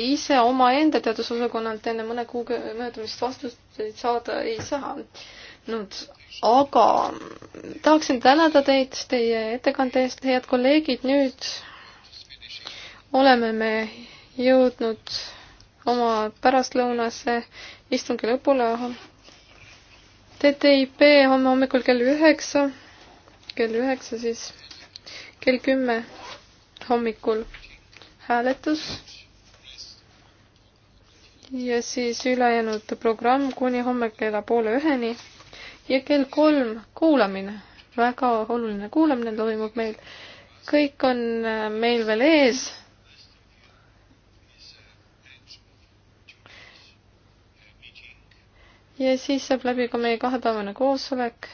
ise omaenda teadusosakonnalt enne mõne kuu möödumist vastuseid saada ei saa nüüd, aga tahaksin tänada teid teie ettekande eest, head kolleegid, nüüd oleme me jõudnud oma pärastlõunase istungi lõpule. TTIP homme hommikul kell üheksa, kell üheksa siis, kell kümme hommikul hääletus. ja siis ülejäänud programm kuni homme kella poole üheni ja kell kolm kuulamine, väga oluline kuulamine toimub meil. kõik on äh, meil veel ees. ja siis saab läbi ka meie kahepäevane koosolek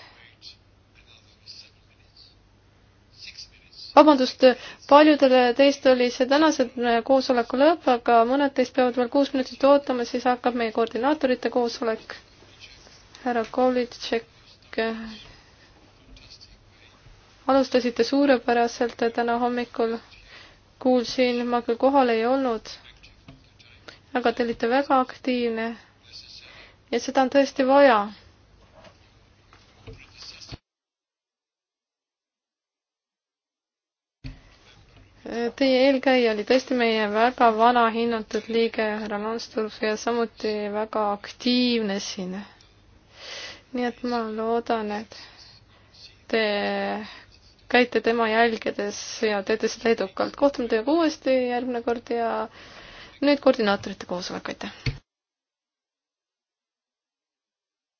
vabandust, paljudele teist oli see tänase äh, koosoleku lõpp, aga mõned teist peavad veel kuus minutit ootama, siis hakkab meie koordinaatorite koosolek härra Kolitšek, alustasite suurepäraselt täna hommikul. kuulsin, ma küll kohal ei olnud, aga te olite väga aktiivne ja seda on tõesti vaja Teie eelkäija oli tõesti meie väga vana hinnatud liige härra Lansdorf ja samuti väga aktiivne siin nii et ma loodan, et te käite tema jälgedes ja teete seda edukalt. kohtume teiega uuesti järgmine kord ja nüüd koordinaatorite koosolek, aitäh!